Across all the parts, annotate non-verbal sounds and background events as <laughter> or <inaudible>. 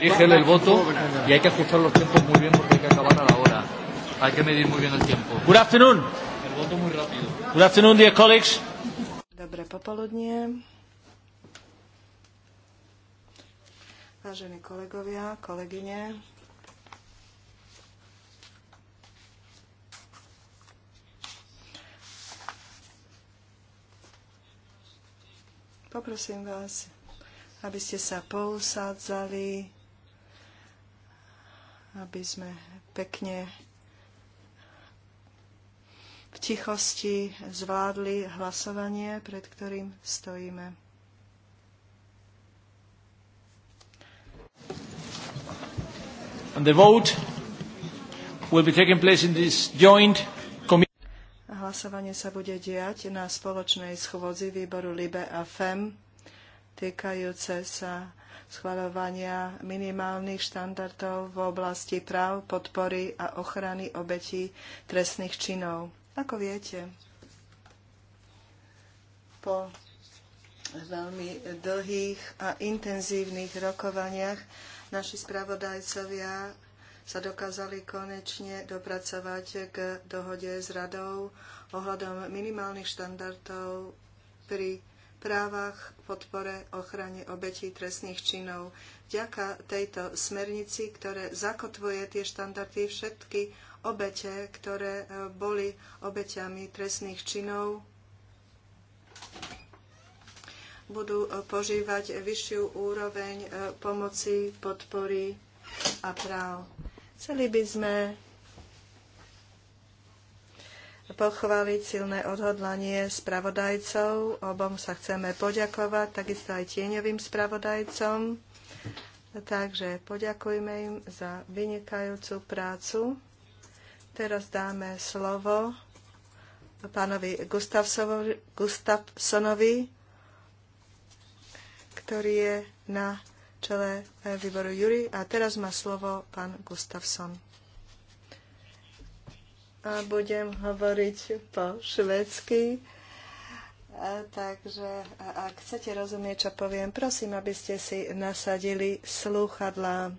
rigen el voto y hay que ajustar los tiempos muy bien porque hay que acabar a la hora. Hay que medir muy bien el tiempo. Good afternoon. El voto muy rápido. Good afternoon, dear colleagues. Dobre popoludnie. Vážení kolegovia, kolegyne, Poprosím vás, aby ste sa pousádzali aby sme pekne v tichosti zvládli hlasovanie, pred ktorým stojíme. And the vote will be taking place in this joint Hlasovanie sa bude diať na spoločnej schôdzi výboru LIBE a FEM týkajúce sa schvaľovania minimálnych štandardov v oblasti práv, podpory a ochrany obetí trestných činov. Ako viete, po veľmi dlhých a intenzívnych rokovaniach naši spravodajcovia sa dokázali konečne dopracovať k dohode s radou ohľadom minimálnych štandardov pri právach, podpore ochrane obetí trestných činov. Vďaka tejto smernici, ktoré zakotvuje tie štandardy všetky obete, ktoré e, boli obeťami trestných činov, budú e, požívať vyššiu úroveň e, pomoci, podpory a práv. Chceli by sme pochváliť silné odhodlanie spravodajcov. Obom sa chceme poďakovať, takisto aj tieňovým spravodajcom. Takže poďakujme im za vynikajúcu prácu. Teraz dáme slovo pánovi Gustavsonovi, ktorý je na čele výboru Jury. A teraz má slovo pán Gustavson a budem hovoriť po švedsky. Takže ak chcete rozumieť, čo poviem, prosím, aby ste si nasadili slúchadlá.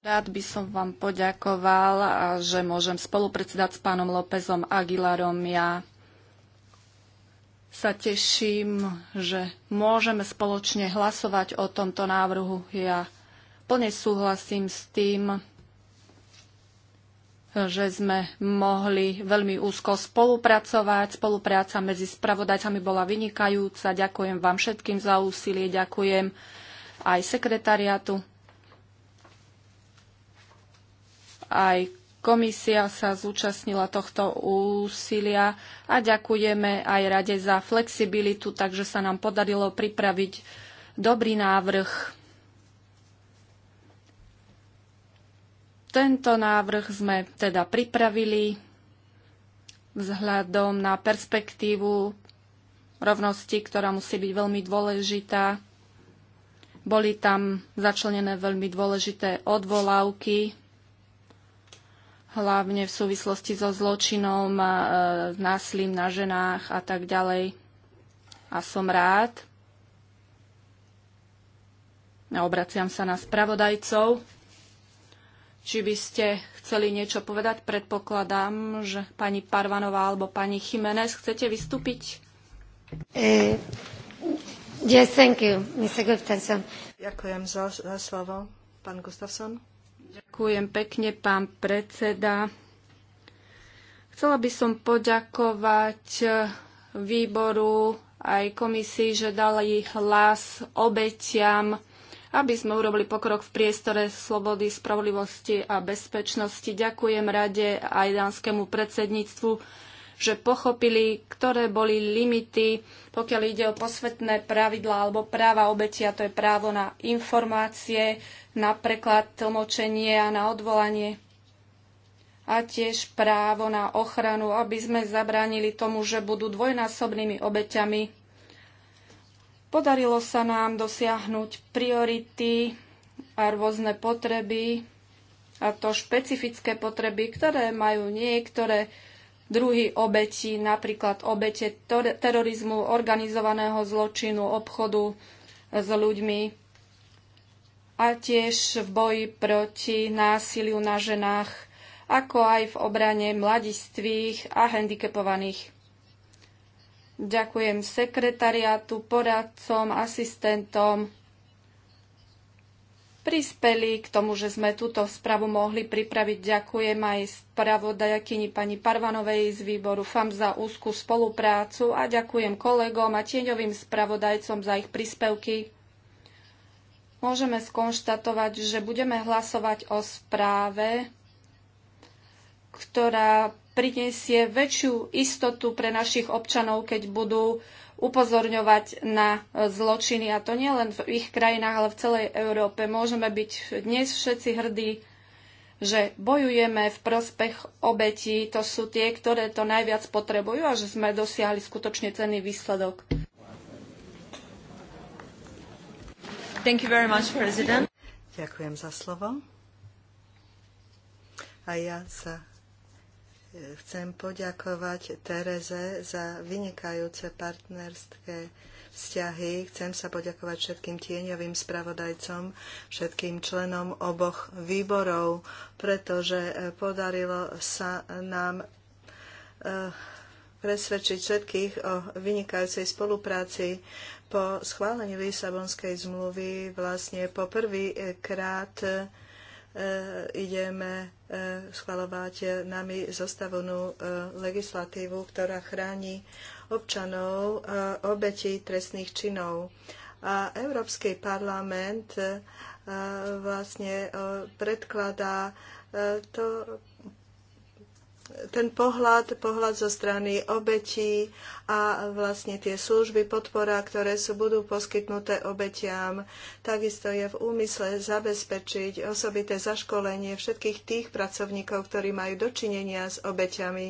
Rád by som vám poďakoval, že môžem spolupredsedať s pánom Lópezom Aguilarom. Ja sa teším, že môžeme spoločne hlasovať o tomto návrhu. Ja plne súhlasím s tým, že sme mohli veľmi úzko spolupracovať. Spolupráca medzi spravodajcami bola vynikajúca. Ďakujem vám všetkým za úsilie, ďakujem aj sekretariatu. Aj komisia sa zúčastnila tohto úsilia a ďakujeme aj rade za flexibilitu, takže sa nám podarilo pripraviť dobrý návrh Tento návrh sme teda pripravili vzhľadom na perspektívu rovnosti, ktorá musí byť veľmi dôležitá. Boli tam začlenené veľmi dôležité odvolávky, hlavne v súvislosti so zločinom, e, násilím na ženách a tak ďalej. A som rád. obraciam sa na spravodajcov či by ste chceli niečo povedať. Predpokladám, že pani Parvanová alebo pani Jiménez chcete vystúpiť. Uh, yes, thank you, Mr. Gustafsson. Ďakujem za, za slovo, pán Gustafsson. Ďakujem pekne, pán predseda. Chcela by som poďakovať eh, výboru aj komisii, že dali hlas obetiam aby sme urobili pokrok v priestore slobody, spravodlivosti a bezpečnosti. Ďakujem Rade aj dánskému predsedníctvu, že pochopili, ktoré boli limity, pokiaľ ide o posvetné pravidlá alebo práva obetia, to je právo na informácie, na preklad, tlmočenie a na odvolanie a tiež právo na ochranu, aby sme zabránili tomu, že budú dvojnásobnými obeťami Podarilo sa nám dosiahnuť priority a rôzne potreby, a to špecifické potreby, ktoré majú niektoré druhy obetí, napríklad obete terorizmu, organizovaného zločinu, obchodu s ľuďmi a tiež v boji proti násiliu na ženách, ako aj v obrane mladistvých a handicapovaných. Ďakujem sekretariátu, poradcom, asistentom. Prispeli k tomu, že sme túto správu mohli pripraviť. Ďakujem aj spravodajakyni pani Parvanovej z výboru FAM za úzkú spoluprácu a ďakujem kolegom a tieňovým spravodajcom za ich príspevky. Môžeme skonštatovať, že budeme hlasovať o správe ktorá prinesie väčšiu istotu pre našich občanov, keď budú upozorňovať na e, zločiny. A to nie len v ich krajinách, ale v celej Európe. Môžeme byť dnes všetci hrdí, že bojujeme v prospech obetí. To sú tie, ktoré to najviac potrebujú a že sme dosiahli skutočne cenný výsledok. Thank you very much, President. Ďakujem za slovo. A ja sa Chcem poďakovať Tereze za vynikajúce partnerské vzťahy. Chcem sa poďakovať všetkým tieňovým spravodajcom, všetkým členom oboch výborov, pretože e, podarilo sa nám e, presvedčiť všetkých o vynikajúcej spolupráci. Po schválení Lisabonskej zmluvy vlastne po prvý krát E, ideme e, schvalovať nami zostavenú e, legislatívu, ktorá chráni občanov obetí trestných činov. A Európsky parlament vlastne predkladá to ten pohľad, pohľad zo strany obetí a vlastne tie služby, podpora, ktoré sú, budú poskytnuté obetiam. Takisto je v úmysle zabezpečiť osobité zaškolenie všetkých tých pracovníkov, ktorí majú dočinenia s obeťami.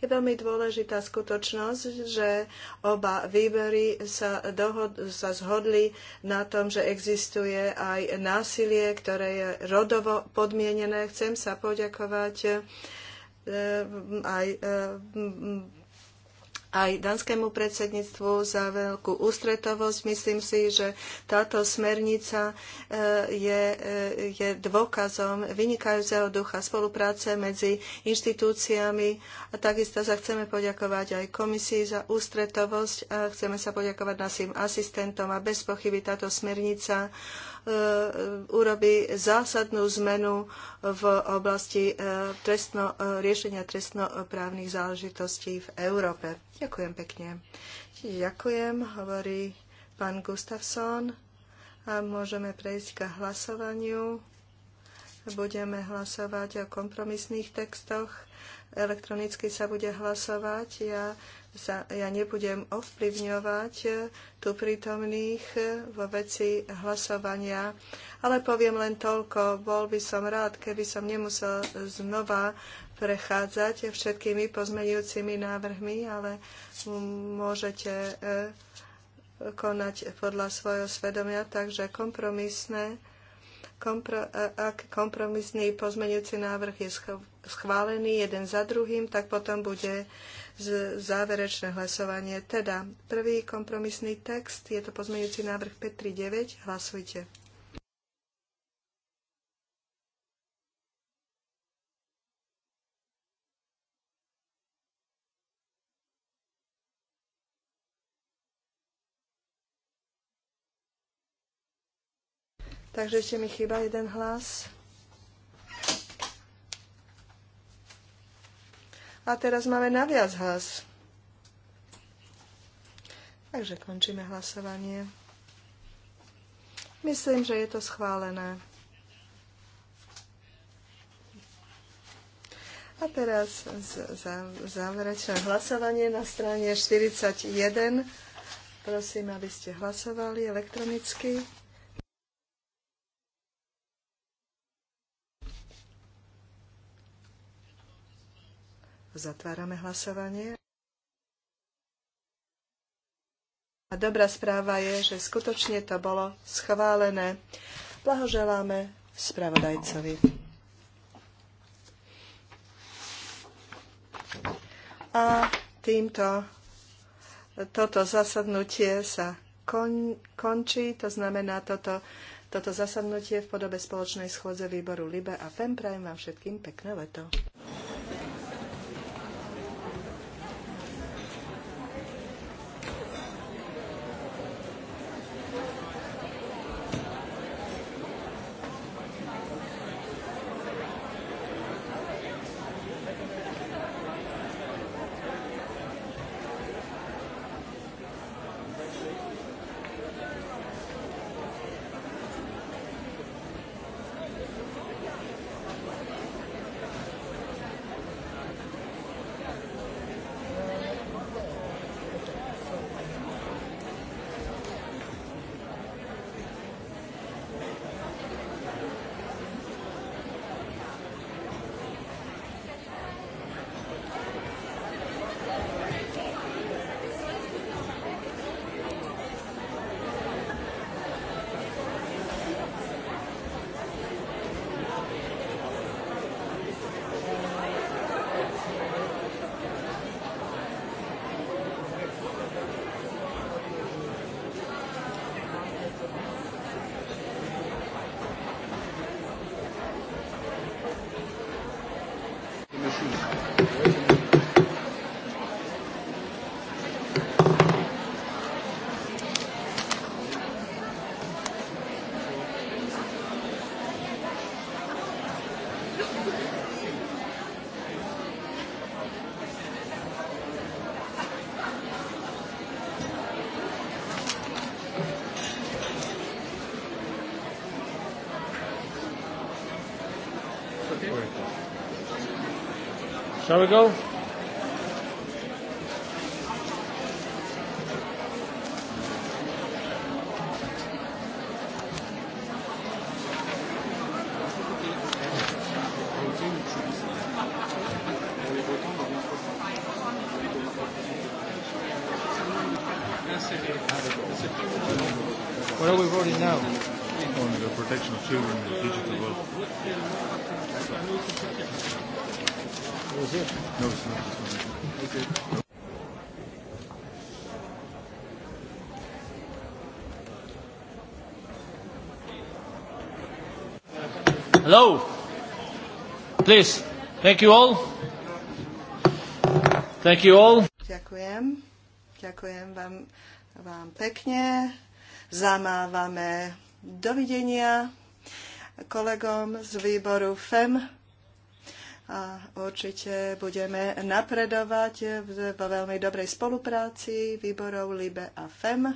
Je veľmi dôležitá skutočnosť, že oba výbery sa, dohod- sa zhodli na tom, že existuje aj násilie, ktoré je rodovo podmienené. Chcem sa poďakovať Eh, aj eh, aj danskému predsedníctvu za veľkú ústretovosť. Myslím si, že táto smernica eh, je, je dôkazom vynikajúceho ducha spolupráce medzi inštitúciami a takisto sa chceme poďakovať aj komisii za ústretovosť a chceme sa poďakovať našim asistentom a bez pochyby táto smernica E, urobí zásadnú zmenu v oblasti e, trestno, e, riešenia trestnoprávnych záležitostí v Európe. Ďakujem pekne. Ďakujem, hovorí pán Gustafsson. A môžeme prejsť k hlasovaniu. Budeme hlasovať o kompromisných textoch Elektronicky sa bude hlasovať. Ja, sa, ja nebudem ovplyvňovať e, tu prítomných e, vo veci hlasovania, ale poviem len toľko. Bol by som rád, keby som nemusel znova prechádzať všetkými pozmeňujúcimi návrhmi, ale môžete e, konať podľa svojho svedomia, takže kompromisné kompro, ak kompromisný pozmeňujúci návrh je schválený jeden za druhým, tak potom bude záverečné hlasovanie. Teda prvý kompromisný text, je to pozmeňujúci návrh 539, hlasujte. Takže ešte mi chýba jeden hlas. A teraz máme naviac hlas. Takže končíme hlasovanie. Myslím, že je to schválené. A teraz záverečné hlasovanie na strane 41. Prosím, aby ste hlasovali elektronicky. Zatvárame hlasovanie. A dobrá správa je, že skutočne to bolo schválené. Blahoželáme spravodajcovi. A týmto toto zasadnutie sa kon, končí, to znamená toto, toto zasadnutie v podobe spoločnej schôdze výboru Libe a FEM. Prajem vám všetkým pekné leto. Shall we go? Hello. Please. Thank you all. Thank you all. Ďakujem. Ďakujem vám, vám pekne. Zamávame dovidenia kolegom z výboru FEM a určite budeme napredovať vo veľmi dobrej spolupráci výborov LIBE a FEM.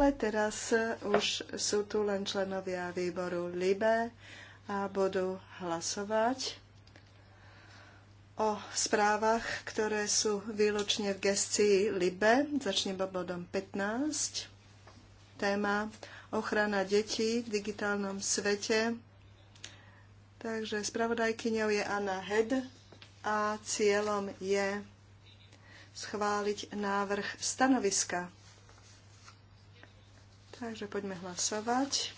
Ale teraz už sú tu len členovia výboru LIBE a budú hlasovať o správach, ktoré sú výlučne v gestii LIBE. Začnem bodom 15. Téma ochrana detí v digitálnom svete. Takže spravodajkyňou je Anna Hed a cieľom je schváliť návrh stanoviska. Takže poďme hlasovať.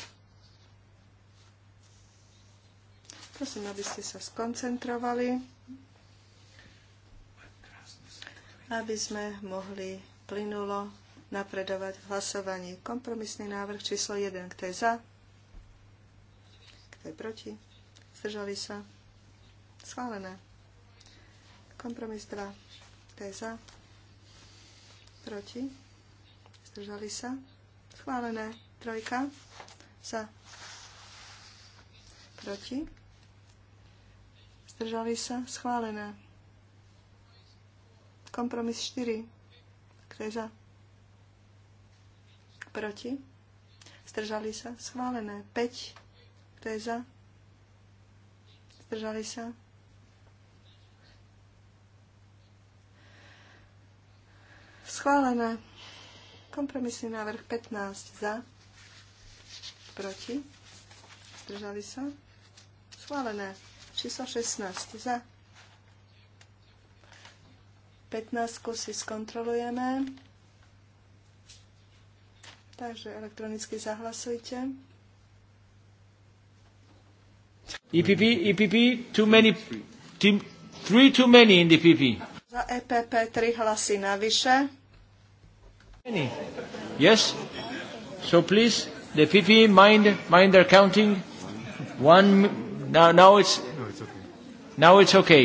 Prosím, aby ste sa skoncentrovali, aby sme mohli plynulo napredovať v hlasovaní. Kompromisný návrh číslo 1. Kto je za? Kto je proti? Zdržali sa? Schválené. Kompromis 2. Kto je za? Proti? Zdržali sa? Schválené. Trojka. Za. Proti? Zdržali sa? Schválené. Kompromis 4. Kto je za? proti, zdržali sa, schválené 5, kto je za, zdržali sa. Schválené. Kompromisný návrh 15 za, proti, zdržali sa. Schválené. Číslo 16 za. 15 si skontrolujeme. Takže elektronicky zahlasujte. EPP, EPP, too many, three too many in the EPP. Za EPP tri hlasy navyše. Many. Yes? So please, the EPP, mind, mind their counting. One, now, now it's, no, it's okay. now it's okay.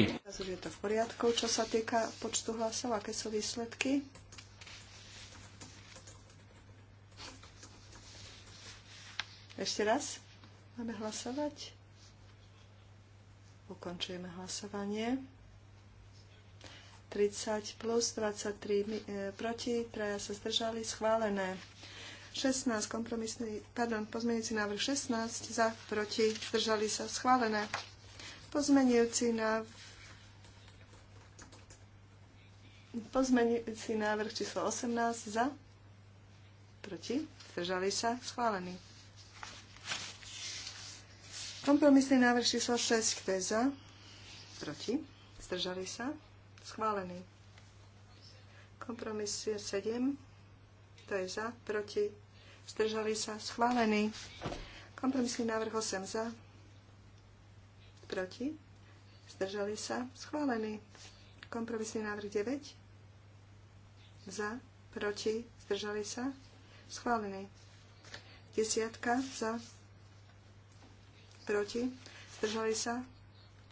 Je to v poriadku, čo sa týka počtu hlasov, aké sú výsledky? Ešte raz máme hlasovať. Ukončujeme hlasovanie. 30 plus 23 e, proti, traja sa zdržali, schválené. 16, kompromisný, pardon, pozmenujúci návrh 16, za, proti, zdržali sa, schválené. Pozmenujúci návrh Pozmenujúci návrh číslo 18 za, proti, zdržali sa, schválený. Kompromisný návrh číslo 6, kto je za? Proti? Zdržali sa? Schválený. Kompromis 7, kto je za? Proti? Zdržali sa? Schválený. Kompromisný návrh 8 za? Proti? Zdržali sa? Schválený. Kompromisný návrh 9 za? Proti? Zdržali sa? Schválený. Desiatka za? proti, zdržali sa,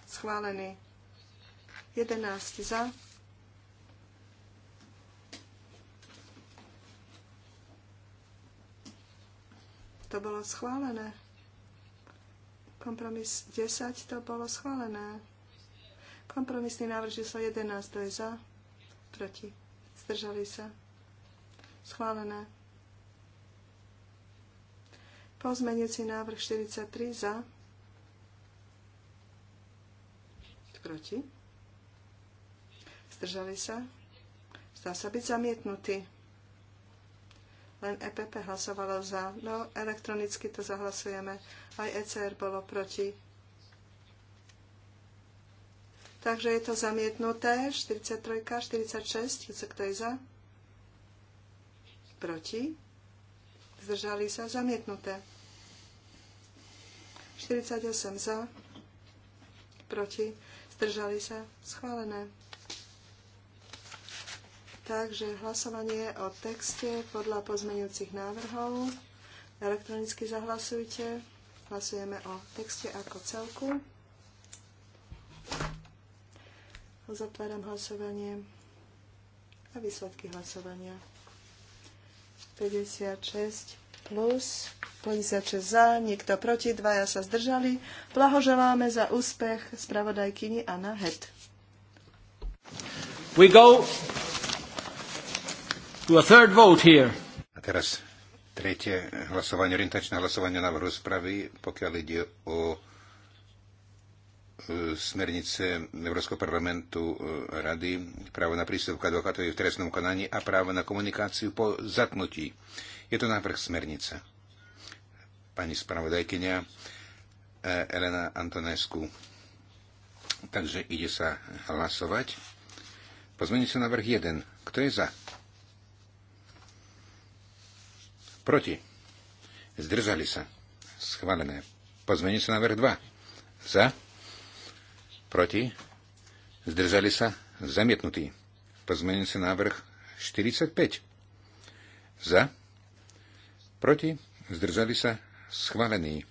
schválený. 11 za, to bolo schválené. Kompromis 10 to bolo schválené. Kompromisný návrh číslo 11 to je za, proti, zdržali sa, schválené. Pozmenujúci návrh 43 za, proti, zdržali sa, zdá sa byť zamietnutý. Len EPP hlasovalo za, no elektronicky to zahlasujeme, aj ECR bolo proti. Takže je to zamietnuté, 43, 46, kto je za? Proti. Zdržali sa, zamietnuté. 48 za, proti Zdržali sa? Schválené. Takže hlasovanie o texte podľa pozmeňujúcich návrhov. Elektronicky zahlasujte. Hlasujeme o texte ako celku. Zatváram hlasovanie a výsledky hlasovania. 56 plus, 56 za, nikto proti, dvaja sa zdržali. Blahoželáme za úspech spravodajkyni Anna Het. We go to a third vote here. A teraz tretie hlasovanie, orientačné hlasovanie na rozpravy, pokiaľ ide o e, smernice Európskeho parlamentu e, Rady, právo na prístup k advokátovi v trestnom konaní a právo na komunikáciu po zatnutí. Je to návrh smernice. Pani spravodajkynia eh, Elena Antonescu. Takže ide sa hlasovať. Pozmení sa návrh 1. Kto je za? Proti. Zdržali sa. Schválené. Pozmení sa návrh 2. Za. Proti. Zdržali sa. Zamietnutý. Pozmení sa návrh 45. Za. Proti? Zdržali sa? Schválený.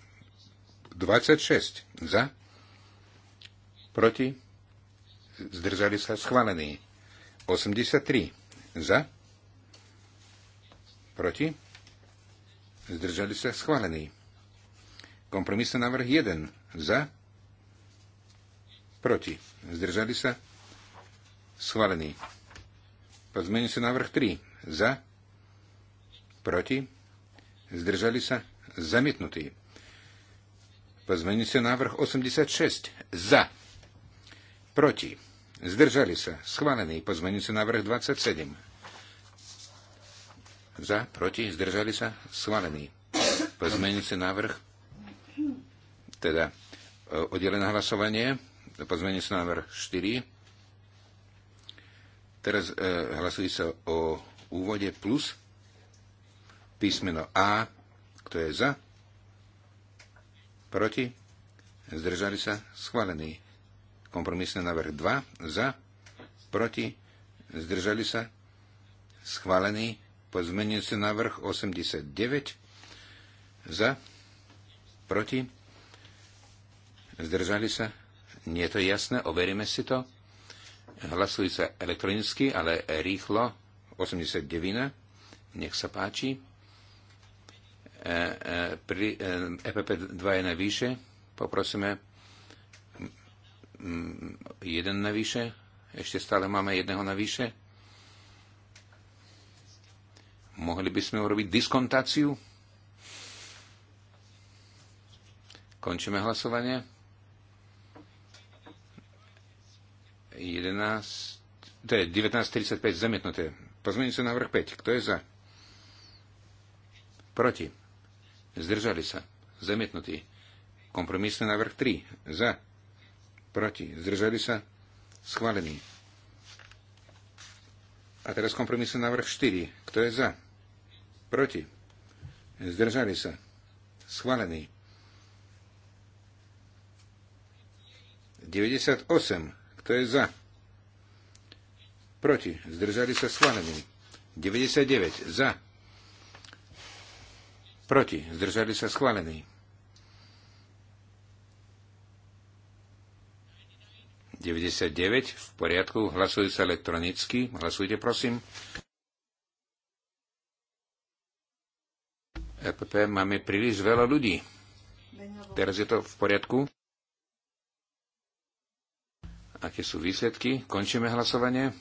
26. Za? Proti? Zdržali sa? Schválený. 83. Za? Proti? Zdržali sa? Schválený. Kompromisný návrh 1. Za? Proti? Zdržali sa? Schválený. Pozmeňujúci návrh 3. Za? Proti? Zdržali sa? Zamietnutý. sa návrh 86. Za. Proti. Zdržali sa. Schválený. sa návrh 27. Za. Proti. Zdržali sa. Schválený. sa návrh. Teda e, oddelené hlasovanie. sa návrh 4. Teraz e, hlasuje sa o úvode plus písmeno A. Kto je za? Proti? Zdržali sa? Schválený. Kompromisný návrh 2. Za? Proti? Zdržali sa? Schválený. Pozmenujúci návrh 89. Za? Proti? Zdržali sa? Nie je to jasné, overíme si to. Hlasujú sa elektronicky, ale rýchlo. 89. Nech sa páči. E, e, pri EPP e 2 je najvyššie, Poprosíme mm, jeden najvyššie, Ešte stále máme jedného najvyššie. Mohli by sme urobiť diskontáciu. Končíme hlasovanie. 11, to je 19.35 zamietnuté. Pozmeňujúci návrh 5. Kto je za? Proti. Zdržali sa. Zamietnutý. Kompromisný návrh 3. Za. Proti. Zdržali sa. Schválený. A teraz kompromisný návrh 4. Kto je za? Proti. Zdržali sa. Schválený. 98. Kto je za? Proti. Zdržali sa schválený. 99. Za. Proti. Zdržali sa schválení. 99. V poriadku. Hlasujú sa elektronicky. Hlasujte, prosím. EPP máme príliš veľa ľudí. Teraz je to v poriadku. Aké sú výsledky? Končíme hlasovanie.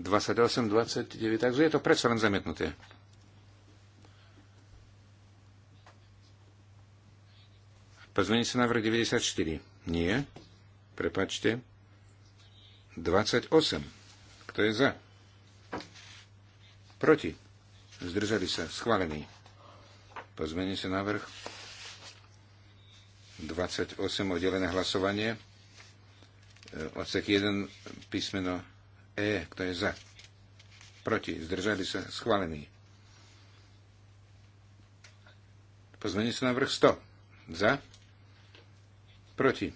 28, 29, takže je to predsa len zamietnuté. Pozmení sa návrh 94. Nie. Prepačte. 28. Kto je za? Proti. Zdržali sa. Schválený. Pozmení sa návrh 28. Oddelené hlasovanie. E, odsek 1 písmeno E. Kto je za? Proti. Zdržali sa. Schválený. Pozmení sa návrh 100. Za? Proti.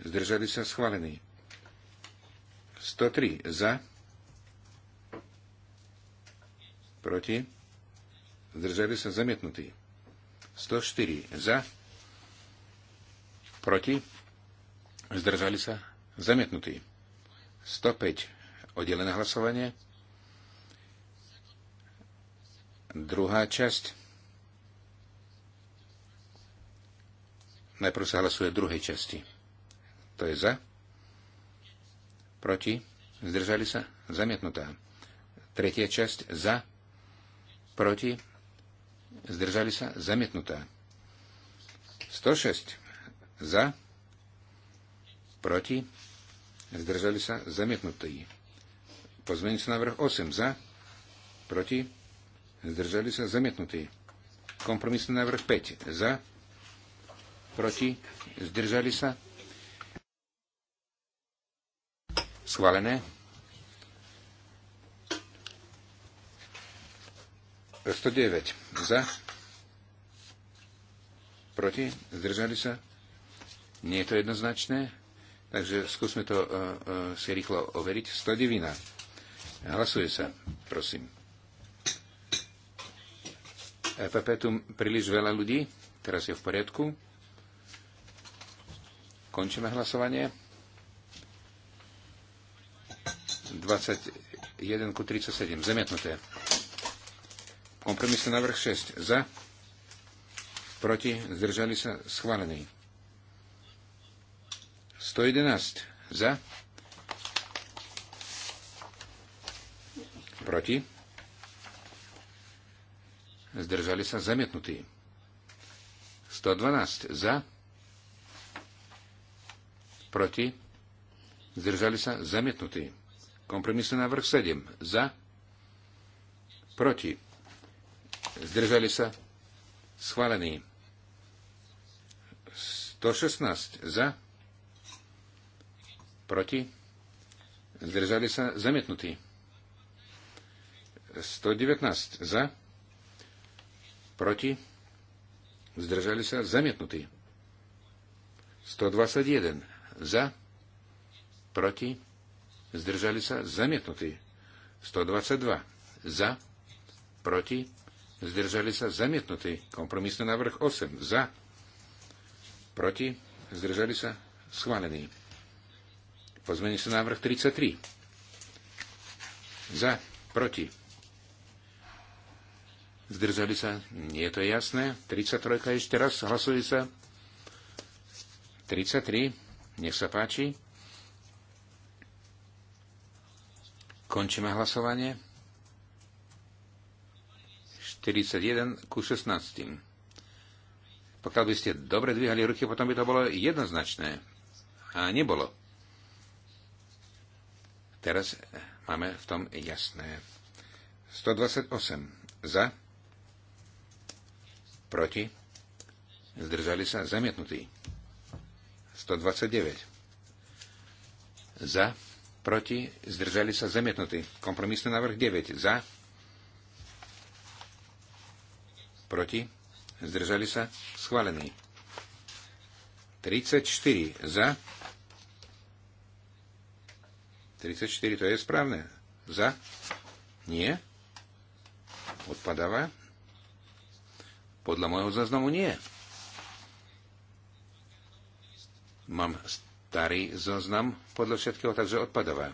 Zdržali sa schválení. 103 za. Proti. Zdržali sa zamietnutí. 104 za. Proti. Zdržali sa zamietnutí. 105 oddelené hlasovanie. Druhá časť Najprv sa hlasuje druhej časti. To je za. Proti. Zdržali sa. Zamietnutá. Tretia časť za. Proti. Zdržali sa. Zamietnutá. 106. Za. Proti. Zdržali sa. Zamietnutí. sa návrh 8. Za. Proti. Zdržali sa. Zamietnutí. Kompromisný návrh 5. Za proti, zdržali sa. Schválené. 109 za, proti, zdržali sa. Nie je to jednoznačné, takže skúsme to uh, uh, si rýchlo overiť. 109. Hlasuje sa, prosím. Pepe, tu príliš veľa ľudí, teraz je v poriadku. Končíme hlasovanie. 21 ku 37. Zemietnuté. Kompromisný návrh 6. Za. Proti. Zdržali sa. Schválený. 111. Za. Proti. Zdržali sa. Zamietnutí. 112. Za proti, zdržali sa, zamietnutý. Kompromisný návrh 7, za, proti, zdržali sa, schválený. 116 za, proti, zdržali sa, zamietnutý. 119 za, proti, zdržali sa, zamietnutý. 121 za? Proti? Zdržali sa? Zamietnutí. 122. Za? Proti? Zdržali sa? Zamietnutí. Kompromisný návrh 8. Za? Proti? Zdržali sa? Schválený. Pozmení sa návrh 33. Za? Proti? Zdržali sa? Nie je to jasné. 33. Ešte raz hlasuje sa. 33. Nech sa páči. Končíme hlasovanie. 41 ku 16. Pokiaľ by ste dobre dvíhali ruky, potom by to bolo jednoznačné. A nebolo. Teraz máme v tom jasné. 128 za, proti, zdržali sa zamietnutí. 129. Za. Proti. Zdržali sa zamietnutí. Kompromisný návrh 9. Za. Proti. Zdržali sa. Schválený. 34. Za. 34, to je správne. Za? Nie? Odpadáva? Podľa môjho záznamu nie. Mám starý zoznam podľa všetkého, takže odpadová.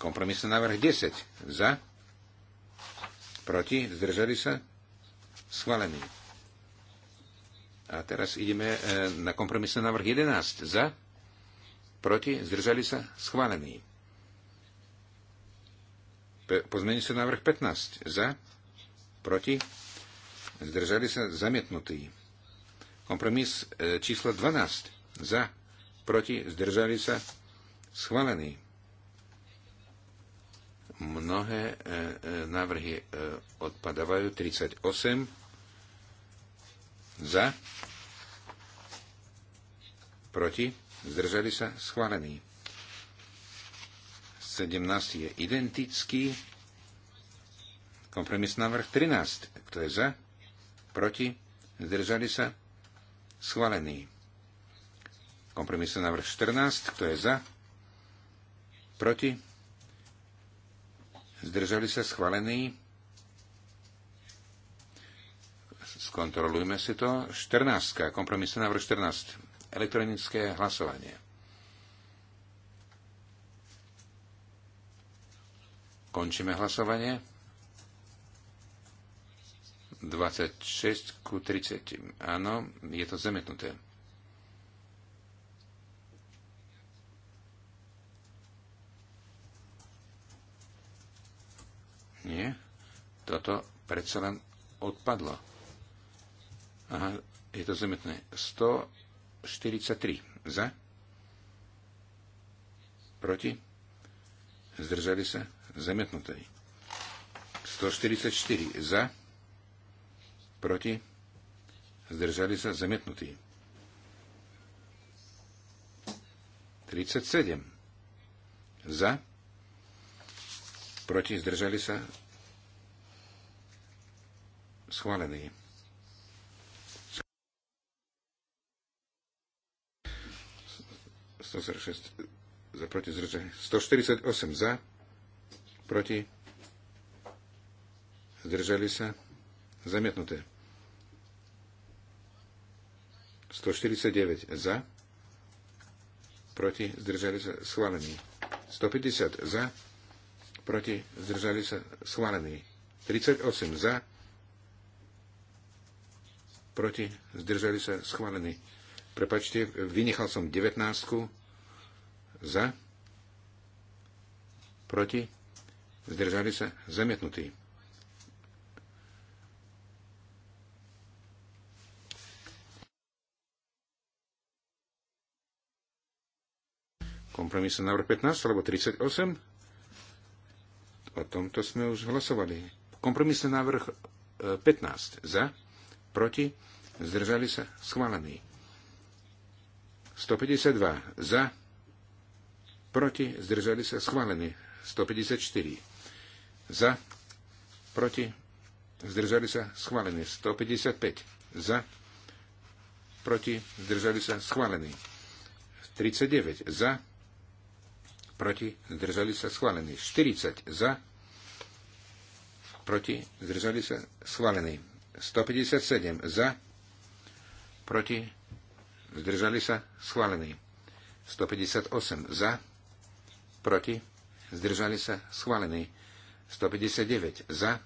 Kompromisný návrh 10. Za. Proti. Zdržali sa. Schválený. A teraz ideme e, na kompromisný návrh 11. Za. Proti. Zdržali sa. Schválený. Pozmení sa návrh 15. Za. Proti. Zdržali sa. Zamietnutý. Kompromis e, číslo 12. Za, proti, zdržali sa, schválený. Mnohé e, e, návrhy odpadávajú. 38 za, proti, zdržali sa, schválený. 17 je identický. Kompromis návrh 13. Kto je za? Proti? Zdržali sa? Schválený. Kompromisný návrh 14. Kto je za? Proti? Zdržali sa? Schválený. Skontrolujme si to. 14. Kompromisný návrh 14. Elektronické hlasovanie. Končíme hlasovanie. 26 ku 30. Áno, je to zemetnuté. Nie, toto predsa len odpadlo. Aha, je to zemetné. 143 za. Proti. Zdržali sa. Zemetnuté. 144 za proti, zdržali sa zemetnutí. 37 za, proti, zdržali sa Schválený. za proti zdržali. 148 za, proti zdržali sa Zamietnuté. 149 za. Proti. Zdržali sa. schválení. 150 za. Proti. Zdržali sa. schválení. 38 za. Proti. Zdržali sa. schválení. Prepačte, vynechal som 19 za. Proti. Zdržali sa. zamietnutí. Kompromisný návrh 15 alebo 38? O tomto sme už hlasovali. Kompromisný návrh 15 e, za, proti, zdržali sa, schválený. 152 za, proti, zdržali sa, schválený. 154 za, proti, zdržali sa, schválený. 155 za, proti, zdržali sa, schválený. 39 za, proti, zdržali sa schválení. 40 za, proti, zdržali sa schválení. 157 za, proti, zdržali sa schválení. 158 za, proti, zdržali sa schválení. 159 za,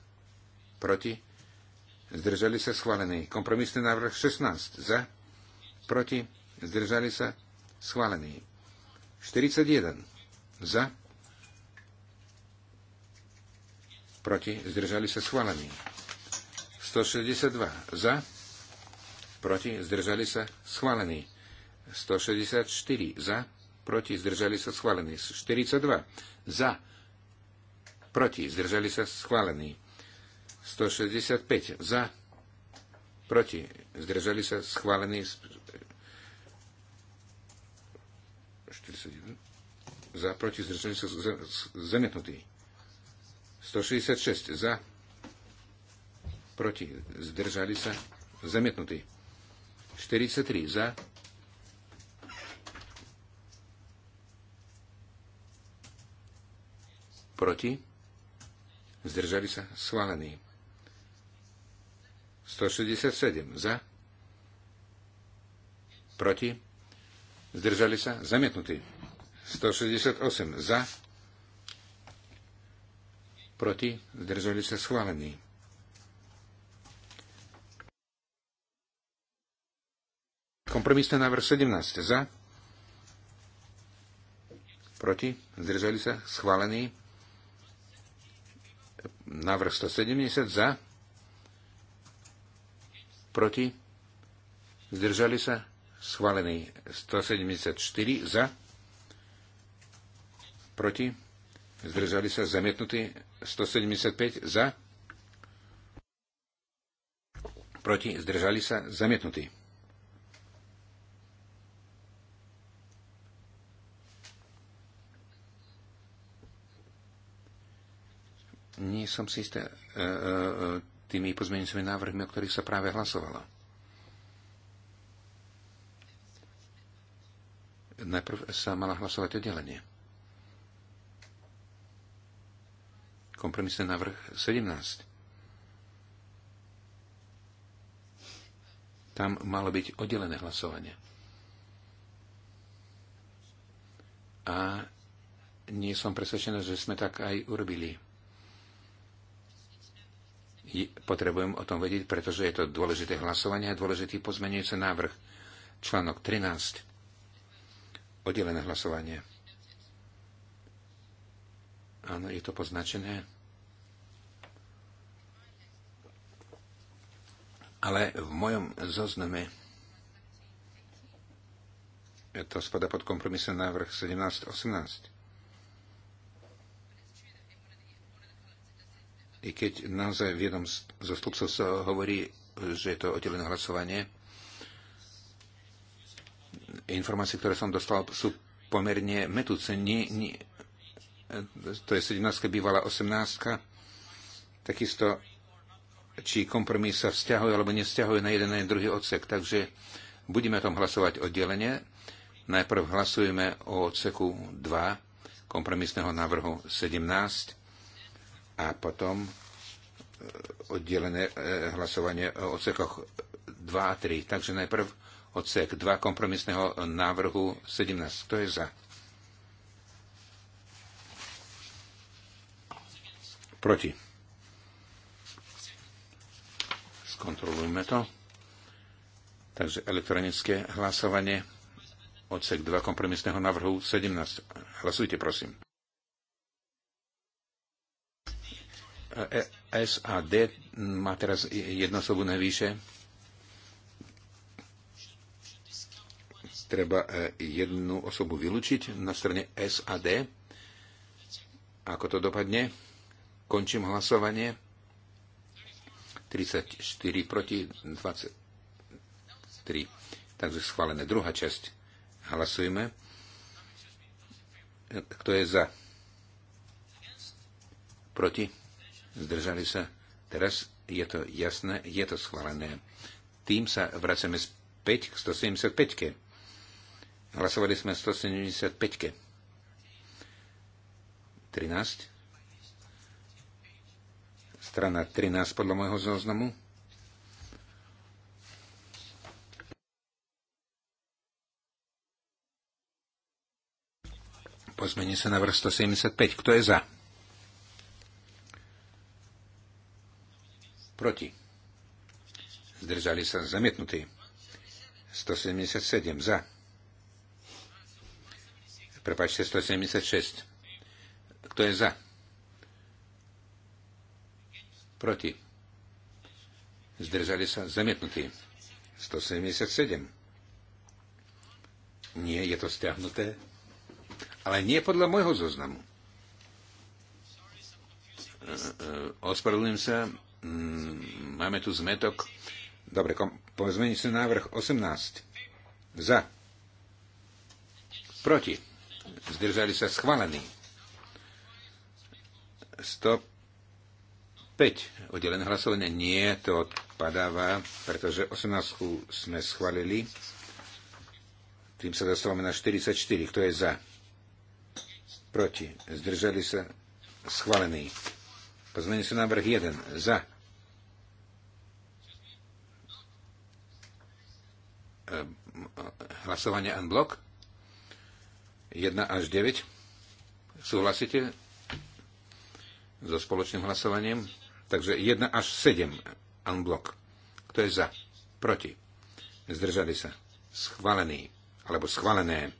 proti, zdržali sa schválení. Kompromisný návrh 16 za, proti, zdržali sa schválení. 41 za, proti, zdržali sa schválení. 162 za, proti, zdržali sa schválení. 164 za, proti, zdržali sa schválení. 42 za, proti, zdržali sa schválení. 165 za, proti, zdržali sa schválení 41 za, proti, zdržali sa, zamietnutý. 166 za, proti, zdržali sa, zamietnutý. 43 za, proti, zdržali sa, schválený. 167 za, proti, zdržali sa, zamietnutý. 168 za, proti, zdržali sa schválení. Kompromisný návrh 17 za, proti, zdržali sa schválení. Návrh 170 za, proti, zdržali sa schválený 174 za, proti, zdržali sa zamietnutí 175 za, proti, zdržali sa zamietnutí. Nie som si istá e, e, e, tými pozmeňujúcimi návrhmi, o ktorých sa práve hlasovalo. Najprv sa mala hlasovať oddelenie. Kompromisný návrh 17. Tam malo byť oddelené hlasovanie. A nie som presvedčená, že sme tak aj urobili. Potrebujem o tom vedieť, pretože je to dôležité hlasovanie a dôležitý pozmenujúci návrh. Článok 13. Oddelené hlasovanie. Áno, je to poznačené. Ale v mojom zozname to spada pod kompromisný návrh 1718. I keď naozaj v jednom zo stĺpcov sa hovorí, že je to oddelené hlasovanie, informácie, ktoré som dostal, sú pomerne metúce. Nie, nie, to je 17, bývala 18, takisto či kompromis sa vzťahuje alebo nevzťahuje na jeden a druhý odsek. Takže budeme o tom hlasovať oddelenie. Najprv hlasujeme o odseku 2 kompromisného návrhu 17 a potom e, oddelené e, hlasovanie o odsekoch 2 a 3. Takže najprv odsek 2 kompromisného návrhu 17. Kto je za? Proti. Skontrolujme to. Takže elektronické hlasovanie. Odsek 2 kompromisného návrhu 17. Hlasujte, prosím. E, e, S a D má teraz jedno slovo najvyššie. Treba e, jednu osobu vylúčiť na strane S a D. Ako to dopadne? Končím hlasovanie. 34 proti 23. Takže schválené. Druhá časť. Hlasujme. Kto je za? Proti? Zdržali sa? Teraz je to jasné, je to schválené. Tým sa vraceme späť k 175. -ke. Hlasovali sme 175. -ke. 13 strana 13 podľa môjho zoznamu. Pozmení sa na návrh 175. Kto je za? Proti. Zdržali sa zamietnutí. 177 za. Prepačte, 176. Kto je za? Proti. Zdržali sa zamietnutí. 177. Nie, je to stiahnuté. Ale nie podľa môjho zoznamu. E, e, ospravedlňujem sa. Mm, máme tu zmetok. Dobre, povedzme pozmení návrh 18. Za. Proti. Zdržali sa schválení. 100 5. Oddelené hlasovanie nie, to odpadáva, pretože 18 sme schválili. Tým sa dostávame na 44. Kto je za? Proti. Zdržali sa? Schválený. Pozmení sa návrh 1. Za. Ehm, hlasovanie blok. 1 až 9. Súhlasíte so spoločným hlasovaním? Takže 1 až 7 unblock. Kto je za? Proti. Zdržali sa. Schválený. Alebo schválené.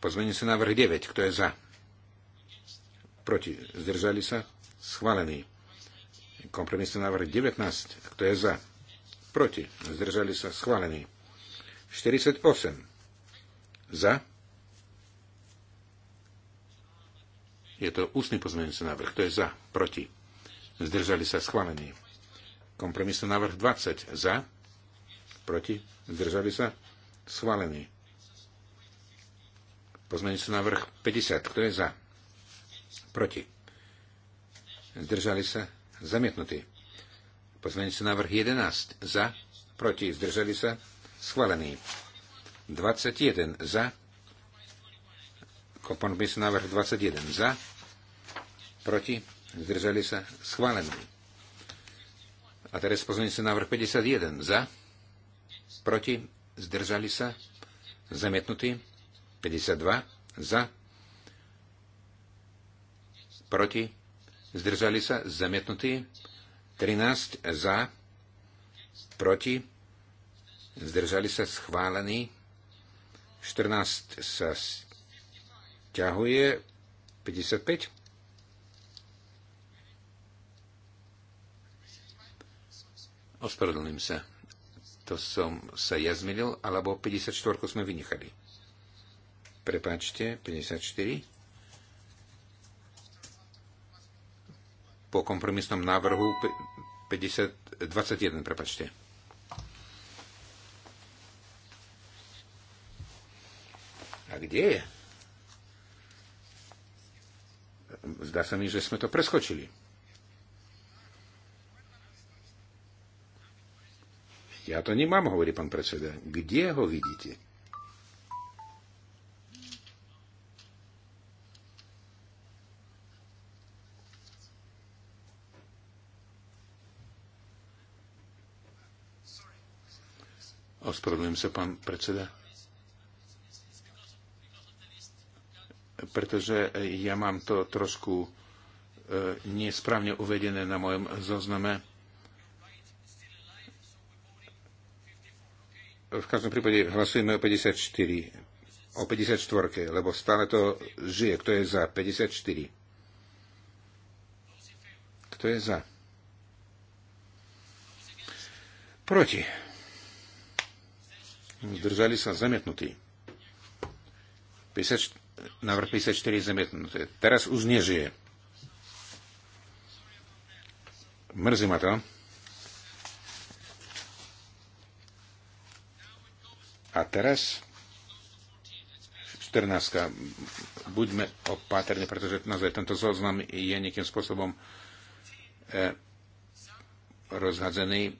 Pozmení sa návrh 9. Kto je za? Proti. Zdržali sa. Schválený. Kompromisný návrh 19. Kto je za? Proti. Zdržali sa. Schválený. 48. Za. Je to ústny pozmeňujúci návrh. Kto je za? Proti zdržali sa schválení. Kompromisný návrh 20 za, proti, zdržali sa schválení. sa návrh 50, kto je za, proti, zdržali sa zamietnutí. sa návrh 11 za, proti, zdržali sa schválený. 21 za, kompromisný návrh 21 za, proti, Zdržali sa? Schválený. A teraz pozrieme sa návrh 51. Za? Proti? Zdržali sa? Zamietnutý? 52. Za? Proti? Zdržali sa? Zamietnutý? 13. Za? Proti? Zdržali sa? Schválený? 14 sa ťahuje. 55. Ospravedlňujem sa. To som sa ja zmenil, alebo 54 sme vynechali. Prepačte, 54. po kompromisnom návrhu 50, 21, prepačte. A kde je? Zdá sa mi, že sme to preskočili. Ja to nemám, hovorí pán predseda. Kde ho vidíte? Ospravedlňujem sa, pán predseda. Pretože ja mám to trošku e, nesprávne uvedené na mojom zozname. v každom prípade hlasujeme o 54. O 54, lebo stále to žije. Kto je za? 54. Kto je za? Proti. Zdržali sa zamietnutí. 50, návrh 54 zamietnuté. Teraz už nežije. Mrzí ma to. A teraz 14. Buďme opatrní, pretože naozaj tento zoznam je nejakým spôsobom eh, rozhadzený.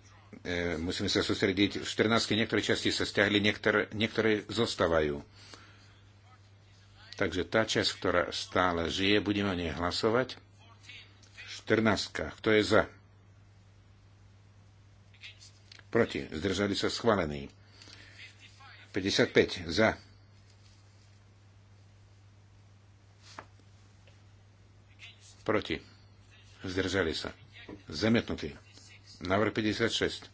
Eh, musíme sa sústrediť. V 14. niektoré časti sa stiahli, niektoré, niektoré zostávajú. Takže tá časť, ktorá stále žije, budeme o nej hlasovať. 14. Kto je za? Proti. Zdržali sa schválení. 55 za. Proti. Zdržali sa. Zamietnutý. Návrh 56.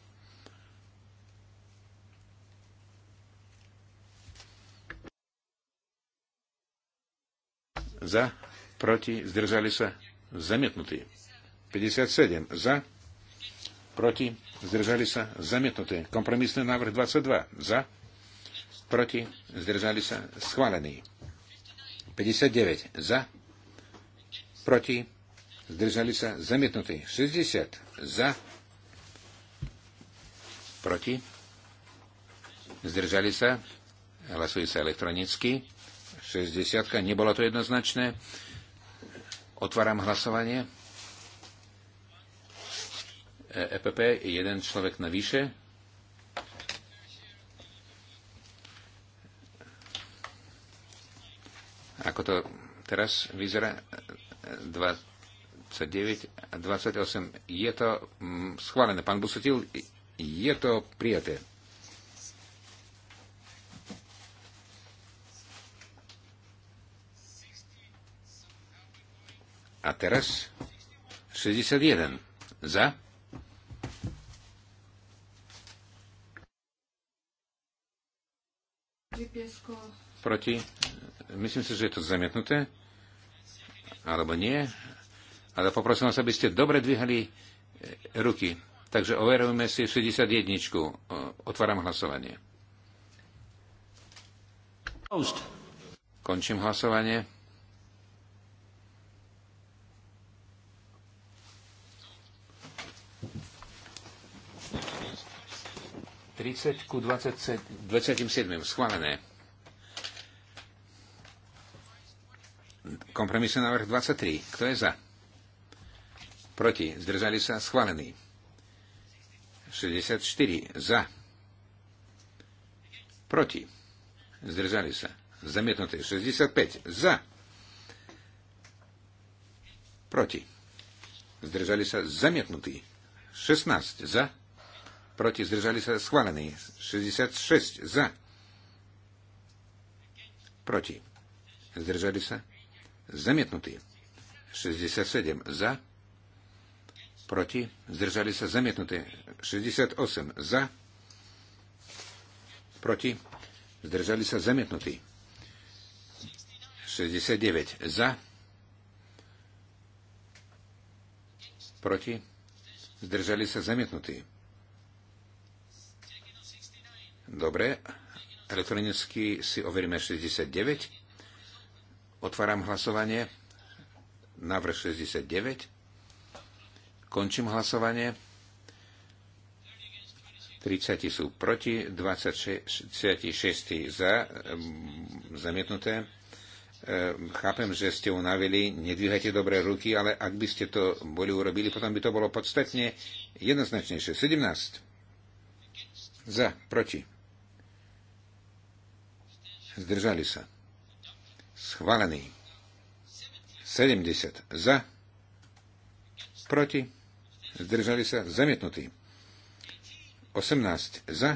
Za. Proti. Zdržali sa. Zamietnutý. 57. Za. Proti. Zdržali sa. Zamietnuté. Kompromisný návrh 22. Za proti, zdržali sa, schválený. 59 za, proti, zdržali sa, zamietnutý. 60 za, proti, zdržali sa, hlasujú sa elektronicky. 60, nebolo to jednoznačné. Otváram hlasovanie. EPP, e jeden človek navyše. Ako to teraz vyzerá 29 a 28. Je to mm, schválené. Pán Busutil, je to prijaté. A teraz 61 za. Proti Myslím si, že je to zamietnuté. Alebo nie. Ale poprosím vás, aby ste dobre dvihali e, ruky. Takže overujme si 61. Otváram hlasovanie. Končím hlasovanie. Tridsať ku 27. Schválené. Kompromisný návrh 23. Kto je za? Proti. Zdržali sa. Schválený. 64. Za. Proti. Zdržali sa. Zamietnuté. 65. Za. Proti. Zdržali sa. Zamietnutý. 16. Za. Proti. Zdržali sa. Schválený. 66. Za. Proti. Zdržali sa? Zamietnutý. 67 za. Proti. Zdržali sa zamietnuté. 68 za. Proti. Zdržali sa zamietnutí. 69 za. Proti. Zdržali sa zamietnutí. Dobre. Elektronicky si overíme 69. Otváram hlasovanie. Návrh 69. Končím hlasovanie. 30 sú proti, 26 za, mm, zamietnuté. E, chápem, že ste unavili, nedvíhajte dobré ruky, ale ak by ste to boli urobili, potom by to bolo podstatne jednoznačnejšie. 17 za, proti. Zdržali sa. Schválený. 70 za. Proti. Zdržali sa. Zamietnutý. 18 za.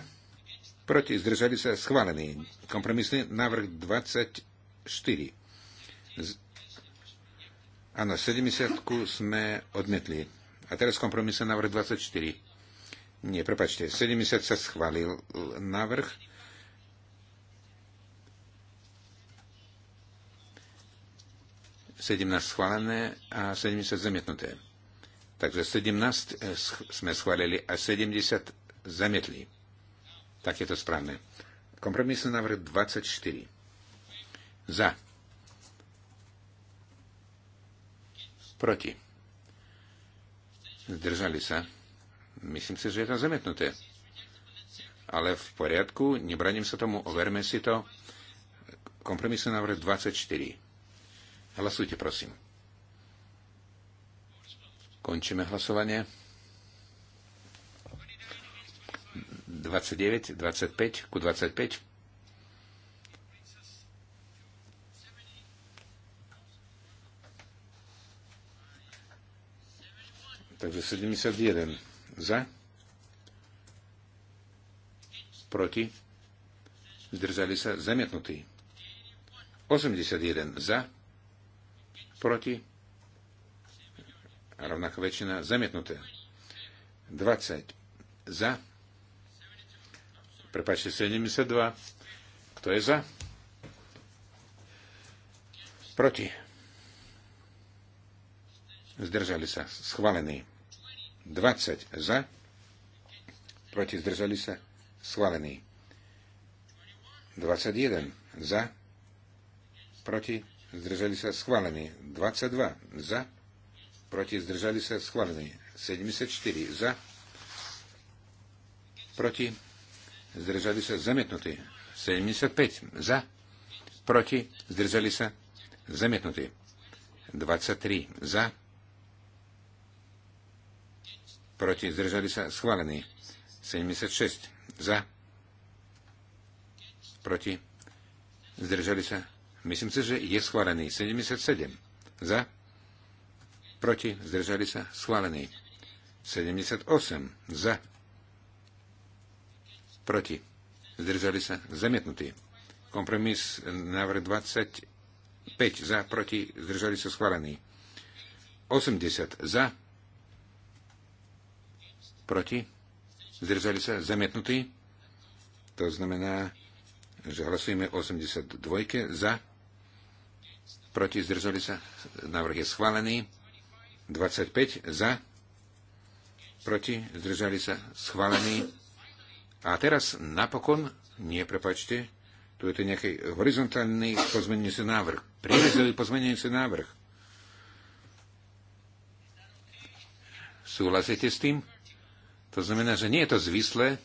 Proti. Zdržali sa. Schválený. Kompromisný návrh 24. Z... Áno, 70 sme odmietli. A teraz kompromisný návrh 24. Nie, prepačte, 70 sa schválil návrh 17 schválené a 70 zamietnuté. Takže 17 eh, sme schválili a 70 zamietli. Tak je to správne. Kompromisný návrh 24. Za. Proti. Zdržali sa. Myslím si, že je to zamietnuté. Ale v poriadku, nebraním sa tomu, overme si to. Kompromisný návrh 24. Hlasujte, prosím. Končíme hlasovanie. 29, 25 ku 25. Takže 71 za, proti, zdržali sa zamietnutí. 81 za, proti, a rovnako väčšina, zamietnuté. 20 za, Prepačte, 72, kto je za, proti, zdržali sa, schválený. 20 za, proti, zdržali sa, schválený. 21 za, proti, zdržali sa schválení. 22 za, proti zdržali sa schválení. 74 za, proti zdržali sa zamietnutí. 75 za, proti zdržali sa zamietnutí. 23 za, proti zdržali sa schválení. 76 za, proti zdržali sa Myslím si, že je schválený. 77. Za. Proti. Zdržali sa. Schválený. 78. Za. Proti. Zdržali sa. Zamietnutý. Kompromis návrh 25. Za. Proti. Zdržali sa. Schválený. 80. Za. Proti. Zdržali sa. Zamietnutý. To znamená, že hlasujeme 82 za proti, zdržali sa, návrh je schválený. 25 za, proti, zdržali sa, schválený. A teraz napokon, nie, prepačte, tu je to nejaký horizontálny pozmenujúci návrh. Prírezový pozmenujúci návrh. Súhlasíte s tým? To znamená, že nie je to zvislé,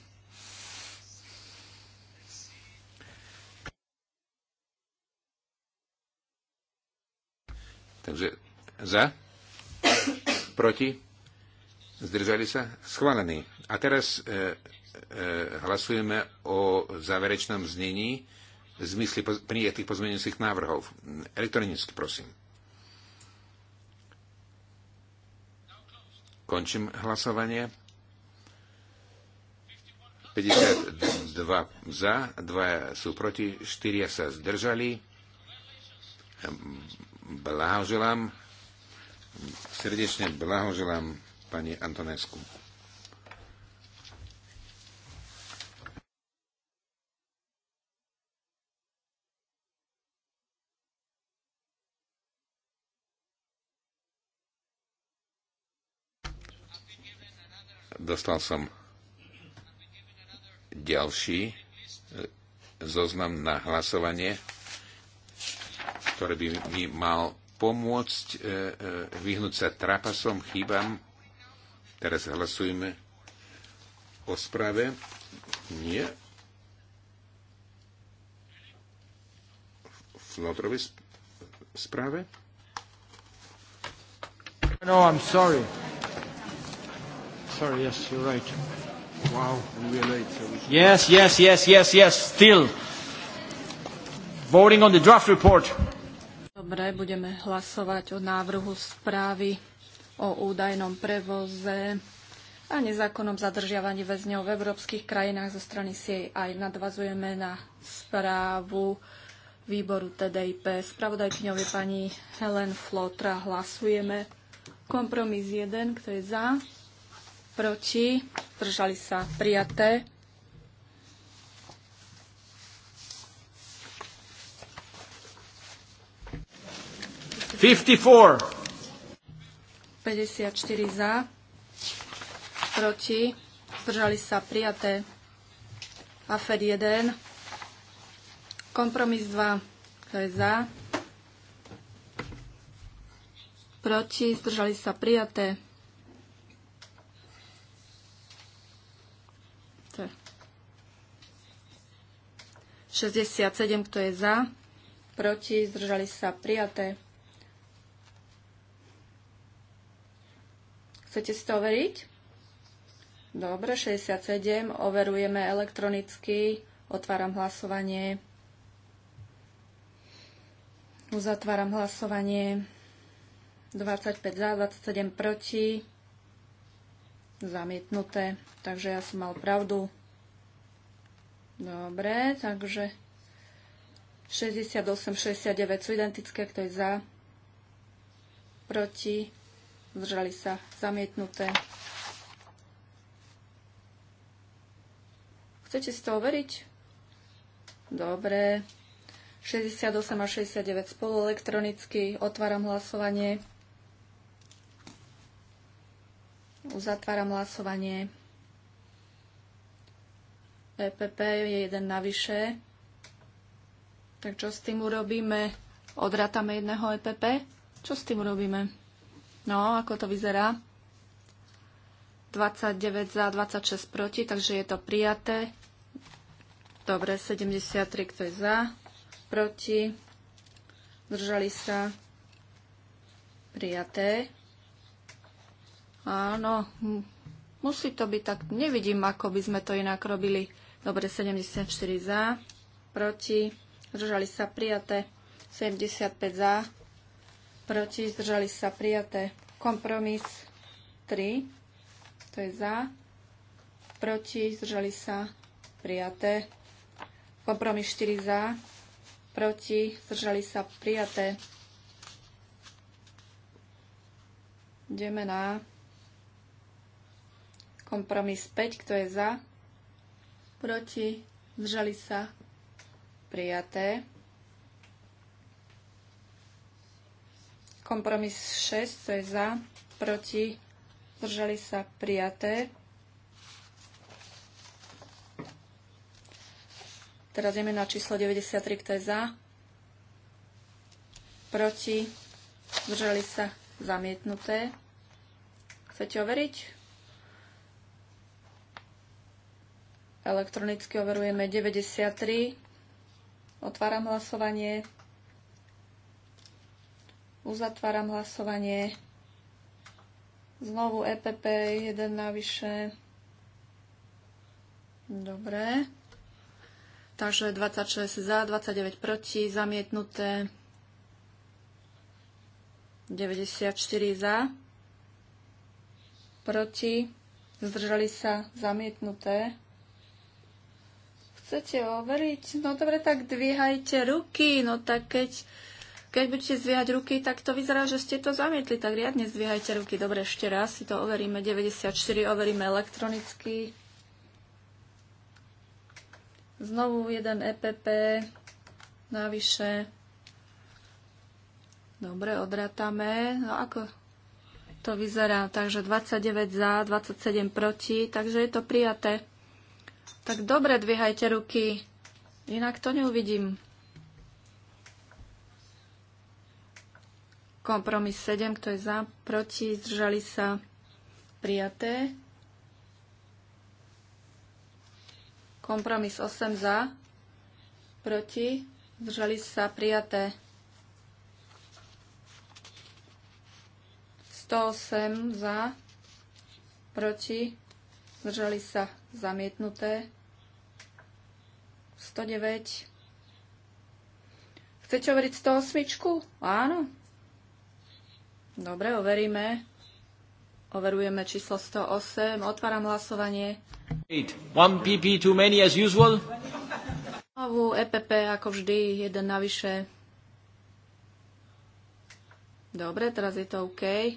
Takže za, proti, zdržali sa, schválený. A teraz e, e, hlasujeme o záverečnom znení v zmysle poz- prijatých pozmeňujúcich návrhov. Elektronicky, prosím. Končím hlasovanie. 52 za, 2 sú proti, 4 sa zdržali blahoželám, srdečne blahoželám pani Antonesku. Dostal som ďalší eh, zoznam na hlasovanie ktoré by mi mal pomôcť e, e, vyhnúť sa trapasom, chybám. Teraz hlasujeme o správe. Nie. Flotrovej správe? No, I'm sorry. Sorry, yes, you're right. Wow, and we're late. So we yes, yes, yes, yes, yes, still. Voting on the draft report. Dobre, budeme hlasovať o návrhu správy o údajnom prevoze a nezákonnom zadržiavaní väzňov v európskych krajinách zo strany SIEJ aj nadvazujeme na správu výboru TDIP. Spravodajkyňou je pani Helen Flotra. Hlasujeme. Kompromis 1, kto je za, proti, držali sa prijaté. 54. za, proti, zdržali sa prijaté. AFED 1, kompromis 2, to je za, proti, zdržali sa prijaté. To je 67, kto je za, proti, zdržali sa prijaté. Chcete si to overiť? Dobre, 67. Overujeme elektronicky. Otváram hlasovanie. Uzatváram hlasovanie. 25 za, 27 proti. Zamietnuté. Takže ja som mal pravdu. Dobre, takže 68, 69 sú identické, kto je za, proti, zdržali sa zamietnuté. Chcete si to overiť? Dobre. 68 a 69 spolu elektronicky. Otváram hlasovanie. Uzatváram hlasovanie. EPP je jeden navyše. Tak čo s tým urobíme? Odratame jedného EPP? Čo s tým urobíme? No, ako to vyzerá? 29 za, 26 proti, takže je to prijaté. Dobre, 73, kto je za, proti, držali sa, prijaté. Áno, hm, musí to byť tak, nevidím, ako by sme to inak robili. Dobre, 74 za, proti, držali sa, prijaté, 75 za, proti, zdržali sa prijaté. Kompromis 3, to je za, proti, zdržali sa prijaté. Kompromis 4 za, proti, zdržali sa prijaté. Ideme na kompromis 5, kto je za, proti, zdržali sa prijaté. Kompromis 6, to je za, proti, zdržali sa prijaté. Teraz ideme na číslo 93, kto je za, proti, zdržali sa zamietnuté. Chcete overiť? Elektronicky overujeme 93. Otváram hlasovanie. Uzatváram hlasovanie. Znovu EPP, jeden navyše. Dobre. Takže 26 za, 29 proti, zamietnuté. 94 za, proti, zdržali sa, zamietnuté. Chcete overiť? No dobre, tak dvíhajte ruky. No tak keď keď budete zvíhať ruky, tak to vyzerá, že ste to zamietli. Tak riadne zvíhajte ruky. Dobre, ešte raz si to overíme. 94 overíme elektronicky. Znovu jeden EPP navyše. Dobre, odratáme. No ako to vyzerá? Takže 29 za, 27 proti, takže je to prijaté. Tak dobre, dvíhajte ruky, inak to neuvidím. Kompromis 7, kto je za, proti, zdržali sa prijaté. Kompromis 8 za, proti, zdržali sa prijaté. 108 za, proti, zdržali sa zamietnuté. 109. Chcete overiť 108? Áno, Dobre, overíme. Overujeme číslo 108. Otváram hlasovanie. One PP too many as usual. Novú EPP ako vždy, jeden navyše. Dobre, teraz je to OK.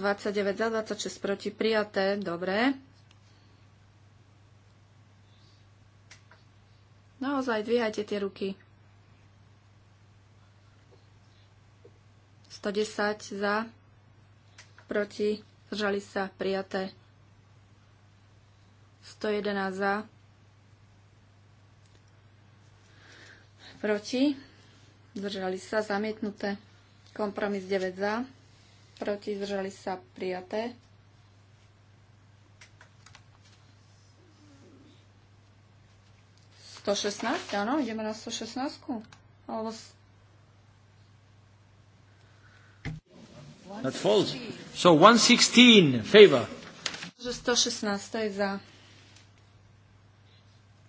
29 za, 26 proti, prijaté. Dobre. Naozaj, dvíhajte tie ruky. 110 za, proti, zdržali sa, prijaté. 111 za, proti, zdržali sa, zamietnuté. Kompromis 9 za, proti, zdržali sa, prijaté. 116, áno, ideme na 116, alebo So 116, favor. 116, je za.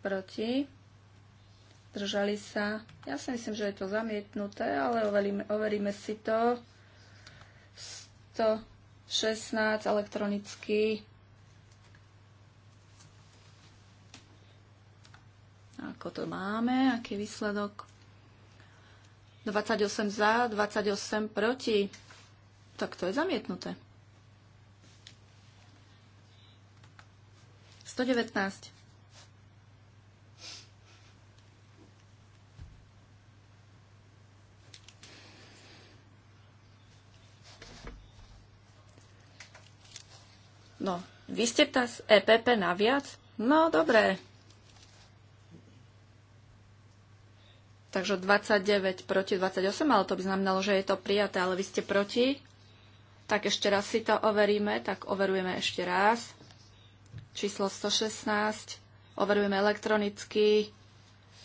Proti. Držali sa. Ja si myslím, že je to zamietnuté, ale overíme, overíme si to. 116 elektronicky. Ako to máme? Aký výsledok? 28 za, 28 proti tak to je zamietnuté. 119. No, vy ste tá z EPP naviac? No, dobré. Takže 29 proti 28, ale to by znamenalo, že je to prijaté, ale vy ste proti tak ešte raz si to overíme, tak overujeme ešte raz. Číslo 116, overujeme elektronicky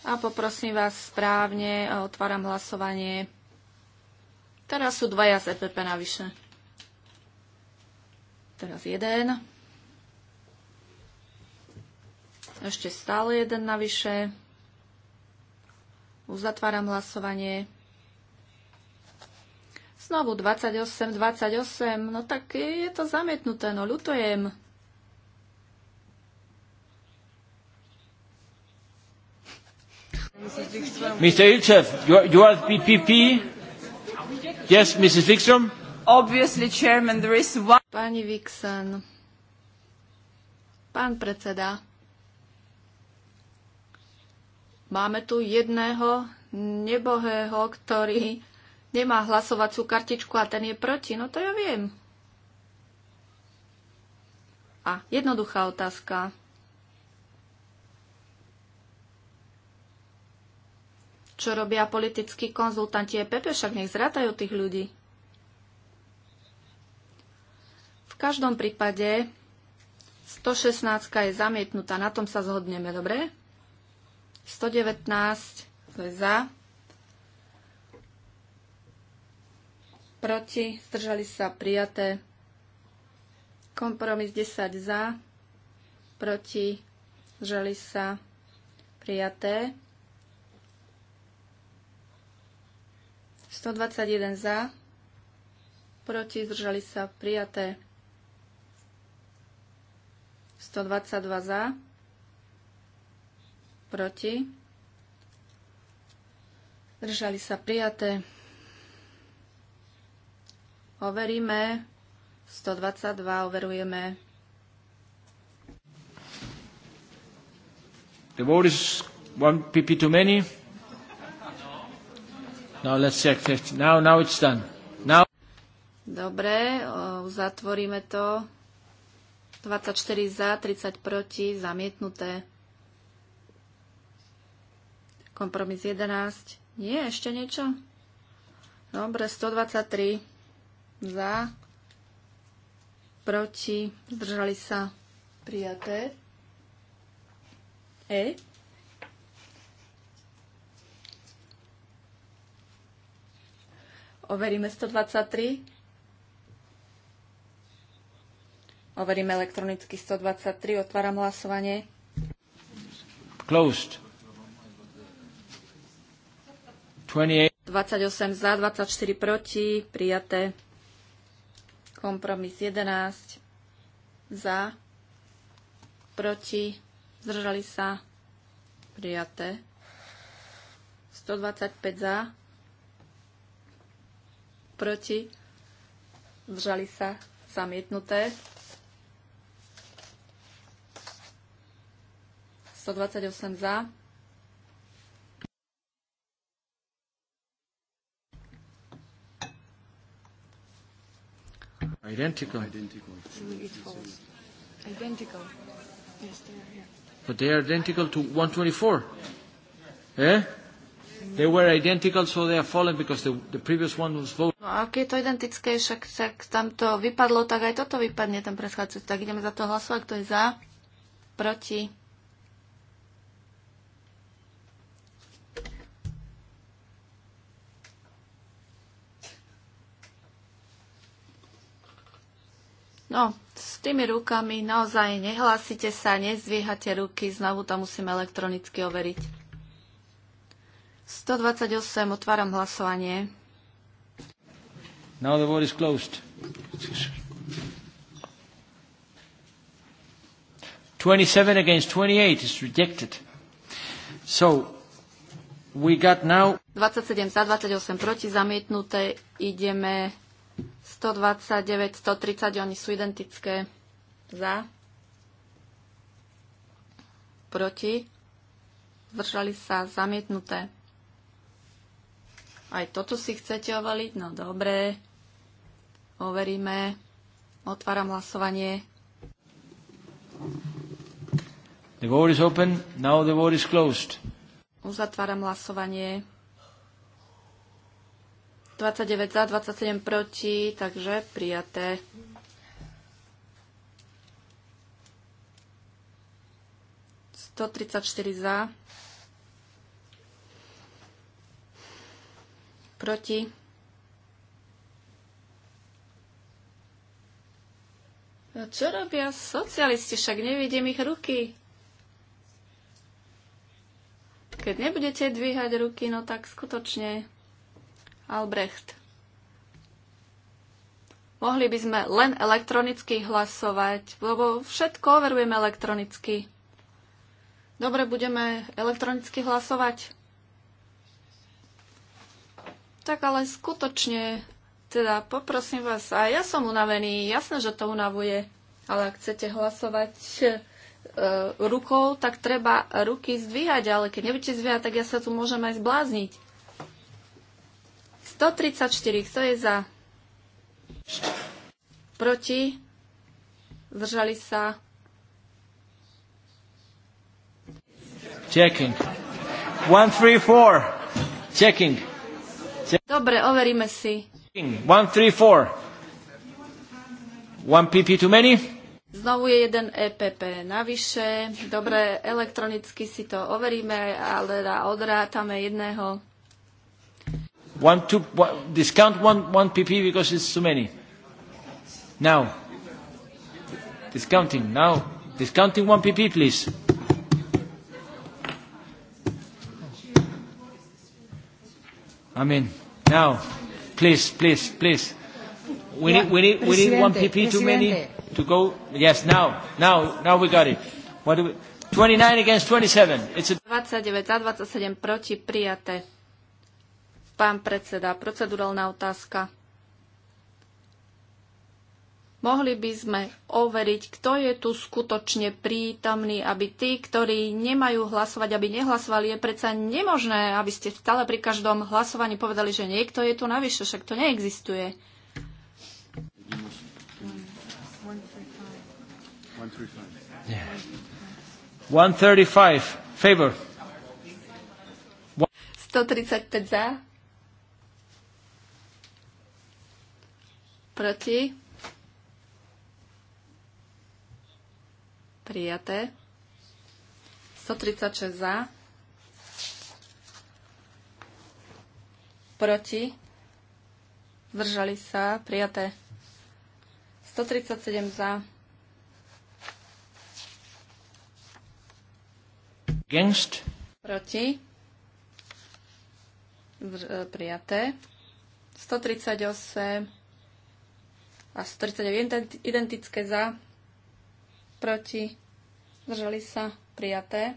a poprosím vás správne, otváram hlasovanie. Teraz sú dvaja z EPP navyše. Teraz jeden. Ešte stále jeden navyše. Uzatváram hlasovanie. Znovu 28, 28, no tak je to zamietnuté, no ľutujem. Mr. Ilchev, you you are PPP? Yes, Mrs. Wikström? Obviously, Chairman, there is one... Pani Vixen. Pán predseda. Máme tu jedného nebohého, ktorý nemá hlasovacú kartičku a ten je proti. No to ja viem. A jednoduchá otázka. Čo robia politickí konzultanti EPP? Však nech zrátajú tých ľudí. V každom prípade 116 je zamietnutá, na tom sa zhodneme, dobre? 119 to je za, proti, zdržali sa prijaté. Kompromis 10 za, proti, zdržali sa prijaté. 121 za, proti, zdržali sa prijaté. 122 za, proti, zdržali sa prijaté. Overíme. 122 overujeme. The word is one PP too many. Now let's check Now, now it's done. Now. Dobre, uzatvoríme to. 24 za, 30 proti, zamietnuté. Kompromis 11. Nie, ešte niečo? Dobre, 123 za, proti, zdržali sa prijaté. E. Overíme 123. Overíme elektronicky 123. Otváram hlasovanie. Closed. 28 za, 24 proti, prijaté. Kompromis 11 za, proti, zdržali sa, prijaté. 125 za, proti, zdržali sa, zamietnuté. 128 za, Identical. Identical. Identical. Yes, they are here. But they are identical to 124. Eh? They were identical, so they are fallen because the, the previous one was voted. No, ak je to identické, však, však tam vypadlo, tak aj toto vypadne, tam preschádzajú. Tak ideme za to hlasovať, kto je za, proti, No, s tými rukami naozaj nehlásite sa, nezdvíhate ruky, znovu to musím elektronicky overiť. 128, otváram hlasovanie. Now the vote is closed. 27 against 28 is rejected. So we got now 27 za 28 proti zamietnuté. Ideme 129, 130, oni sú identické. Za. Proti. Zdržali sa zamietnuté. Aj toto si chcete ovaliť? No dobre. Overíme. Otváram hlasovanie. The vote is open. Now the vote is closed. Uzatváram hlasovanie. 29 za, 27 proti, takže prijaté. To 34 za. Proti. No čo robia socialisti? Však nevidím ich ruky. Keď nebudete dvíhať ruky, no tak skutočne Albrecht. Mohli by sme len elektronicky hlasovať, lebo všetko overujeme elektronicky. Dobre, budeme elektronicky hlasovať. Tak ale skutočne, teda poprosím vás, a ja som unavený, jasné, že to unavuje, ale ak chcete hlasovať e, rukou, tak treba ruky zdvíhať, ale keď nebudete zdvíhať, tak ja sa tu môžem aj zblázniť. 134, kto je za? Proti? Zdržali sa? Checking. One, three, four. Checking. Check. Dobre, overíme si. One, three, four. One PP too many. Znovu je jeden EPP navyše. Dobre, elektronicky si to overíme, ale teda odrátame jedného. One, two, one, discount one, one PP because it's too many. Now. Discounting, now. Discounting one PP, please. I mean, now, please, please, please. We need, we need, we need one PP too many to go. Yes, now, now, now we got it. What do we, 29 against 27. It's a 29 27 proti prijaté. Pán predseda, procedurálna otázka. Mohli by sme overiť, kto je tu skutočne prítomný, aby tí, ktorí nemajú hlasovať, aby nehlasovali, je predsa nemožné, aby ste stále pri každom hlasovaní povedali, že niekto je tu navyše, však to neexistuje. Yeah. 135 favor. 135 za, proti, prijaté, 136 za, proti, zdržali sa, prijaté, 137 za, Against. Proti. E, prijaté. 138 a 139 identické za, proti, zdržali sa, prijaté.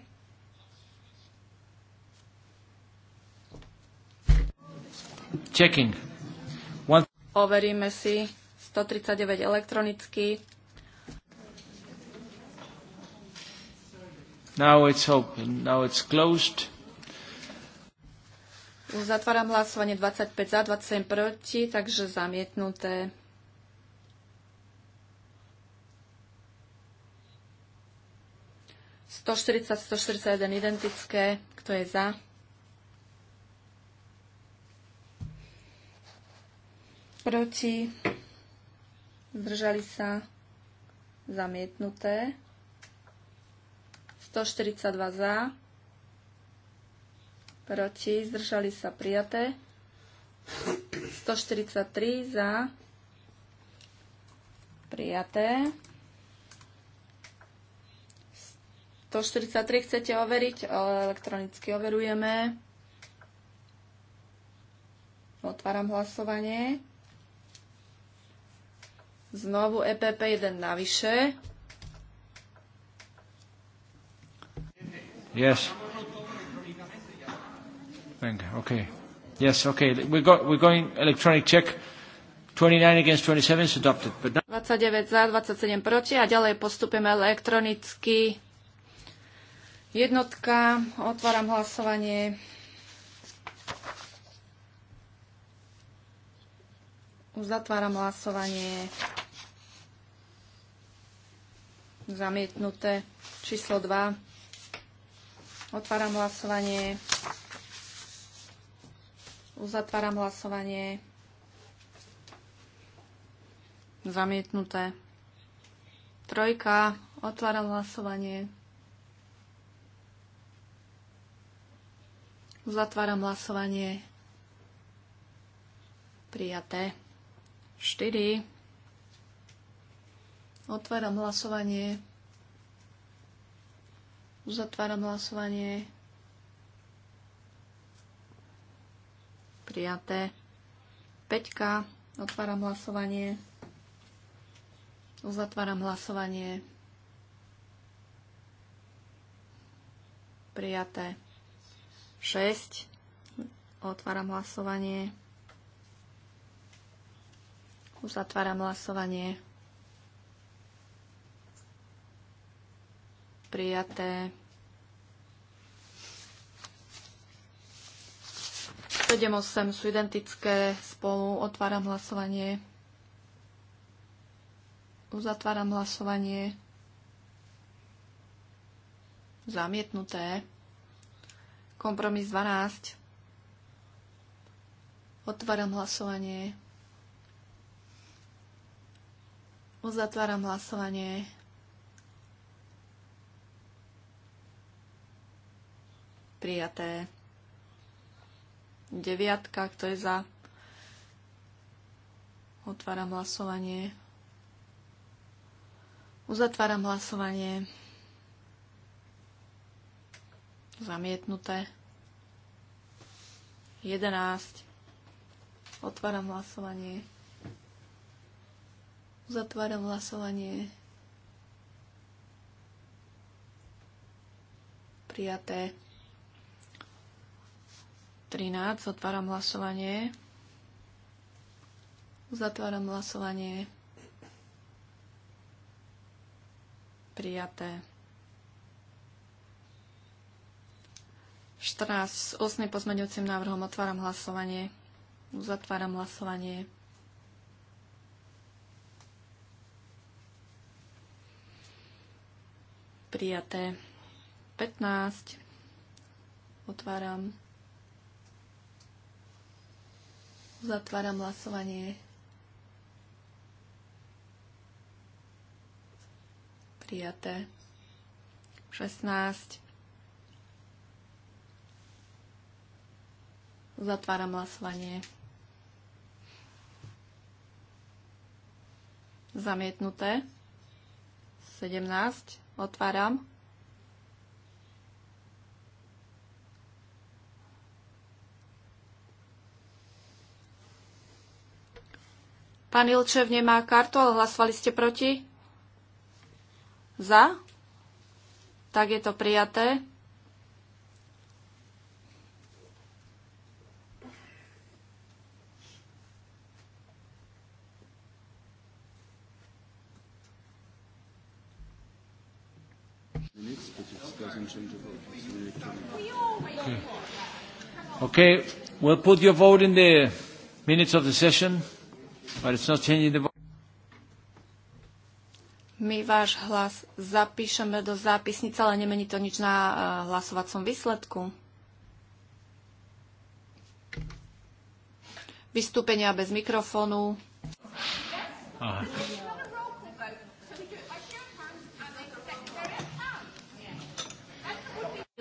Checking. One... Overíme si 139 elektronicky. Now it's open, now it's closed. zatváram hlasovanie 25 za, 27 proti, takže zamietnuté. 140, 141 identické. Kto je za? Proti? Zdržali sa? Zamietnuté. 142 za. Proti? Zdržali sa? Prijaté. 143 za. Prijaté. 143 chcete overiť, elektronicky overujeme. Otváram hlasovanie. Znovu EPP 1 navyše. Yes. Thank you. Okay. Yes, okay. We got, we're going electronic check. 29 against 27 is adopted. But 29 za, 27 proti a ďalej postupujeme elektronicky Jednotka, otváram hlasovanie. Uzatváram hlasovanie. Zamietnuté. Číslo 2. Otváram hlasovanie. Uzatváram hlasovanie. Zamietnuté. Trojka. Otváram hlasovanie. Uzatváram hlasovanie. Prijaté. 4. Otváram hlasovanie. Uzatváram hlasovanie. Prijaté. 5. Otváram hlasovanie. Uzatváram hlasovanie. Prijaté. 6. Otváram hlasovanie. Uzatváram hlasovanie. Prijaté. 7, osem sú identické spolu. Otváram hlasovanie. Uzatváram hlasovanie. Zamietnuté. Kompromis 12. Otváram hlasovanie. Uzatváram hlasovanie. Prijaté. Deviatka, kto je za? Otváram hlasovanie. Uzatváram hlasovanie. Zamietnuté. 11. Otváram hlasovanie. Zatváram hlasovanie. Prijaté. 13. Otváram hlasovanie. Zatváram hlasovanie. Prijaté. 14 s 8 pozmeňujúcim návrhom otváram hlasovanie. Uzatváram hlasovanie. Prijaté 15. Otváram. Uzatváram hlasovanie. Prijaté 16. Zatváram hlasovanie. Zamietnuté. 17. Otváram. Pán Ilčev nemá kartu, ale hlasovali ste proti? Za? Tak je to prijaté. Hmm. Okay, we'll put your vote in the minutes of the session, but it's not changing the vote. My váš hlas zapíšeme do zápisnice, ale nemení to nič na eh, hlasovacom výsledku. Vystúpenia bez mikrofónu. Aha.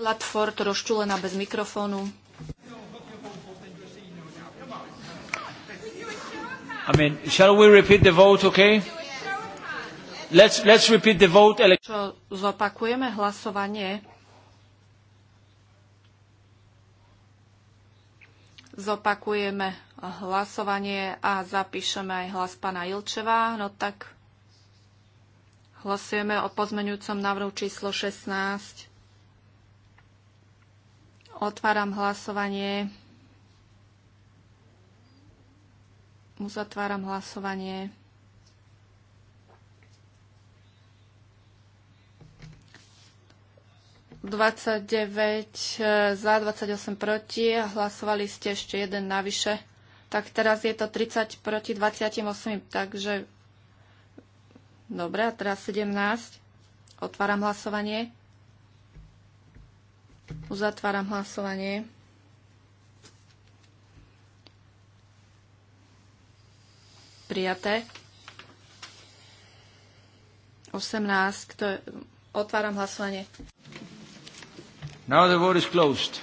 Latford rozčulená bez mikrofónu. I mean, shall we repeat the vote, okay? Let's, let's repeat the vote. Čo, zopakujeme hlasovanie? Zopakujeme hlasovanie a zapíšeme aj hlas pána Ilčeva. No tak hlasujeme o pozmenujúcom návrhu číslo 16. Otváram hlasovanie. Uzatváram hlasovanie. Eh, za, 28 proti. a Hlasovali ste ešte jeden navyše. Tak teraz je to 30 proti 28, takže... Dobre, a teraz 17. Otváram hlasovanie. Uzatváram hlasovanie. Prijaté. 18. Kto je... Otváram hlasovanie. Now the vote is closed.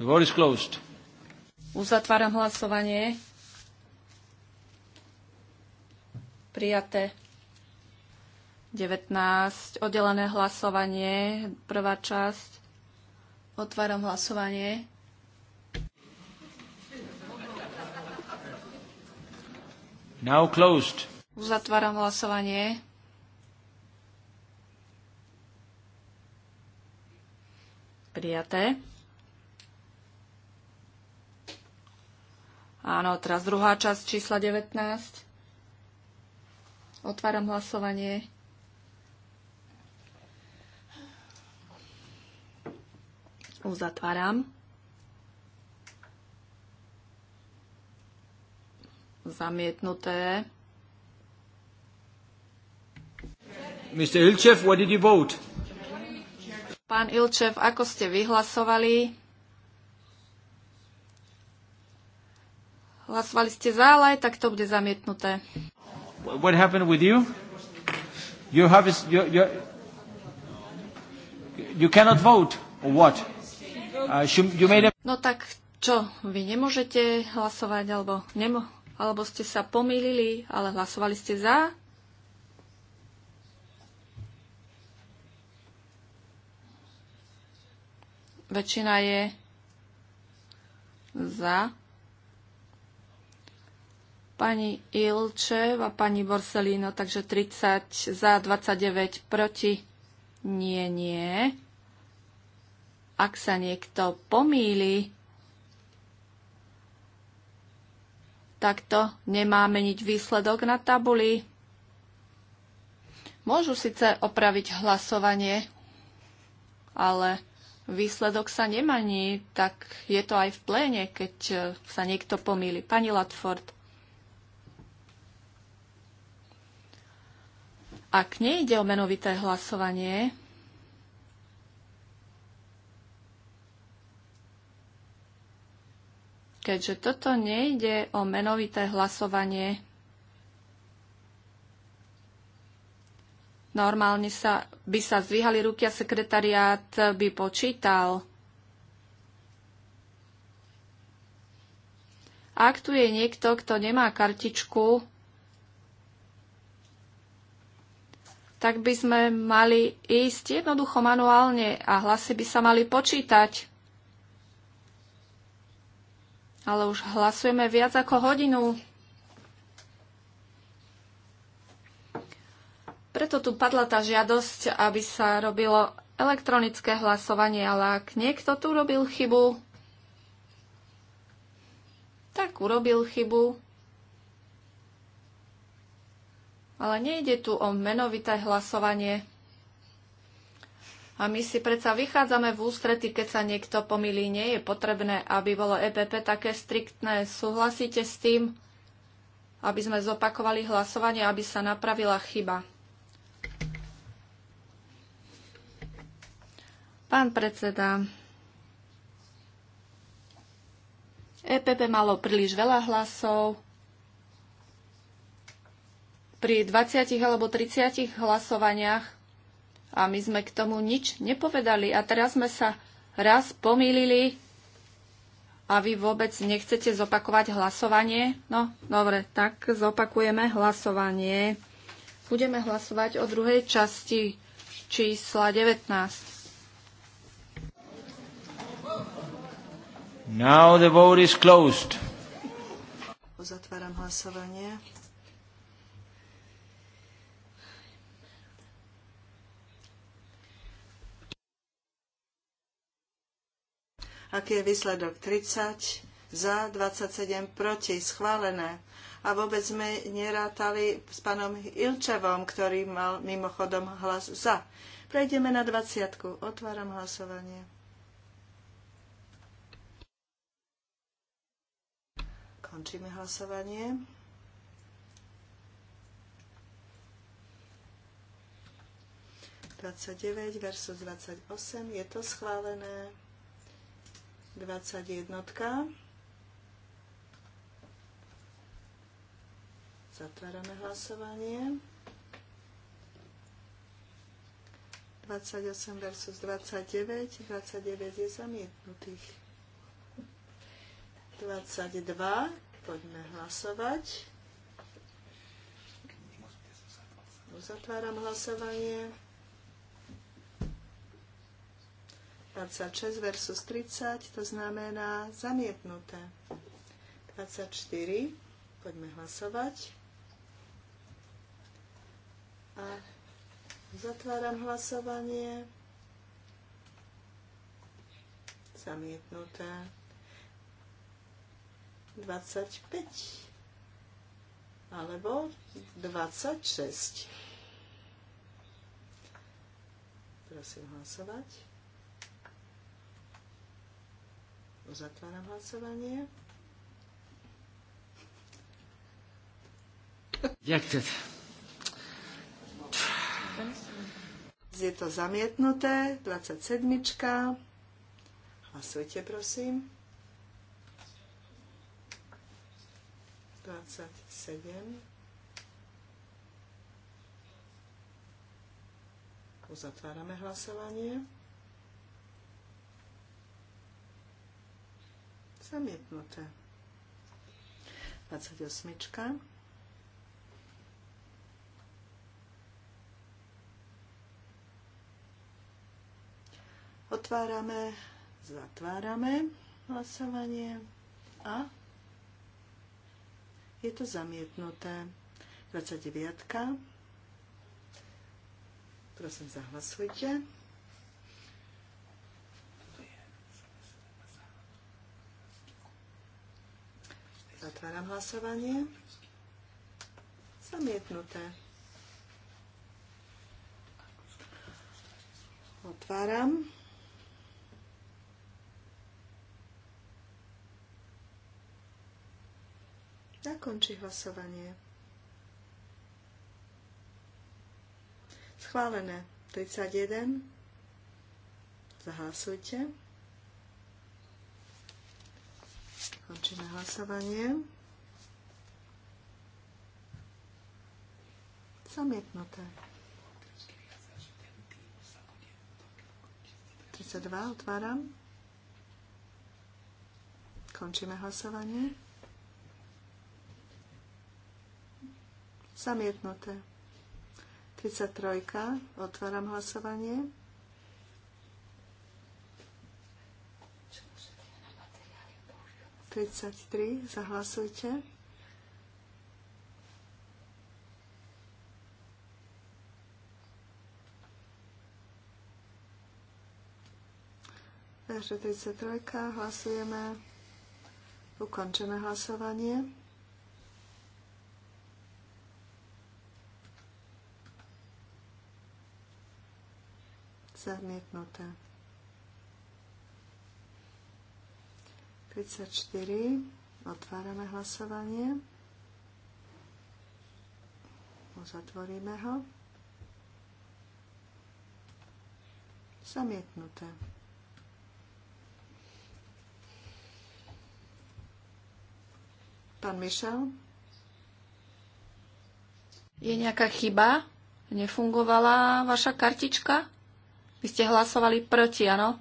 The vote is closed. Uzatváram hlasovanie. Prijaté. 19, oddelené hlasovanie, prvá časť. Otváram hlasovanie. Now closed. Uzatváram hlasovanie. Prijaté. Áno, teraz druhá časť čísla 19. Otváram hlasovanie. Uzatváram. Zamietnuté. Mr. Ilčev, what did you vote? Pán Ilčev, ako ste vyhlasovali? Hlasovali ste za, ale aj tak to bude zamietnuté. What happened with you? You have a, you, you, you cannot vote, or what? No tak čo, vy nemôžete hlasovať, alebo, nemo, alebo ste sa pomýlili, ale hlasovali ste za? Väčšina je za. Pani Ilčev a pani Borselino, takže 30 za, 29 proti. Nie, nie ak sa niekto pomýli, tak to nemá meniť výsledok na tabuli. Môžu síce opraviť hlasovanie, ale výsledok sa nemení, tak je to aj v pléne, keď sa niekto pomýli. Pani Latford. Ak nejde o menovité hlasovanie, keďže toto nejde o menovité hlasovanie. Normálne sa, by sa zvíhali ruky a sekretariát by počítal. Ak tu je niekto, kto nemá kartičku, tak by sme mali ísť jednoducho manuálne a hlasy by sa mali počítať. Ale už hlasujeme viac ako hodinu. Preto tu padla tá žiadosť, aby sa robilo elektronické hlasovanie, ale ak niekto tu robil chybu, tak urobil chybu. Ale nejde tu o menovité hlasovanie. A my si predsa vychádzame v ústrety, keď sa niekto pomýli. Nie je potrebné, aby bolo EPP také striktné. Súhlasíte s tým, aby sme zopakovali hlasovanie, aby sa napravila chyba? Pán predseda, EPP malo príliš veľa hlasov. Pri 20 alebo 30 hlasovaniach a my sme k tomu nič nepovedali. A teraz sme sa raz pomýlili a vy vôbec nechcete zopakovať hlasovanie. No, dobre, tak zopakujeme hlasovanie. Budeme hlasovať o druhej časti čísla 19. Now the vote is closed. Uzatváram hlasovanie. Aký je výsledok? 30 za, 27 proti, schválené. A vôbec sme nerátali s pánom Ilčevom, ktorý mal mimochodom hlas za. Prejdeme na 20. Otváram hlasovanie. Končíme hlasovanie. Dvadsaťdeväť versus 28. Je to schválené. 21. Zatvárame hlasovanie. 28 versus 29. 29 je zamietnutých. 22. Poďme hlasovať. Uzatváram hlasovanie. 26 versus 30, to znamená zamietnuté. 24, poďme hlasovať. A zatváram hlasovanie. Zamietnuté. 25 alebo 26. Prosím hlasovať. Uzatváram hlasovanie. Jak Je to zamietnuté, 27. Hlasujte, prosím. 27. Uzatvárame hlasovanie. Zamietnuté. 28. Otvárame, zatvárame hlasovanie a je to zamietnuté. 29. Prosím, zahlasujte. Zatváram hlasovanie. Zamietnuté. Otváram. Zakončí hlasovanie. Schválené. 31. Zahlasujte. Končíme hlasovanie. Zamietnuté. 32 otváram. Končíme hlasovanie. Zamietnuté. 33. Otváram hlasovanie. 33. Zahlasujte. Takže 33. Hlasujeme. Ukončené hlasovanie. Zamietnuté. 34. Otvárame hlasovanie. Uzatvoríme ho. Zamietnuté. Pán Mišel? Je nejaká chyba? Nefungovala vaša kartička? Vy ste hlasovali proti, áno?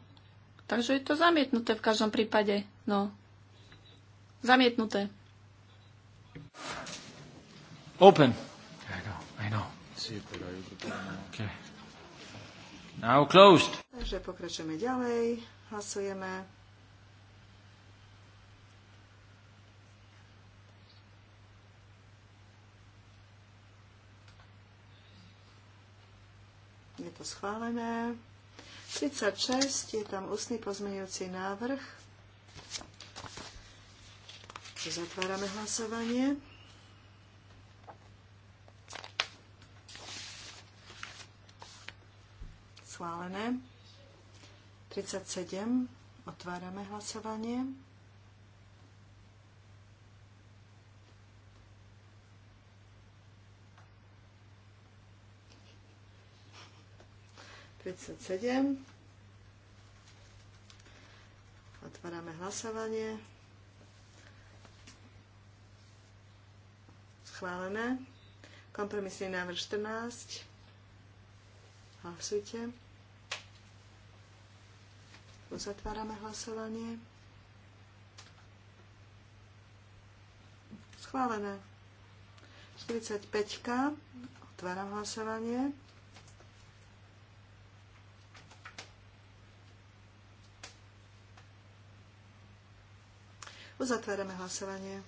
Takže je to zamietnuté v každom prípade. No. Zamietnuté. Open. I know, I know. Okay. Now closed. Takže pokračujeme ďalej. Hlasujeme. Je to schválené. 36, je tam ústny pozmeňujúci návrh. Proti. Zatvárame hlasovanie. Schválené. 37. Otvárame hlasovanie. Otvárame hlasovanie. schválené. Kompromisný návrh 14. Hlasujte. Uzatvárame hlasovanie. Schválené. 45. Otváram hlasovanie. Uzatvárame hlasovanie.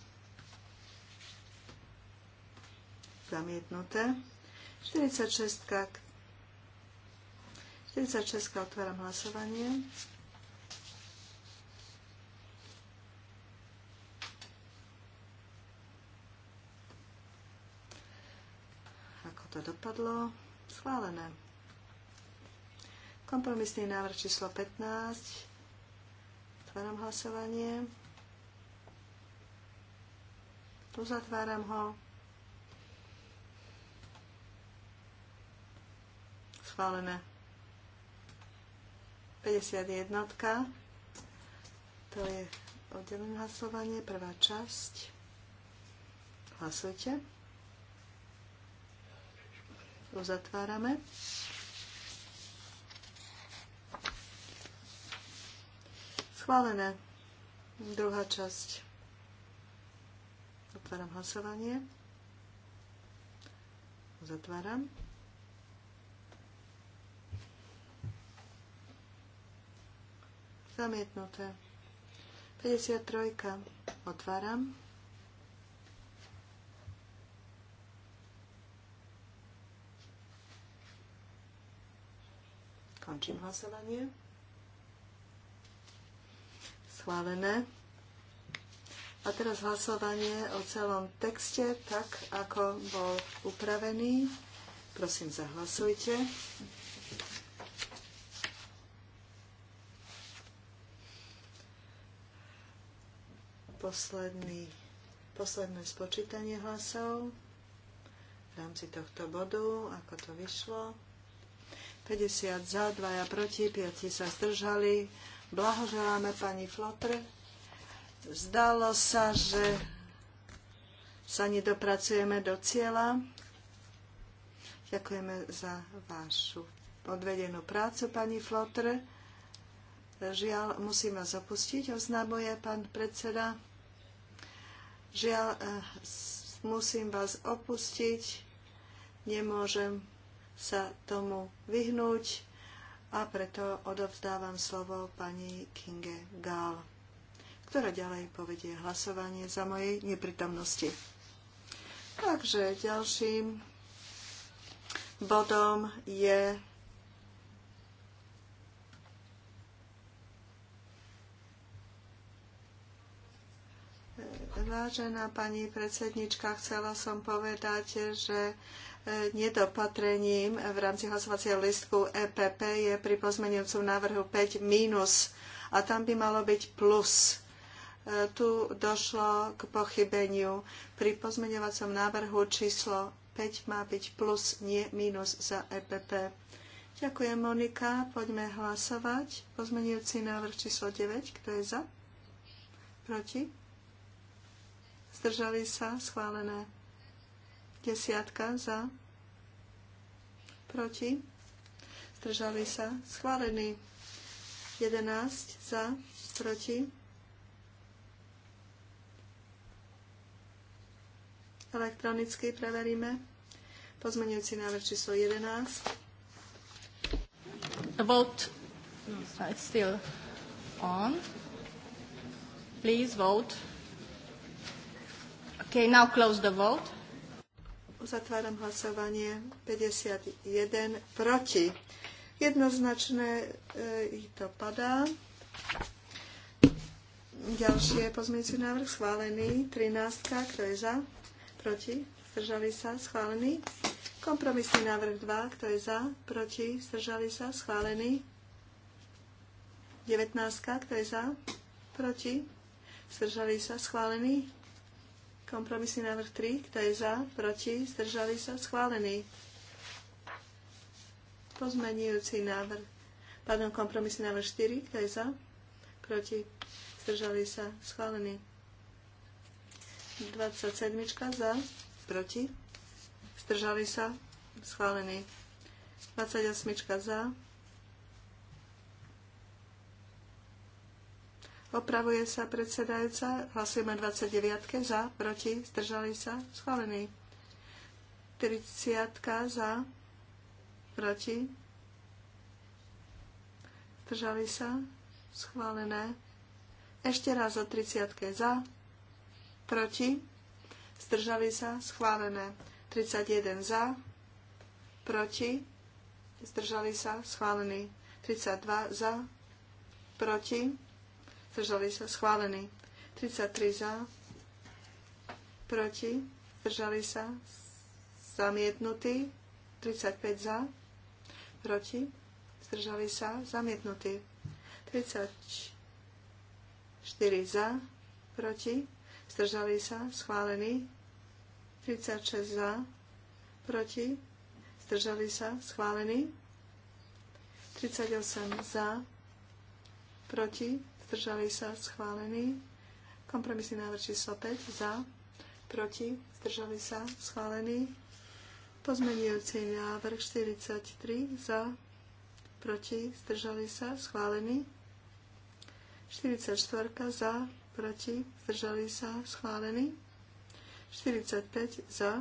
zamietnuté. 46. 46. Otváram hlasovanie. Ako to dopadlo? Schválené. Kompromisný návrh číslo 15. Otváram hlasovanie. Uzatváram ho. schválené. 51. To je oddelené hlasovanie, prvá časť. Hlasujte. Uzatvárame. Schválené. Druhá časť. Otváram hlasovanie. Zatváram. Zamietnuté. 53. Otváram. Končím hlasovanie. Schválené. A teraz hlasovanie o celom texte, tak ako bol upravený. Prosím, zahlasujte. posledný, posledné spočítanie hlasov v rámci tohto bodu, ako to vyšlo. 50 za, 2 proti, 5 sa zdržali. Blahoželáme pani Flotr. Zdalo sa, že sa nedopracujeme do cieľa. Ďakujeme za vašu odvedenú prácu, pani Flotr. Žiaľ, musím vás opustiť, oznámuje pán predseda. Žiaľ, eh, musím vás opustiť, nemôžem sa tomu vyhnúť a preto odovzdávam slovo pani Kinge Gál, ktorá ďalej povedie hlasovanie za mojej neprítomnosti. Takže ďalším bodom je Vážená pani predsednička, chcela som povedať, že e, nedopatrením v rámci hlasovacieho listku EPP je pri pozmenujúcom návrhu 5 mínus a tam by malo byť plus. E, tu došlo k pochybeniu. Pri pozmenovacom návrhu číslo 5 má byť plus, nie mínus za EPP. Ďakujem, Monika. Poďme hlasovať. Pozmenujúci návrh číslo 9. Kto je za? Proti? zdržali sa, schválené. Desiatka za, proti, zdržali sa, schválený. 11 za, proti. Elektronicky preveríme. Pozmenujúci návrh číslo 11. The vote no, is still on. Please vote. Okay, now close the vote. Uzatváram hlasovanie 51 proti. Jednoznačné e, to padá. Ďalšie pozmeňujúci návrh schválený. 13. Kto je za? Proti? Zdržali sa? Schválený. Kompromisný návrh 2. Kto je za? Proti? Zdržali sa? Schválený. 19. Kto je za? Proti? Zdržali sa? Schválený. Kompromisný návrh 3. Kto je za? Proti? Zdržali sa? Schválený. Pozmenujúci návrh. Pardon, kompromisný návrh 4. Kto je za? Proti? Zdržali sa? Schválený. 27. Za? Proti? Zdržali sa? Schválený. 28. Za? Opravuje sa predsedajúca. Hlasujeme 29. Za, proti, zdržali sa. Schválený. 30. Za, proti, zdržali sa. Schválené. Ešte raz o 30. Za, proti, zdržali sa. Schválené. 31 za, proti, zdržali sa, schválený. 32 za, proti, zdržali sa, schválený. 33 za, proti, zdržali sa, zamietnutý. 35 za, proti, zdržali sa, zamietnutý. 34 za, proti, zdržali sa, schválený. 36 za, proti, zdržali sa, schválený. 38 za, proti, zdržali sa, schválený. Kompromisný návrh číslo 5 za, proti, zdržali sa, schválený. Pozmenujúci návrh 43 za, proti, zdržali sa, schválený. 44 za, proti, zdržali sa, schválený. 45 za,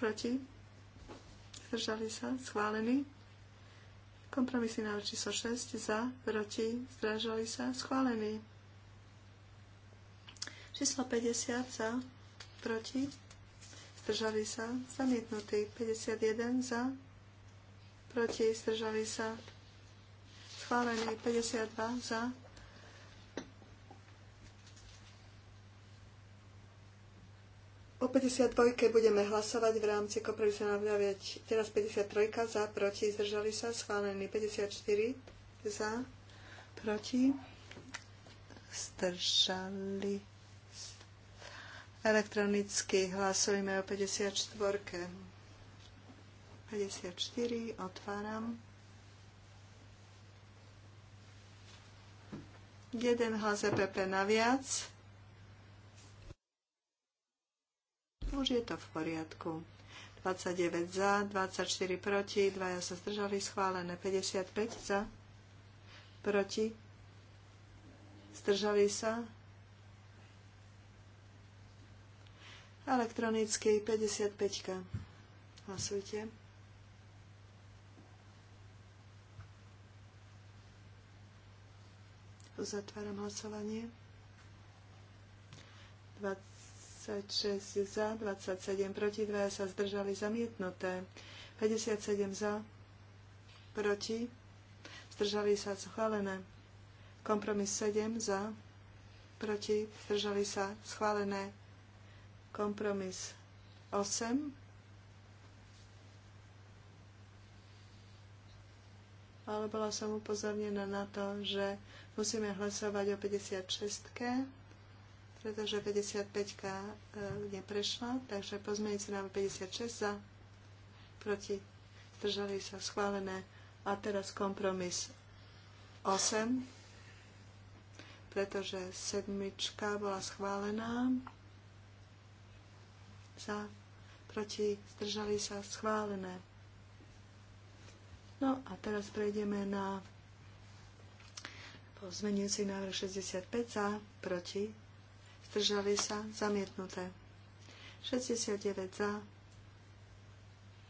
proti, zdržali sa, schválený. Kompromisný návrh číslo 6 za, proti, zdržali sa, schválený. Číslo 50 za, proti, zdržali sa, zamietnutý. 51 za, proti, zdržali sa, schválený. 52 za, O 52 budeme hlasovať v rámci Koprivice na Teraz 53 za, proti, zdržali sa, schválený. 54 za, proti, zdržali. Elektronicky hlasujeme o 54. 54, otváram. Jeden hlas EPP naviac. Už je to v poriadku. 29 za, 24 proti, dvaja sa zdržali schválené, 55 za, proti, zdržali sa. Elektronicky 55. Hlasujte. Uzatváram hlasovanie. 20 26 za, 27 proti, 2 sa zdržali zamietnuté. 57 za, proti, zdržali sa schválené. Kompromis 7 za, proti, zdržali sa schválené. Kompromis 8 ale bola som upozornená na to, že musíme hlasovať o 56 pretože 55K neprešla, takže pozmeňujúce nám 56 za, proti, zdržali sa schválené. A teraz kompromis 8, pretože sedmička bola schválená. Za, proti, zdržali sa schválené. No a teraz prejdeme na pozmenujúci návrh 65 za, proti, zdržali sa, zamietnuté. 69 za,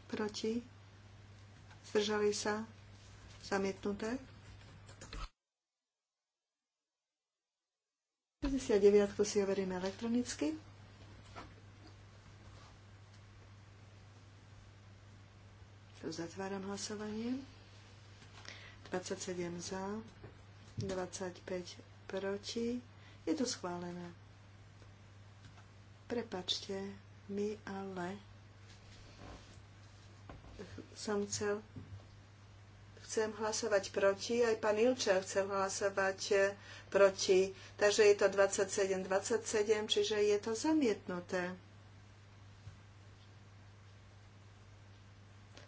proti, zdržali sa, zamietnuté. 69 si overíme elektronicky. Tu zatváram hlasovanie. 27 za, 25 proti. Je to schválené. Prepačte mi, ale som chcel chcem hlasovať proti, aj pán Ilčev chcel hlasovať e, proti. Takže je to 27-27, čiže je to zamietnuté.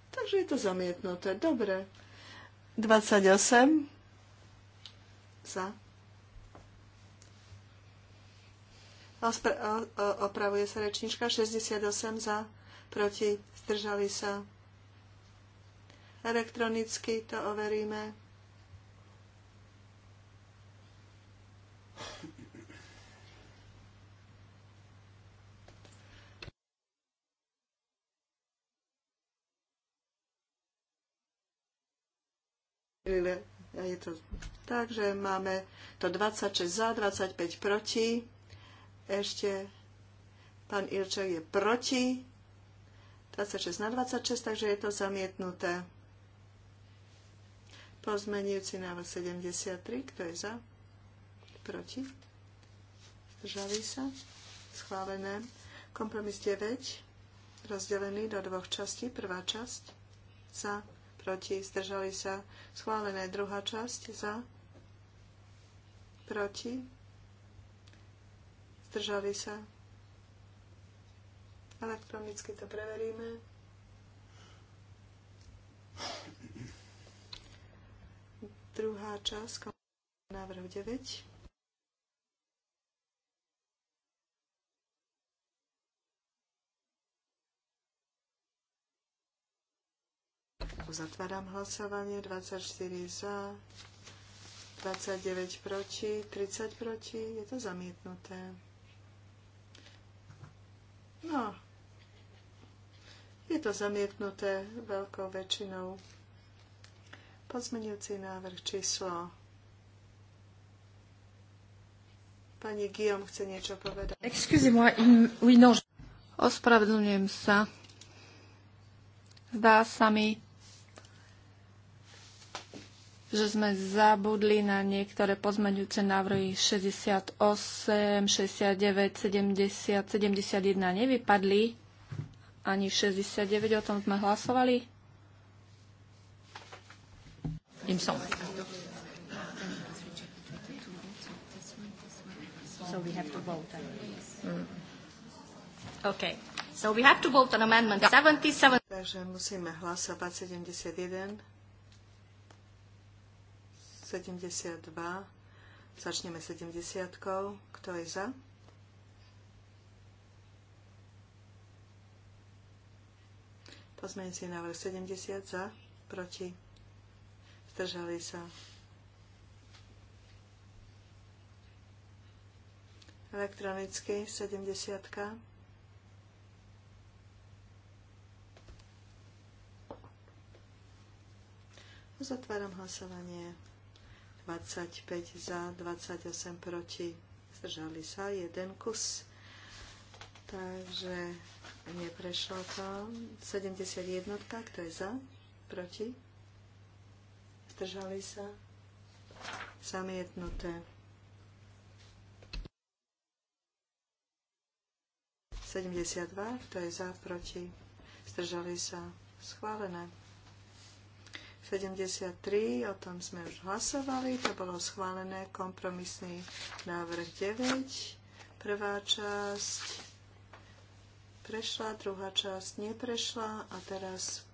Takže je to zamietnuté. Dobre. 28 za Opravuje sa rečnička 68 za, proti, zdržali sa. Elektronicky to overíme. Takže máme to 26 za, 25 proti. Ešte pán Ilček je proti. 26 na 26, takže je to zamietnuté. Pozmenujúci návrh 73, kto je za? Proti? Zdržali sa? Schválené. Kompromis 9, rozdelený do dvoch častí. Prvá časť za, proti, zdržali sa. Schválené druhá časť za, proti, zdržali sa. Elektronicky to preveríme. Druhá časť návrh 9. Zatváram hlasovanie. 24 za, 29 proti, 30 proti. Je to zamietnuté. No, je to zamietnuté veľkou väčšinou. Pozmenujúci návrh číslo. Pani Guillaume chce niečo povedať. Excusez-moi, oui, non. Ospravedlňujem sa. Zdá sa mi, že sme zabudli na niektoré pozmeňujúce návrhy 68, 69, 70, 71 nevypadli. Ani 69, o tom sme hlasovali. Im som. So we have to vote. Mm. Okay. So we have to vote on amendment 77. Takže musíme hlasovať 71. 72. Začneme 70. Kto je za? Pozmeňujúci návrh 70 za, proti, zdržali sa. Elektronicky 70. Zatváram hlasovanie. 25 za, 28 proti. Zdržali sa jeden kus. Takže neprešlo to. 71, kto je za? Proti? Zdržali sa? Zamietnuté. 72, kto je za? Proti? Zdržali sa? Schválené. 73, o tom sme už hlasovali, to bolo schválené kompromisný návrh 9. Prvá časť prešla, druhá časť neprešla a teraz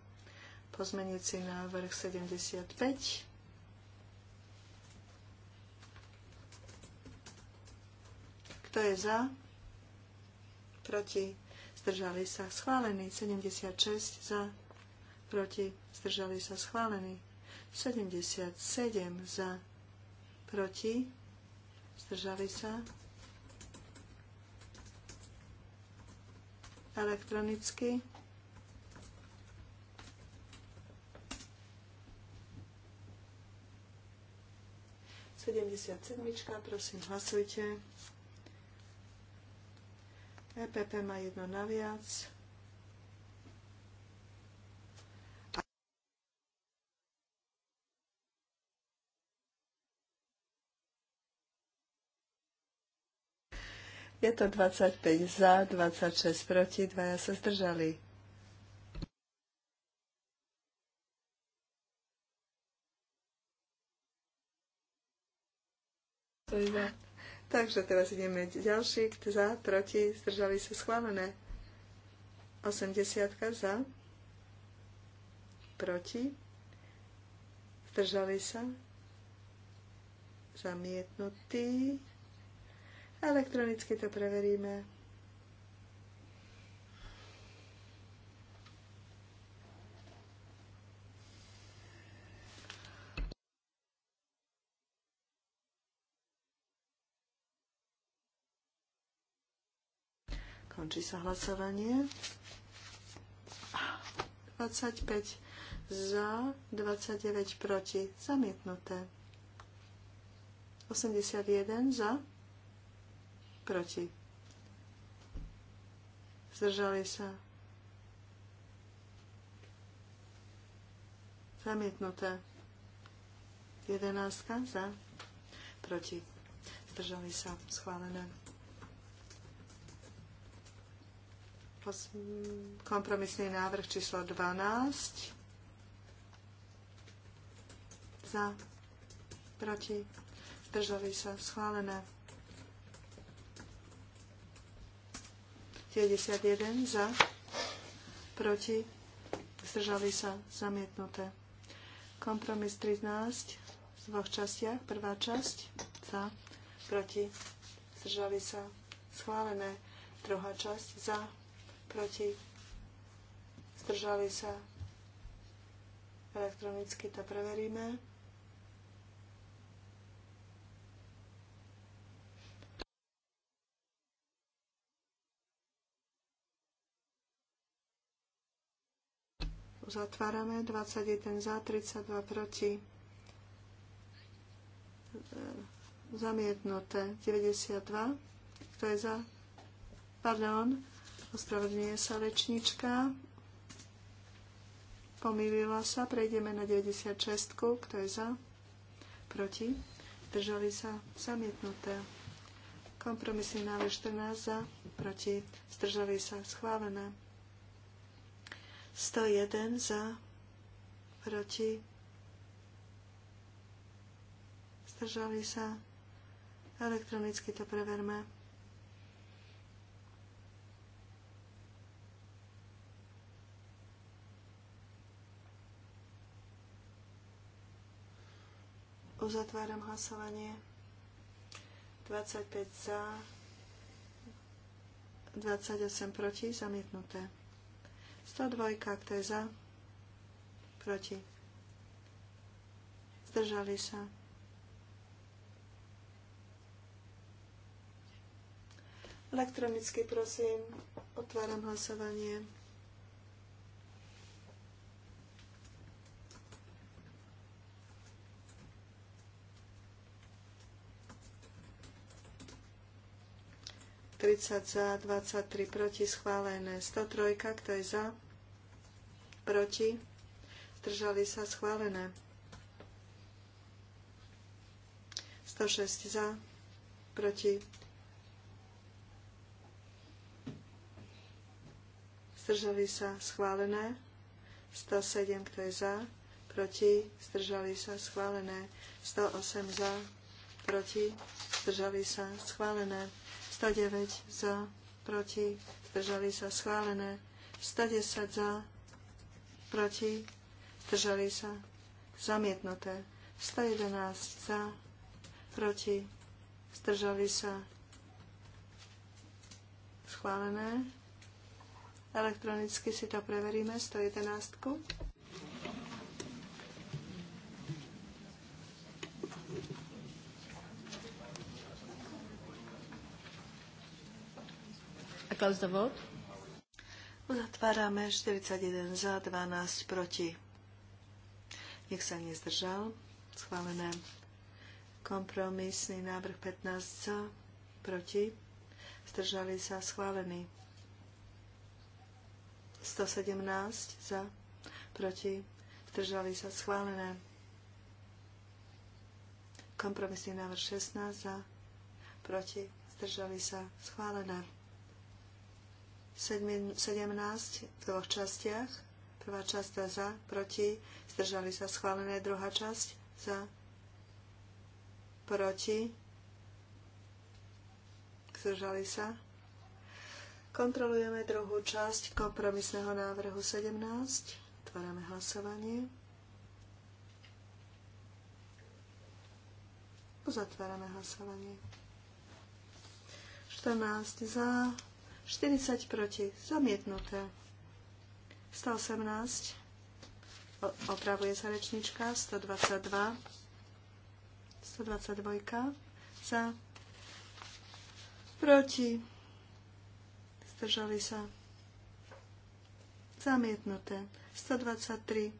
pozmenici návrh 75. Kto je za? Proti? Zdržali sa. Schválený 76 za proti, zdržali sa schválení. 77 za, proti, zdržali sa. Elektronicky. Sedemdesiat sedmička, prosím, hlasujte. EPP má jedno naviac. Je to 25 za, 26 proti, dvaja sa zdržali. Takže teraz ideme ďalší, za, proti, zdržali sa schválené. 80 za, proti, zdržali sa, zamietnutý. Elektronicky to preveríme. Končí sa hlasovanie. 25 za, 29 proti, zamietnuté. 81 za, proti. Zdržali sa. Zamietnuté. Jedenáctka. za, proti. Zdržali sa. Schválené. Kompromisný návrh číslo 12. Za, proti. Zdržali sa. Schválené. 91 za, proti, zdržali sa, zamietnuté. Kompromis 13 v dvoch častiach. Prvá časť za, proti, zdržali sa, schválené. Druhá časť za, proti, zdržali sa. Elektronicky to preveríme. uzatvárame. 21 za, 32 proti. Zamietnuté. 92. Kto je za? Pardon. Ospravedlňuje sa rečnička. Pomýlila sa. Prejdeme na 96. Kto je za? Proti. Držali sa. Zamietnuté. Kompromisný návrh 14 za. Proti. Zdržali sa. Schválené. 101 za, proti, zdržali sa. Elektronicky to preverme. Uzatváram hlasovanie. 25 za, 28 proti, zamietnuté. 102, kto je za? Proti. Zdržali sa. Elektronicky prosím, otváram hlasovanie. 30 za, 23 proti, schválené. 103, kto je za, proti, zdržali sa, schválené. 106 za, proti, zdržali sa, schválené. 107, kto je za, proti, zdržali sa, schválené. 108 za, proti, zdržali sa, schválené. 109 za, proti, zdržali sa schválené. 110 za, proti, zdržali sa zamietnuté. 111 za, proti, zdržali sa schválené. Elektronicky si to preveríme, 111. close the vote. Uzatvárame 41 za, 12 proti. Nech sa nezdržal. Schválené. Kompromisný návrh 15 za, proti. Zdržali sa schválený. 117 za, proti. Zdržali sa schválené. Kompromisný návrh 16 za, proti. Zdržali sa schválené. 17 v dvoch častiach. Prvá časť za, proti, zdržali sa schválené. Druhá časť za, proti, zdržali sa. Kontrolujeme druhú časť kompromisného návrhu 17. Otvárame hlasovanie. Uzatvárame hlasovanie. 14 za, 40 proti. Zamietnuté. 118. Opravuje sa rečnička. 122. 122. Za. Proti. Zdržali sa. Zamietnuté. 123.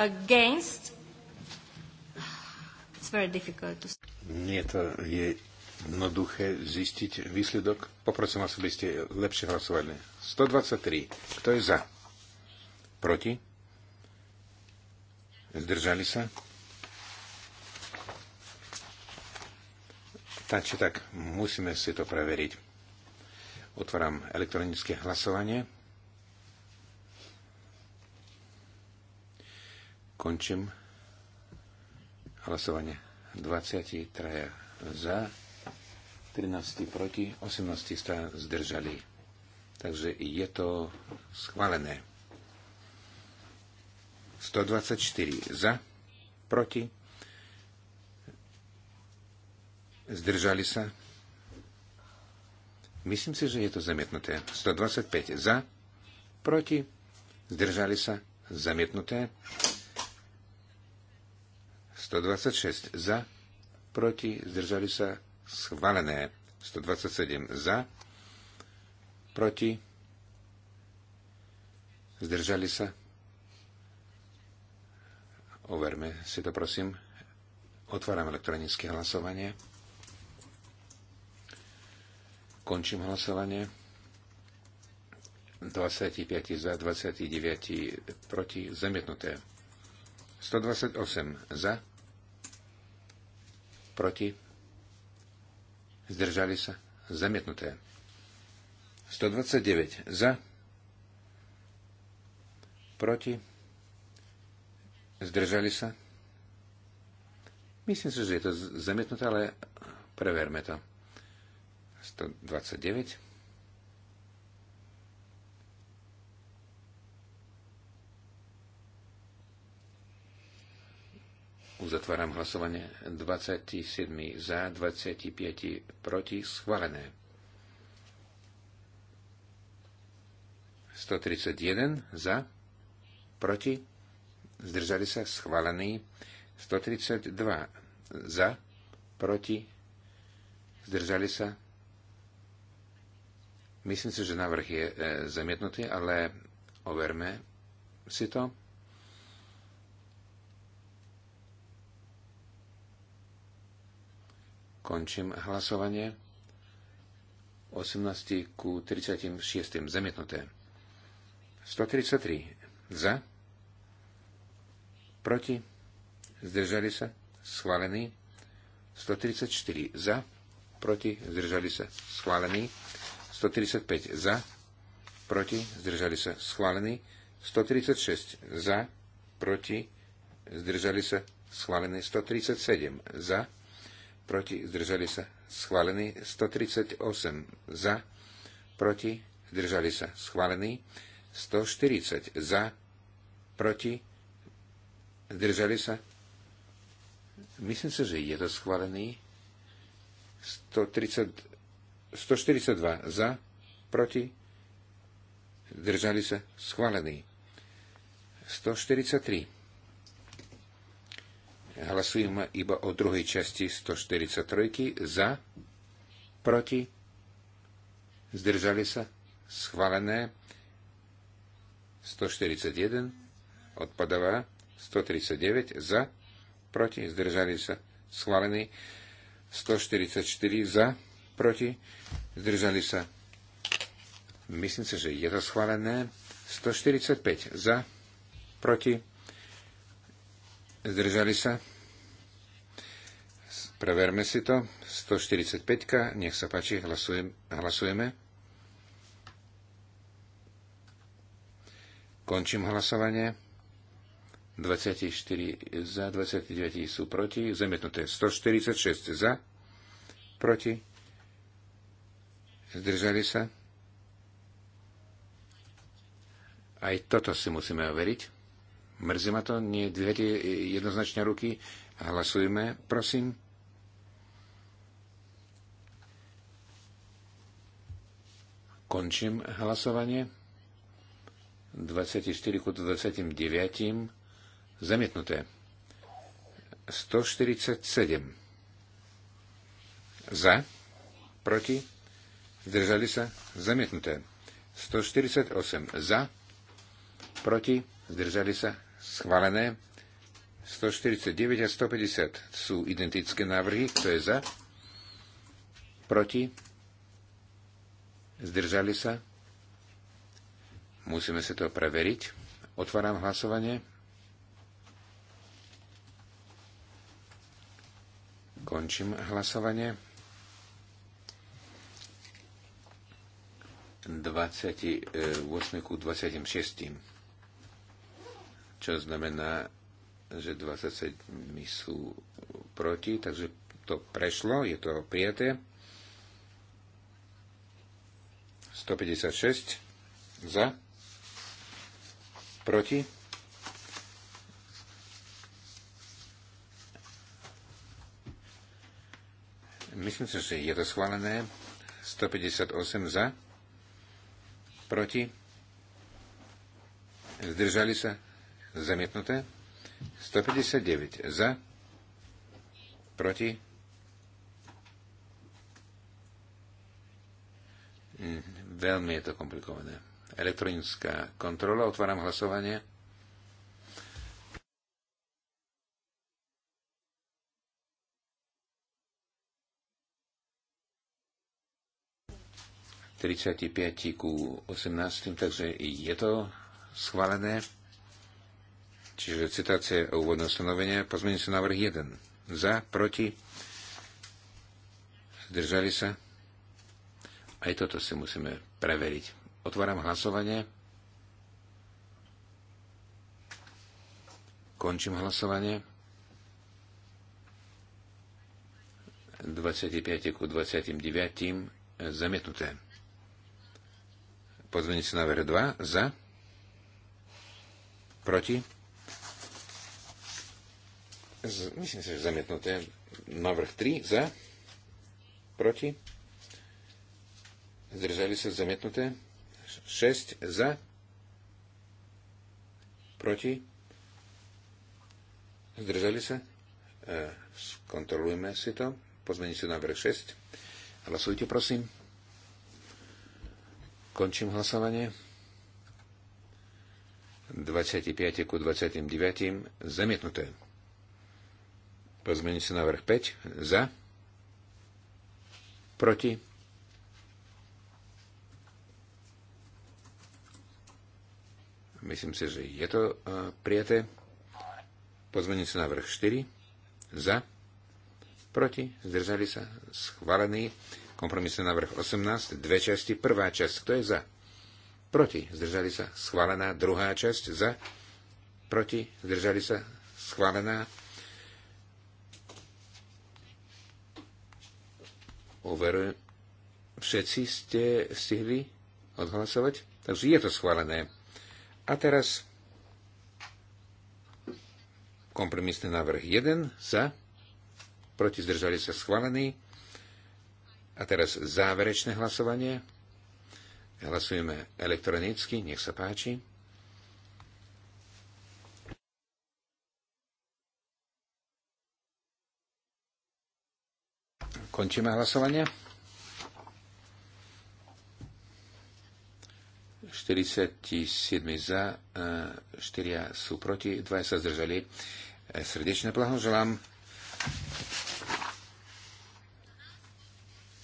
Against. It's very difficult to... Nie, to je jednoduché zistiť výsledok. Poprosím vás, aby ste lepšie hlasovali. 123. Kto je za? Proti? Zdržali sa? Tak či tak, musíme si to preveriť. Otváram elektronické hlasovanie. Končím hlasovanie. 23 za, 13 proti, 18 sa zdržali. Takže je to schválené. 124 za, proti, zdržali sa. Myslím si, že je to zamietnuté. 125 za, proti, zdržali sa, zamietnuté. 126 za, proti, zdržali sa, schválené. 127 za, proti, zdržali sa. Overme si to, prosím. Otváram elektronické hlasovanie. Končím hlasovanie. 25 za, 29 proti, zamietnuté. 128 za, proti, zdržali sa, zamietnuté. 129 za, proti, zdržali sa. Myslím si, že je to zamietnuté, ale preverme to. 129. Uzatváram hlasovanie 27 za, 25 proti, schválené. 131 za, proti, zdržali sa, schválený. 132 za, proti, zdržali sa. Myslím si, že návrh je e, zamietnutý, ale overme si to. Končím hlasovanie. 18 ku 36. Zamietnuté. 133. Za. Proti. Zdržali sa. Schválený. 134. Za. Proti. Zdržali sa. Schválený. 135. Za. Proti. Zdržali sa. Schválený. 136. Za. Proti. Zdržali sa. Schválený. 137. Za proti, zdržali sa, schválený. 138 za, proti, zdržali sa, schválený. 140 za, proti, zdržali sa. Myslím si, že je to schválený. 130, 142 za, proti, zdržali sa, schválený. 143 Hlasujeme iba o druhej časti 143 za, proti, zdržali sa, schválené 141, odpadavá 139 za, proti, zdržali sa, schválený 144 za, proti, zdržali sa. Myslím si, že je to schválené. 145 za, proti, zdržali sa. Preverme si to. 145. Nech sa páči, hlasujem, hlasujeme. Končím hlasovanie. 24 za, 29 sú proti. Zamietnuté 146 za, proti. Zdržali sa. Aj toto si musíme overiť. Mrzí ma to, dvihajte jednoznačne ruky. Hlasujme, prosím. Končím hlasovanie. 24 ku 29. Zamietnuté. 147. Za. Proti. Zdržali sa. Zamietnuté. 148. Za. Proti. Zdržali sa. Schválené. 149 a 150 sú identické návrhy. Kto je za? Proti Zdržali sa? Musíme sa to preveriť. Otváram hlasovanie. Končím hlasovanie. 28 e, ku 26. Čo znamená, že 27 sú proti, takže to prešlo, je to prijaté. 156 za, proti, Myslím si, že je to schválené. 158 za, proti, zdržali sa, zamietnuté. 159 za, proti, Mm-hmm. Veľmi je to komplikované. Elektronická kontrola. Otváram hlasovanie. ku 18, takže je to schválené. Čiže citácie o úvodné stanovenie. Pozmeniť sa návrh 1. Za, proti, zdržali sa. Aj toto si musíme preveriť. Otváram hlasovanie. Končím hlasovanie. 25 ku 29 zamietnuté. Pozvanie sa návrh 2 za. Proti. Z, myslím si, že zamietnuté. Návrh 3 za. Proti zdržali sa zamietnuté, 6 za, proti, zdržali sa, e, skontrolujme si to, pozmení si návrh 6, hlasujte prosím, končím hlasovanie, 25 ku 29 zamietnuté. Pozmeni sa návrh 5 za, proti, Myslím si, že je to e, prijaté. na vrch 4. Za. Proti. Zdržali sa. Schválený. na vrch 18. Dve časti. Prvá časť. Kto je za? Proti. Zdržali sa. Schválená. Druhá časť. Za. Proti. Zdržali sa. Schválená. Overujem. Všetci ste stihli odhlasovať? Takže je to schválené. A teraz kompromisný návrh 1 za, proti zdržali sa schválený. A teraz záverečné hlasovanie. Hlasujeme elektronicky, nech sa páči. Končíme hlasovanie. 47 za, 4 e, sú proti, 2 sa zdržali. E, srdečne blahoželám.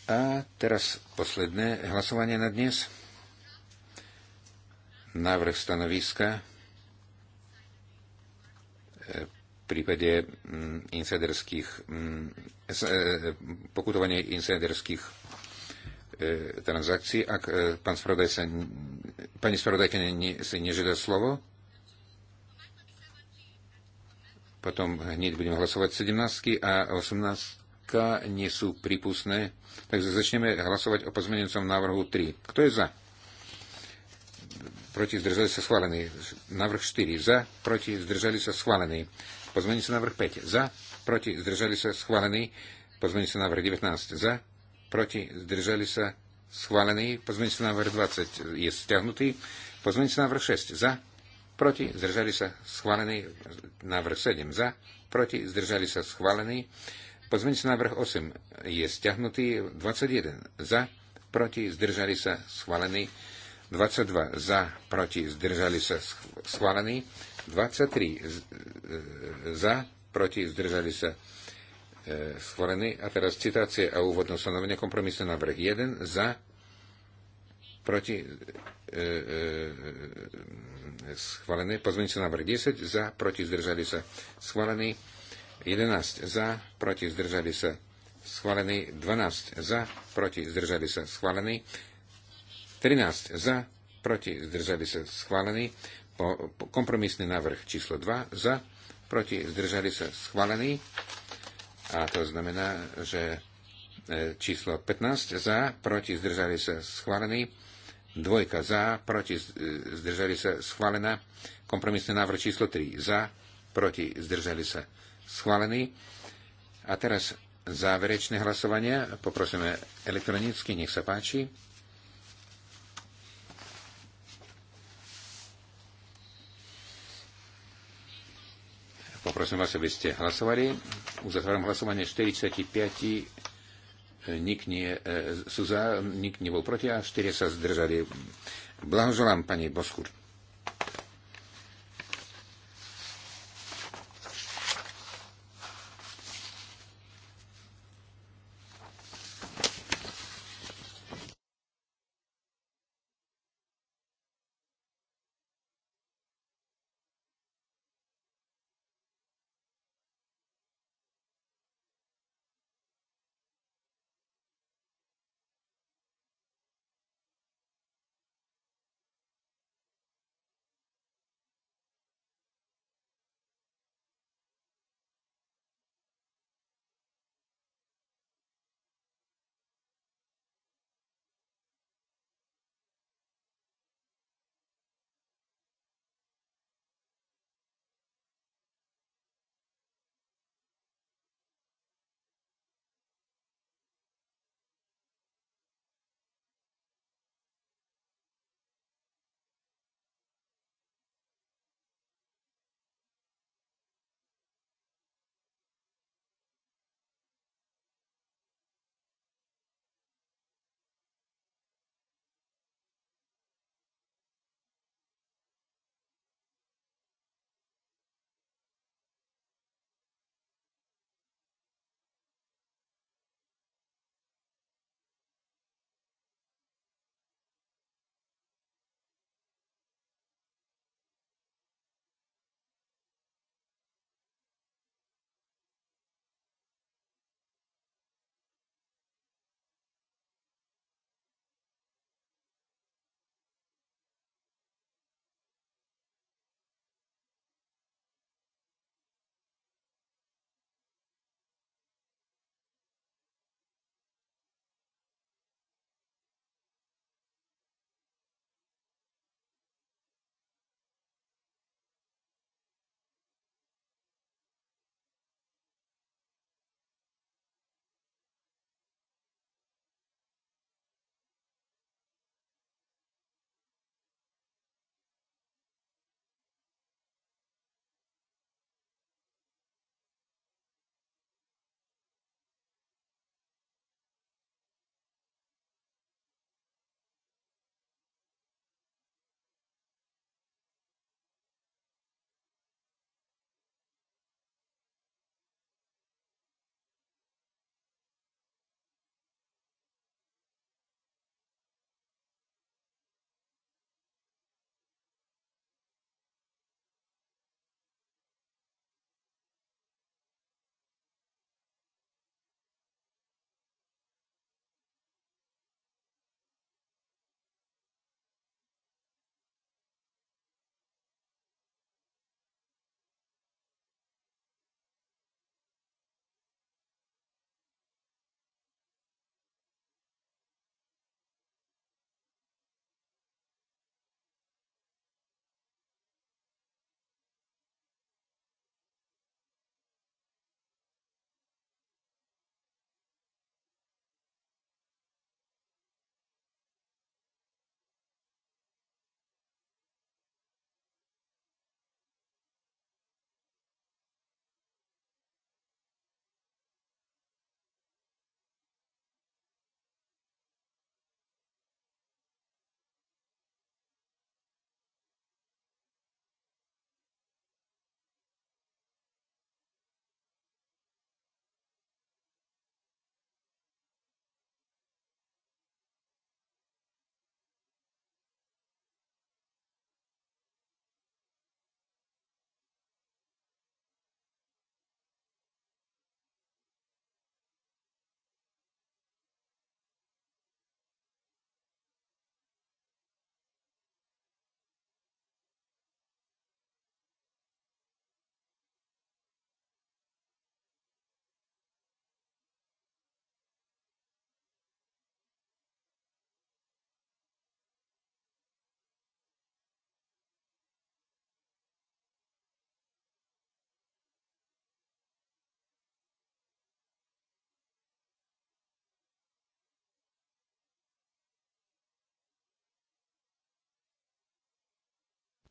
A teraz posledné hlasovanie na dnes. Návrh stanoviska e, v prípade mm, insiderských, mm, pokutovanie insiderských E, transakcii, Ak e, pán spravodaj sa, pani spravodajka ne, si nežiada slovo, potom hneď budeme hlasovať 17 a 18 nie sú prípustné. Takže začneme hlasovať o pozmenujúcom návrhu 3. Kto je za? Proti zdržali sa schválený. Návrh 4. Za. Proti zdržali sa schválený. Pozmeniť návrh 5. Za. Proti zdržali sa schválený. Pozmeniť návrh 19. Za proti, zdržali sa, schválený. Pozmeňujúci návrh 20 je stiahnutý. Pozmeňujúci návrh 6 za, proti, zdržali sa, schválený. Návrh 7 za, proti, zdržali sa, schválený. Pozmeňujúci návrh 8 je stiahnutý. 21 za, proti, zdržali sa, schválený. 22 za, proti, zdržali sa, schválený. 23 e, e, za, proti, zdržali sa, schválený. E, schválený. A teraz citácie a úvodné ustanovenie kompromisný návrh 1 za proti e, e, e, schválený. Pozmeňujúci návrh 10 za, proti zdržali sa schválený. 11 za, proti zdržali sa schválený. 12 za, proti zdržali sa schválený. 13 za, proti zdržali sa schválený. Po, po, kompromisný návrh číslo 2 za, proti zdržali sa schválený. A to znamená, že e, číslo 15 za, proti zdržali sa schválení, dvojka za, proti e, zdržali sa schválená, kompromisný návrh číslo 3 za, proti zdržali sa schválený. A teraz záverečné hlasovanie. Poprosíme elektronicky, nech sa páči. Poprosím vás, aby ste hlasovali. Uzatváram hlasovanie 45 nik nie, e, sú za, nik nebol proti a 4 sa zdržali. Blahoželám pani Boskurt.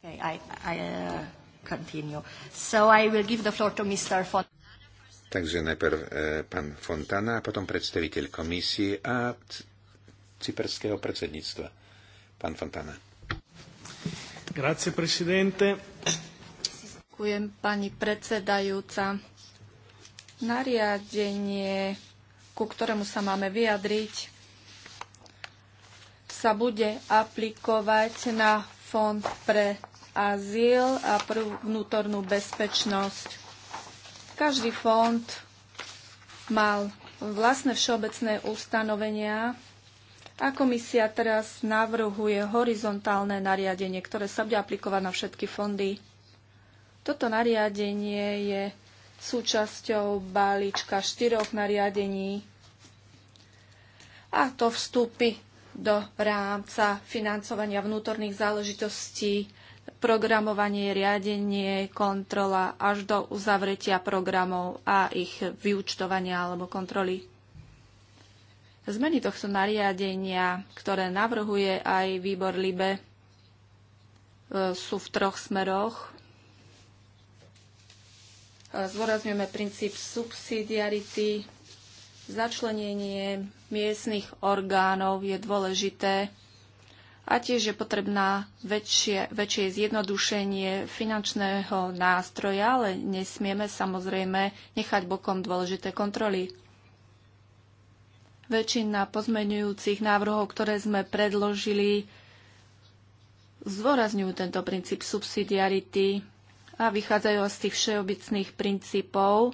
Okay, I, I uh, continue. So I will give the floor to Mr. Font- Takže najprv e, pán Fontana, a potom predstaviteľ komisie a cyperského predsedníctva. Pán Fontana. Grazie, presidente. Ďakujem, pani predsedajúca. Nariadenie, ku ktorému sa máme vyjadriť, sa bude aplikovať na Fond pre azyl a prvú vnútornú bezpečnosť. Každý fond mal vlastné všeobecné ustanovenia a komisia teraz navrhuje horizontálne nariadenie, ktoré sa bude aplikovať na všetky fondy. Toto nariadenie je súčasťou balíčka štyroch nariadení a to vstúpi do rámca financovania vnútorných záležitostí programovanie, riadenie, kontrola až do uzavretia programov a ich vyučtovania alebo kontroly. Zmeny tohto nariadenia, ktoré navrhuje aj výbor LIBE, e, sú v troch smeroch. E, zvorazňujeme princíp subsidiarity. Začlenenie miestnych orgánov je dôležité a tiež je potrebná väčšie, väčšie zjednodušenie finančného nástroja, ale nesmieme samozrejme nechať bokom dôležité kontroly. Väčšina pozmeňujúcich návrhov, ktoré sme predložili, zdôrazňujú tento princíp subsidiarity a vychádzajú z tých všeobecných princípov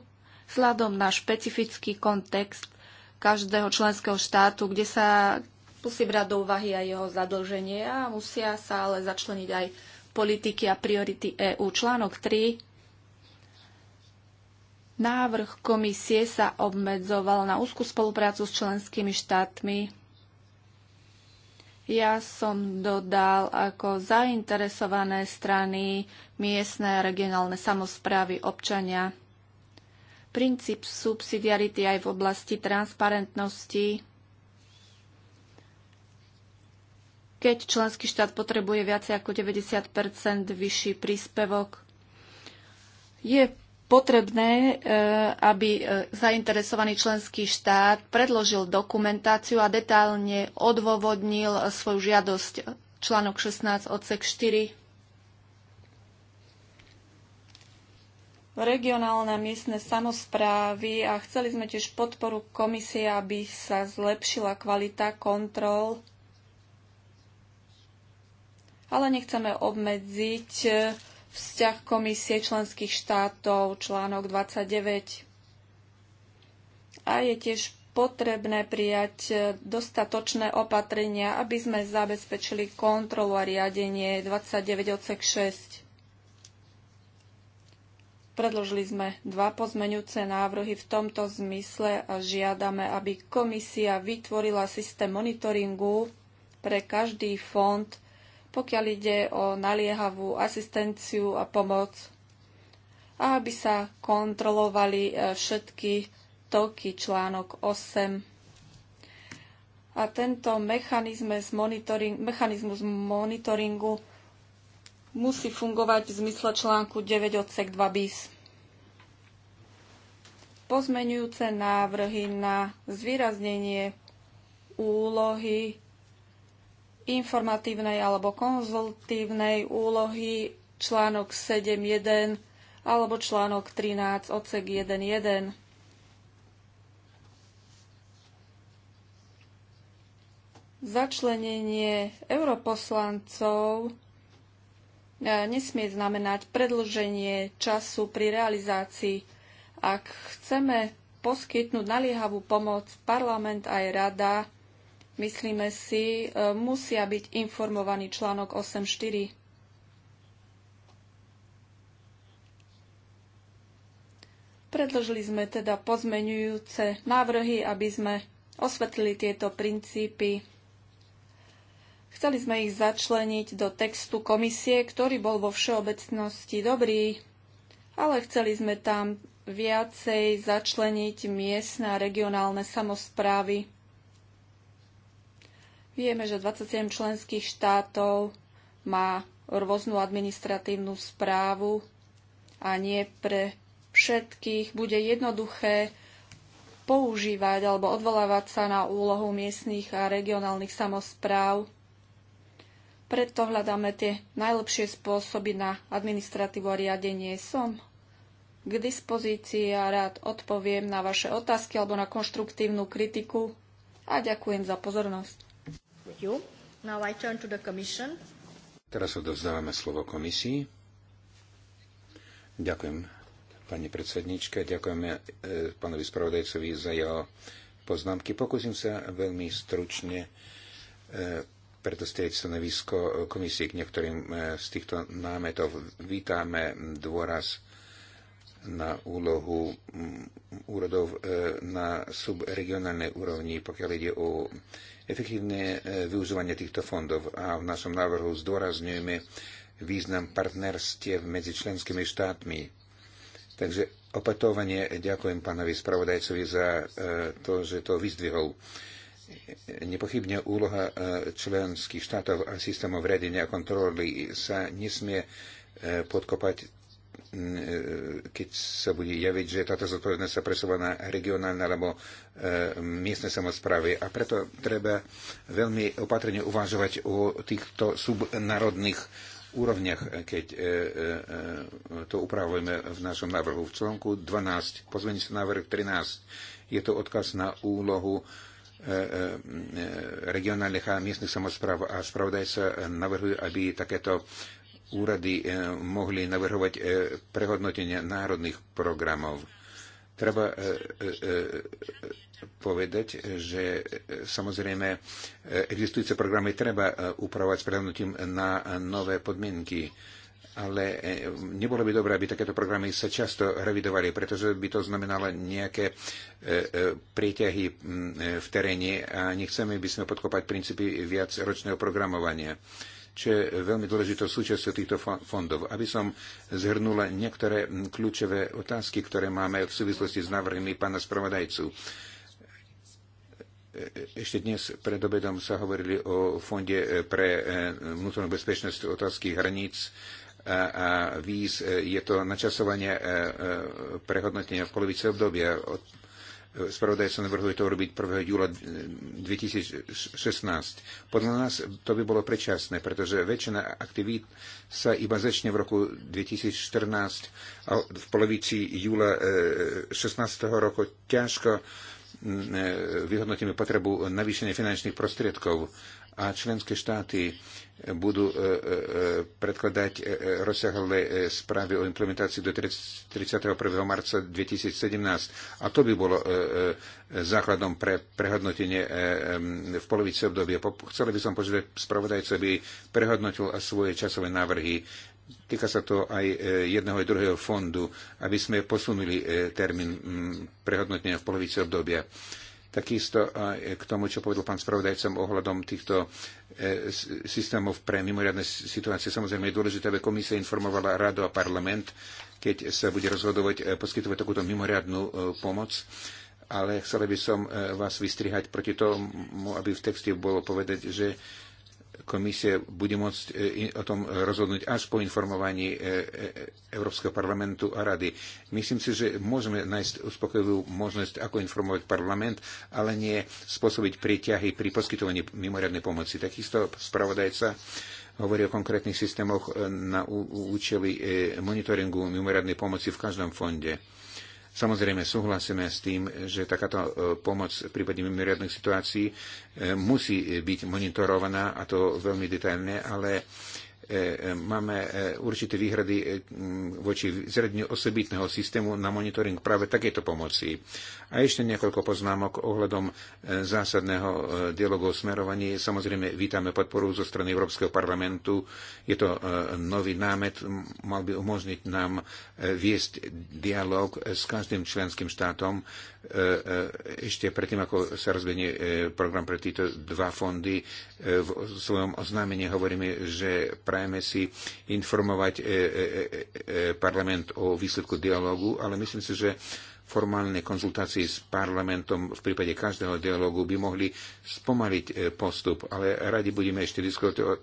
vzhľadom na špecifický kontext každého členského štátu, kde sa musí brať do úvahy aj jeho zadlženie a musia sa ale začleniť aj politiky a priority EÚ. Článok 3. Návrh komisie sa obmedzoval na úzkú spoluprácu s členskými štátmi. Ja som dodal ako zainteresované strany miestne a regionálne samozprávy občania. Princíp subsidiarity aj v oblasti transparentnosti keď členský štát potrebuje viacej ako 90 vyšší príspevok. Je potrebné, e, aby e, zainteresovaný členský štát predložil dokumentáciu a detálne odôvodnil svoju žiadosť článok 16 odsek 4. regionálne miestne samozprávy a chceli sme tiež podporu komisie, aby sa zlepšila kvalita kontrol ale nechceme obmedziť e, vzťah komisie členských štátov, článok 29. A je tiež potrebné prijať e, dostatočné opatrenia, aby sme zabezpečili kontrolu a riadenie 29 odsek 6. Predložili sme dva pozmeňujúce návrhy v tomto zmysle a žiadame, aby komisia vytvorila systém monitoringu pre každý fond pokiaľ ide o naliehavú asistenciu a pomoc a aby sa kontrolovali e, všetky toky článok 8 a tento mechanizmus, monitoring, mechanizmus monitoringu musí fungovať v zmysle článku 9 odsek 2 bis. Pozmenujúce návrhy na zvýraznenie úlohy informatívnej alebo konzultívnej úlohy článok 7.1 alebo článok 13 odsek 1.1. Začlenenie europoslancov e, nesmie znamenať predlženie času pri realizácii. Ak chceme poskytnúť naliehavú pomoc, parlament aj rada myslíme si, e, musia byť informovaní článok 8.4. Predložili sme teda pozmenujúce návrhy, aby sme osvetlili tieto princípy. Chceli sme ich začleniť do textu komisie, ktorý bol vo všeobecnosti dobrý, ale chceli sme tam viacej začleniť miestne a regionálne samozprávy. Vieme, že 27 členských štátov má rôznu administratívnu správu a nie pre všetkých bude jednoduché používať alebo odvolávať sa na úlohu miestných a regionálnych samozpráv. Preto hľadáme tie najlepšie spôsoby na administratívu a riadenie. Som k dispozícii a rád odpoviem na vaše otázky alebo na konštruktívnu kritiku a ďakujem za pozornosť you. Now I turn to the Commission. Teraz odovzdávame slovo komisii. Ďakujem pani predsedničke, ďakujeme e, pánovi spravodajcovi za jeho poznámky. Pokúsim sa veľmi stručne e, predostrieť stanovisko komisie k niektorým e, z týchto námetov. Vítame dôraz na úlohu mm, úradov e, na subregionálnej úrovni, pokiaľ ide o efektívne e, využívanie týchto fondov. A v našom návrhu zdôrazňujeme význam partnerstiev medzi členskými štátmi. Takže opatovanie ďakujem pánovi spravodajcovi za e, to, že to vyzdvihol. Nepochybne úloha členských štátov a systémov riadenia a kontroly sa nesmie podkopať E, keď sa bude javiť, že táto zodpovednosť sa presúva na regionálne alebo e, miestne samozprávy. A preto treba veľmi opatrne uvažovať o týchto subnárodných úrovniach, keď e, e, e to upravujeme v našom návrhu. V článku 12, pozvení sa návrh 13, je to odkaz na úlohu e, regionálnych a miestnych samozpráv a spravodajca navrhujú, aby takéto úrady eh, mohli navrhovať eh, prehodnotenie národných programov. Treba eh, povedať, že samozrejme existujúce programy treba upravovať s prehodnotím na nové podmienky ale nebolo by dobré, aby takéto programy sa často revidovali, pretože by to znamenalo nejaké príťahy mm, v teréne a nechceme by sme podkopať princípy viacročného programovania čo je veľmi dôležitou súčasťou týchto fondov. Aby som zhrnula niektoré kľúčové otázky, ktoré máme v súvislosti s návrhmi pána spravodajcu. Ešte dnes pred obedom sa hovorili o fonde pre eh, vnútornú bezpečnosť otázky hraníc a, víz. Je to načasovanie eh, eh, prehodnotenia v polovici obdobia. Spravodajca navrhuje to robiť 1. júla 2016. Podľa nás to by bolo predčasné, pretože väčšina aktivít sa iba začne v roku 2014 a v polovici júla 16. E, roku ťažko e, vyhodnotíme potrebu navýšenia finančných prostriedkov a členské štáty budú e, e, e, predkladať rozsiahle správy o implementácii do 31. marca 2017. A to by bolo základom pre prehodnotenie v polovici obdobia. Chcel by som požiadať spravodajcu, aby prehodnotil svoje časové návrhy. Týka sa to aj jedného aj druhého fondu, aby sme posunuli termín prehodnotenia v polovici obdobia. Takisto aj k tomu, čo povedal pán spravodajcom ohľadom týchto e, systémov pre mimoriadne situácie. Samozrejme je dôležité, aby komisia informovala Rado a parlament, keď sa bude rozhodovať e, poskytovať takúto mimoriadnú e, pomoc. Ale chcel by som vás vystrihať proti tomu, aby v texte bolo povedať, že komisia bude môcť e, o tom rozhodnúť až po informovaní e, e, Európskeho parlamentu a rady. Myslím si, že môžeme nájsť uspokojivú možnosť, ako informovať parlament, ale nie spôsobiť príťahy pri poskytovaní mimoriadnej pomoci. Takisto spravodajca hovorí o konkrétnych systémoch na účely monitoringu mimoriadnej pomoci v každom fonde. Samozrejme súhlasíme s tým, že takáto e, pomoc v prípade mimoriadnych situácií e, musí byť monitorovaná a to veľmi detailne, ale E, e, máme e, určité výhrady voči zredne osobitného systému na monitoring práve takéto pomoci. A ešte niekoľko poznámok ohľadom zásadného dialogu o smerovaní. Samozrejme, vítame podporu zo strany Európskeho parlamentu. Je to nový námet, mal by umožniť nám viesť dialog s každým členským štátom, E, e, ešte predtým, ako sa rozbenie e, program pre títo dva fondy, v svojom oznámení hovoríme, že prajeme si informovať parlament o výsledku dialogu, ale myslím si, že formálne konzultácie s parlamentom v prípade každého dialogu by mohli spomaliť e, postup, ale radi budeme ešte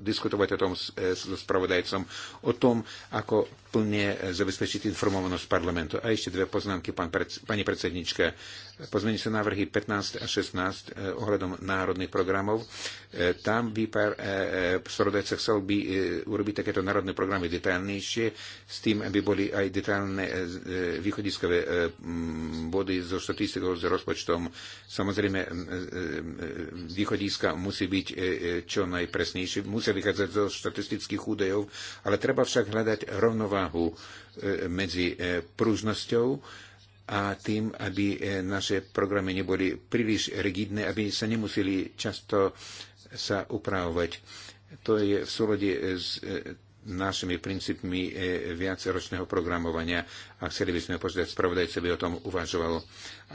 diskutovať o tom e, so spravodajcom, o tom, ako plne zabezpečiť informovanosť parlamentu. A ešte dve poznámky, pán pani predsednička pozmeniť sa návrhy 15 a 16 eh, ohľadom národných programov. Eh, tam by pár eh, spravodajca chcel by urobiť takéto národné programy detailnejšie, s tým, aby boli aj detailné východiskové body so štatistikou, s rozpočtom. Samozrejme, východiska musí byť čo najpresnejšie, musia vychádzať zo štatistických údajov, ale treba však hľadať rovnováhu medzi pružnosťou, a tým, aby e, naše programy neboli príliš rigidné, aby sa nemuseli často sa upravovať. To je v súlode s e, našimi princípmi e, viaceročného programovania a chceli by sme požiadať spravodajca, by o tom uvažoval.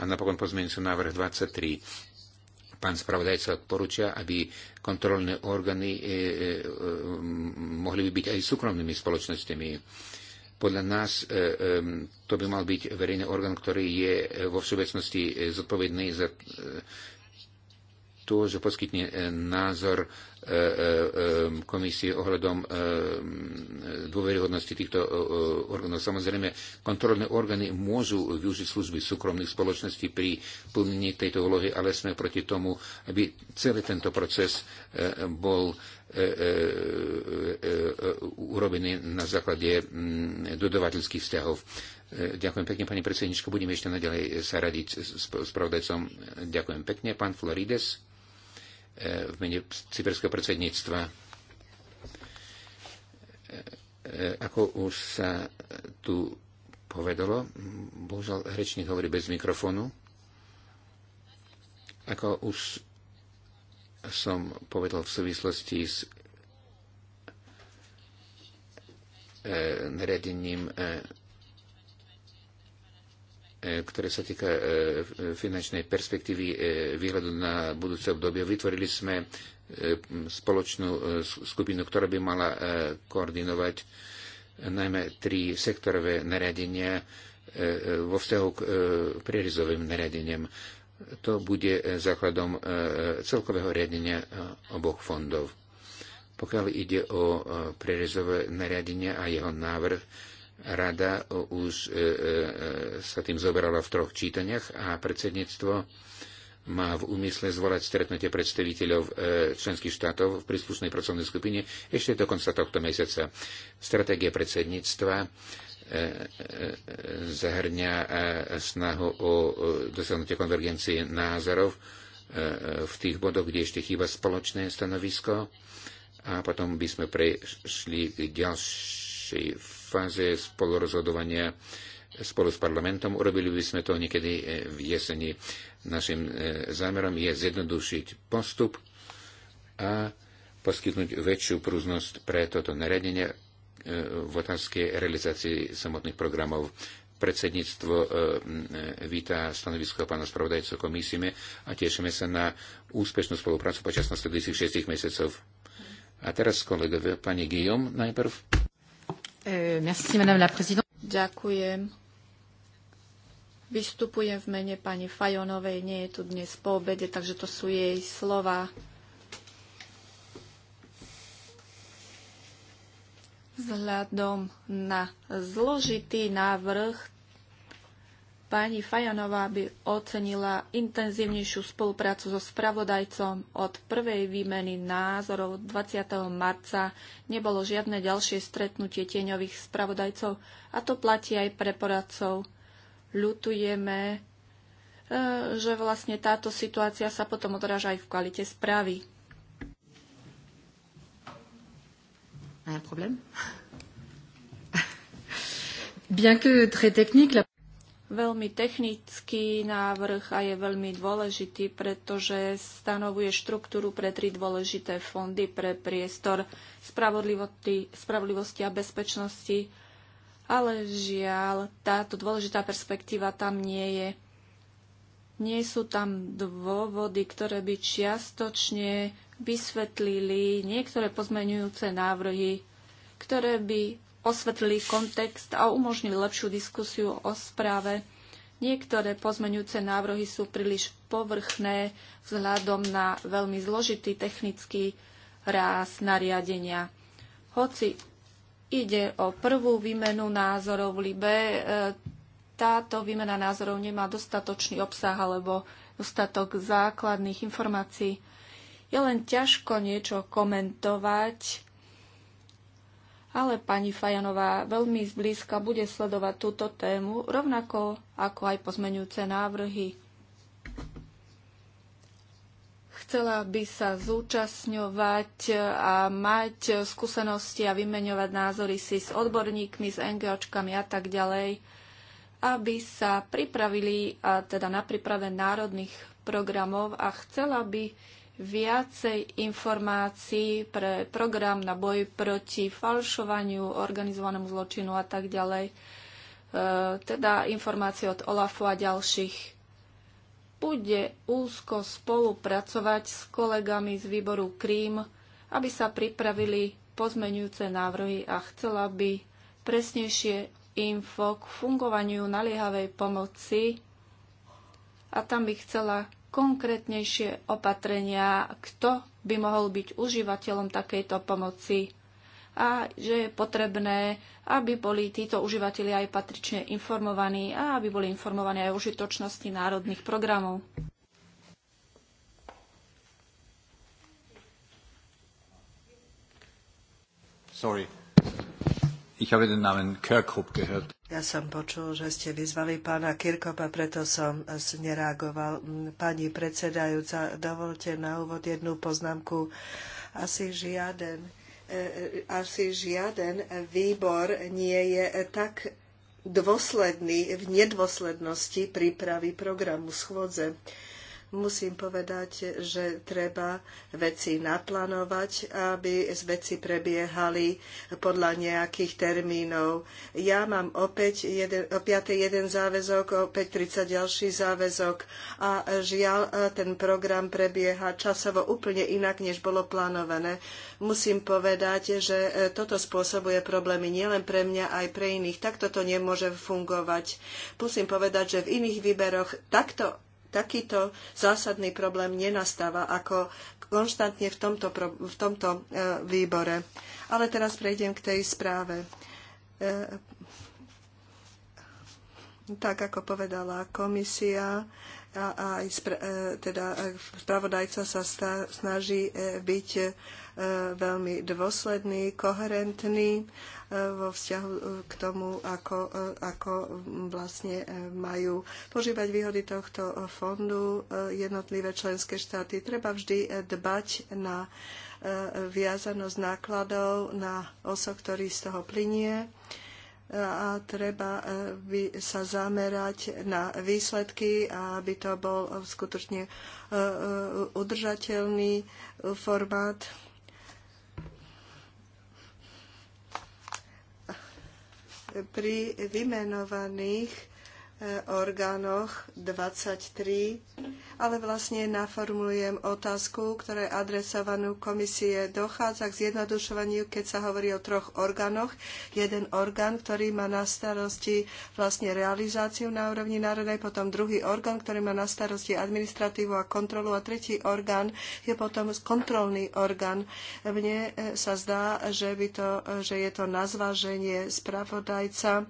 A napokon pozmeňujem sa návrh 23 pán spravodajca odporúča, aby kontrolné orgány mohli by byť aj súkromnými spoločnosťami. Podľa nás e, e, to by mal byť verejný orgán, ktorý je e, vo všeobecnosti zodpovedný za to, že poskytne názor komisie ohľadom dôveryhodnosti týchto orgánov. Samozrejme, kontrolné orgány môžu využiť služby súkromných spoločností pri plnení tejto úlohy, ale sme proti tomu, aby celý tento proces bol E, e, e, urobený na základe mm, dodavateľských vzťahov. Ďakujem pekne, pani predsednička. Budeme ešte naďalej sa radiť s spravodajcom. Ďakujem pekne, pán Florides v mene cyperského predsedníctva. Ako už sa tu povedalo, bohužiaľ rečník hovorí bez mikrofónu. Ako už som povedal v súvislosti s e, nariadením, e, e, ktoré sa týka finančnej perspektívy výhľadu na budúce obdobie. Vytvorili sme spoločnú skupinu, ktorá by mala koordinovať najmä tri sektorové nariadenia vo vzťahu k prierizovým nariadeniam. To bude e, základom e, celkového riadenia e, oboch fondov. Pokiaľ ide o prerezové nariadenie a jeho návrh, rada už sa tým zoberala v troch čítaniach a predsedníctvo má v úmysle zvolať stretnutie predstaviteľov členských štátov v príslušnej pracovnej skupine ešte do konca tohto mesiaca. Stratégia predsedníctva E, e, zahrňa e, snahu o dosiahnutie konvergencie názorov v tých bodoch, kde ešte chýba spoločné stanovisko a potom by sme prešli k ďalšej fáze spolurozhodovania spolu s parlamentom. Urobili by sme to niekedy v jeseni. Našim zámerom je zjednodušiť postup a poskytnúť väčšiu prúznosť pre toto naredenie v otázke realizácie samotných programov. Predsedníctvo e, víta stanovisko pána spravodajcu komisíme a tešíme sa na úspešnú spoluprácu počas nasledujúcich šestich mesiacov. A teraz kolegovia, pani Guillaume najprv. E, merci, madame la présidente. Ďakujem. Vystupujem v mene pani Fajonovej, nie je tu dnes po obede, takže to sú jej slova. Vzhľadom na zložitý návrh pani Fajanová by ocenila intenzívnejšiu spoluprácu so spravodajcom. Od prvej výmeny názorov 20. marca nebolo žiadne ďalšie stretnutie tieňových spravodajcov a to platí aj pre poradcov. Ľutujeme, e, že vlastne táto situácia sa potom odráža aj v kvalite správy. Un problème <laughs> Bien que très technique, la veľmi technický návrh a je veľmi dôležitý, pretože stanovuje štruktúru pre tri dôležité fondy pre priestor spravodlivosti a bezpečnosti. Ale žiaľ, táto dôležitá perspektíva tam nie je. Nie sú tam dôvody, ktoré by čiastočne vysvetlili niektoré pozmenujúce návrhy, ktoré by osvetlili kontext a umožnili lepšiu diskusiu o správe. Niektoré pozmenujúce návrhy sú príliš povrchné vzhľadom na veľmi zložitý technický ráz nariadenia. Hoci ide o prvú výmenu názorov v Libe, e, táto výmena názorov nemá dostatočný obsah alebo dostatok základných informácií. Je len ťažko niečo komentovať, ale pani Fajanová veľmi zblízka bude sledovať túto tému, rovnako ako aj pozmenujúce návrhy. Chcela by sa zúčastňovať a mať skúsenosti a vymeňovať názory si s odborníkmi, s NGOčkami a tak ďalej, aby sa pripravili a teda na príprave národných programov a chcela by viacej informácií pre program na boj proti falšovaniu, organizovanému zločinu a tak ďalej. E, teda informácie od OLAFu a ďalších. Bude úzko spolupracovať s kolegami z výboru Krím, aby sa pripravili pozmenujúce návrhy a chcela by presnejšie info k fungovaniu naliehavej pomoci a tam by chcela konkrétnejšie opatrenia, kto by mohol byť užívateľom takejto pomoci a že je potrebné, aby boli títo užívateľi aj patrične informovaní a aby boli informovaní aj o užitočnosti národných programov. Sorry. Ich habe den Namen Kirkhope gehört. Ja som počul, že ste vyzvali pána Kirkopa, preto som e, nereagoval. Pani predsedajúca, dovolte na úvod jednu poznámku. Asi žiaden, e, e, asi žiaden výbor nie je tak dôsledný v nedôslednosti prípravy programu schôdze musím povedať, že treba veci naplánovať, aby veci prebiehali podľa nejakých termínov. Ja mám opäť jeden, o 5. jeden záväzok, opäť 30 ďalší záväzok a žiaľ, ten program prebieha časovo úplne inak, než bolo plánované. Musím povedať, že toto spôsobuje problémy nielen pre mňa, aj pre iných. Takto to nemôže fungovať. Musím povedať, že v iných výberoch takto takýto zásadný problém nenastáva ako konštantne v tomto, v tomto e, výbore. Ale teraz prejdem k tej správe. E, tak ako povedala komisia, a, aj e, teda spravodajca sa snaží byť veľmi dôsledný, koherentný vo vzťahu e, k tomu, ako, e, ako vlastne e, majú požívať výhody tohto fondu jednotlivé členské štáty. Treba vždy dbať na viazanosť nákladov na oso, ktorý z toho plinie a treba by sa zamerať na výsledky, a aby to bol skutočne udržateľný formát pri vymenovaných orgánoch 23, ale vlastne naformulujem otázku, ktorá je adresovanú komisie. Dochádza k zjednodušovaniu, keď sa hovorí o troch orgánoch. Jeden orgán, ktorý má na starosti vlastne realizáciu na úrovni národnej, potom druhý orgán, ktorý má na starosti administratívu a kontrolu a tretí orgán je potom kontrolný orgán. Mne e, sa zdá, že, by to, e, že je to na zváženie spravodajca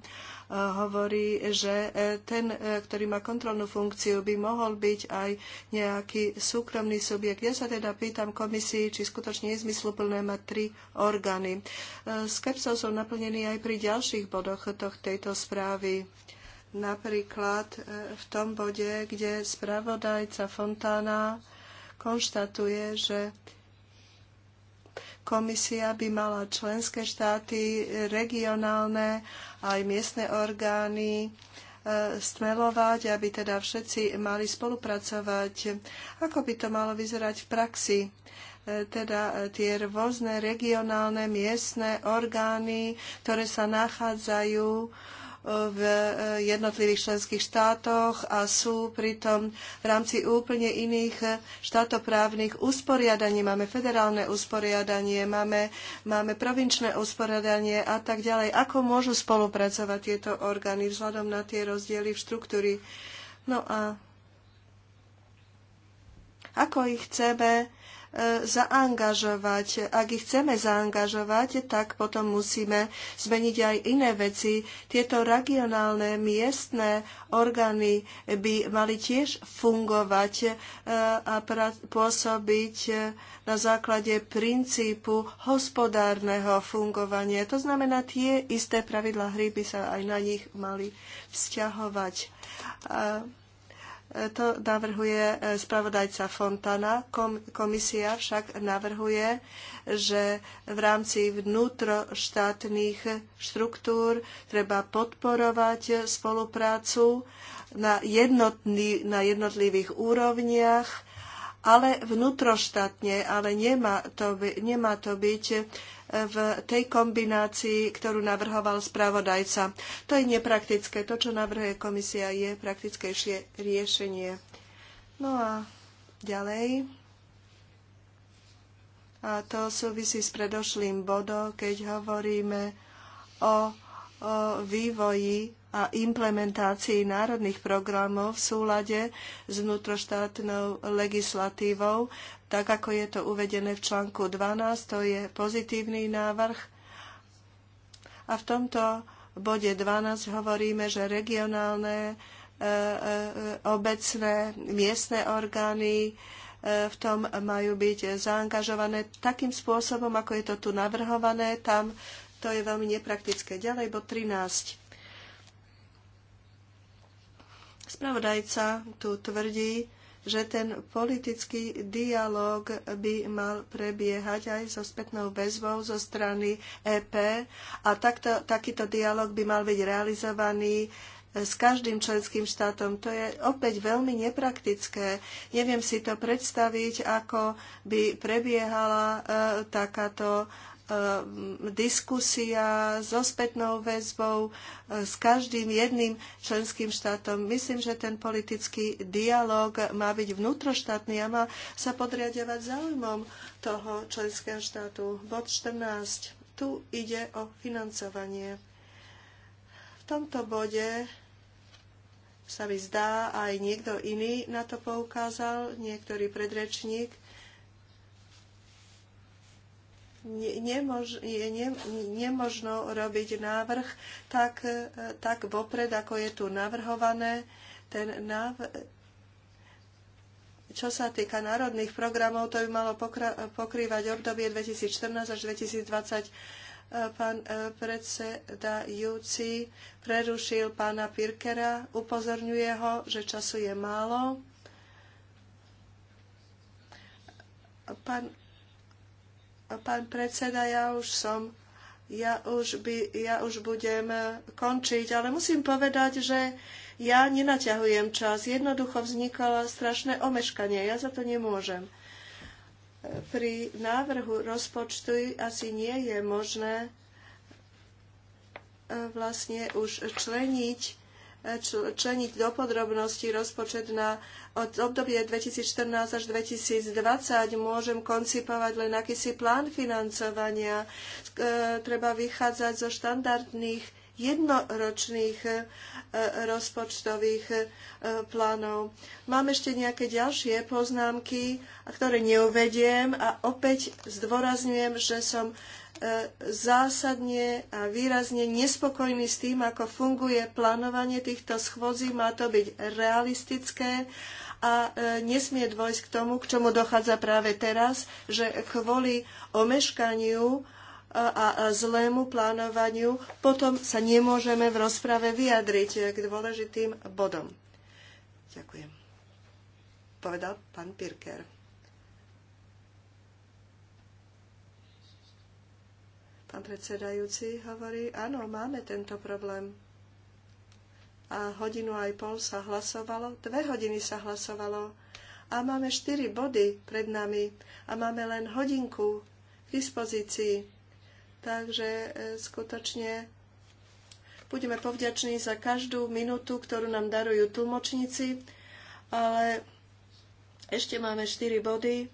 hovorí, že e, ten, e, ktorý má kontrolnú funkciu, by mohol byť aj nejaký súkromný subjekt. Ja sa teda pýtam komisii, či skutočne je zmysluplné mať tri orgány. E, skepsov som naplnený aj pri ďalších bodoch tejto správy napríklad v tom bode, kde spravodajca Fontána konštatuje, že Komisia by mala členské štáty, regionálne aj miestne orgány e, stmelovať, aby teda všetci mali spolupracovať. Ako by to malo vyzerať v praxi? E, teda e, tie rôzne regionálne miestne orgány, ktoré sa nachádzajú v e, jednotlivých členských štátoch a sú pritom v rámci úplne iných e, štátoprávnych usporiadaní. Máme federálne usporiadanie, máme, máme provinčné usporiadanie a tak ďalej. Ako môžu spolupracovať tieto orgány vzhľadom na tie rozdiely v štruktúry. No a ako ich chceme zaangažovať. Ak ich chceme zaangažovať, tak potom musíme zmeniť aj iné veci. Tieto regionálne, miestne orgány by mali tiež fungovať e, a pôsobiť e, na základe princípu hospodárneho fungovania. To znamená, tie isté pravidlá hry by sa aj na nich mali vzťahovať. To navrhuje e, spravodajca Fontana. Komisia však navrhuje, že v rámci vnútroštátnych štruktúr treba podporovať spoluprácu na, jednotný, na jednotlivých úrovniach ale vnútroštátne, ale nemá to, by, nemá to byť v tej kombinácii, ktorú navrhoval správodajca. To je nepraktické. To, čo navrhuje komisia, je praktickejšie riešenie. No a ďalej. A to súvisí s predošlým bodom, keď hovoríme o, o vývoji a implementácii národných programov v súlade s vnútroštátnou legislatívou, tak ako je to uvedené v článku 12, to je pozitívny návrh. A v tomto bode 12 hovoríme, že regionálne, e, e, e, obecné, miestne orgány, v tom majú byť zaangažované takým spôsobom, ako je to tu navrhované. Tam to je veľmi nepraktické. Ďalej bod 13. Spravodajca tu tvrdí, že ten politický dialog by mal prebiehať aj so spätnou väzvou zo strany EP a takto, takýto dialog by mal byť realizovaný e, s každým členským štátom. To je opäť veľmi nepraktické. Neviem si to predstaviť, ako by prebiehala e, takáto E, diskusia so spätnou väzbou e, s každým jedným členským štátom. Myslím, že ten politický dialog má byť vnútroštátny a má sa podriadovať záujmom toho členského štátu. Bod 14. Tu ide o financovanie. V tomto bode sa mi zdá, aj niekto iný na to poukázal, niektorý predrečník, nemož, je ne, nemožno robiť návrh tak, e, tak vopred, ako je tu navrhované. Ten nav, čo sa týka národných programov, to by malo pokra, pokrývať obdobie 2014 až 2020. E, pán e, predsedajúci prerušil pána Pirkera, upozorňuje ho, že času je málo. Pán Pán predseda, ja už som, ja už, by, ja už budem eh, končiť, ale musím povedať, že ja nenaťahujem čas. Jednoducho vznikalo strašné omeškanie. Ja za to nemôžem. Eh, pri návrhu rozpočtu asi nie je možné eh, vlastne už členiť, členiť do podrobností rozpočet na od obdobie 2014 až 2020 môžem koncipovať len akýsi plán financovania. E, treba vychádzať zo štandardných jednoročných e, rozpočtových e, plánov. Mám ešte nejaké ďalšie poznámky, ktoré neuvediem a opäť zdôrazňujem, že som zásadne a výrazne nespokojný s tým, ako funguje plánovanie týchto schôdzí. Má to byť realistické a e, nesmie dôjsť k tomu, k čomu dochádza práve teraz, že kvôli omeškaniu e, a zlému plánovaniu potom sa nemôžeme v rozprave vyjadriť k dôležitým bodom. Ďakujem. Povedal pán Pirker. Pán predsedajúci hovorí, áno, máme tento problém a hodinu aj pol sa hlasovalo, dve hodiny sa hlasovalo a máme štyri body pred nami a máme len hodinku k dispozícii. Takže e, skutočne budeme povďační za každú minútu, ktorú nám darujú tlmočníci, ale ešte máme štyri body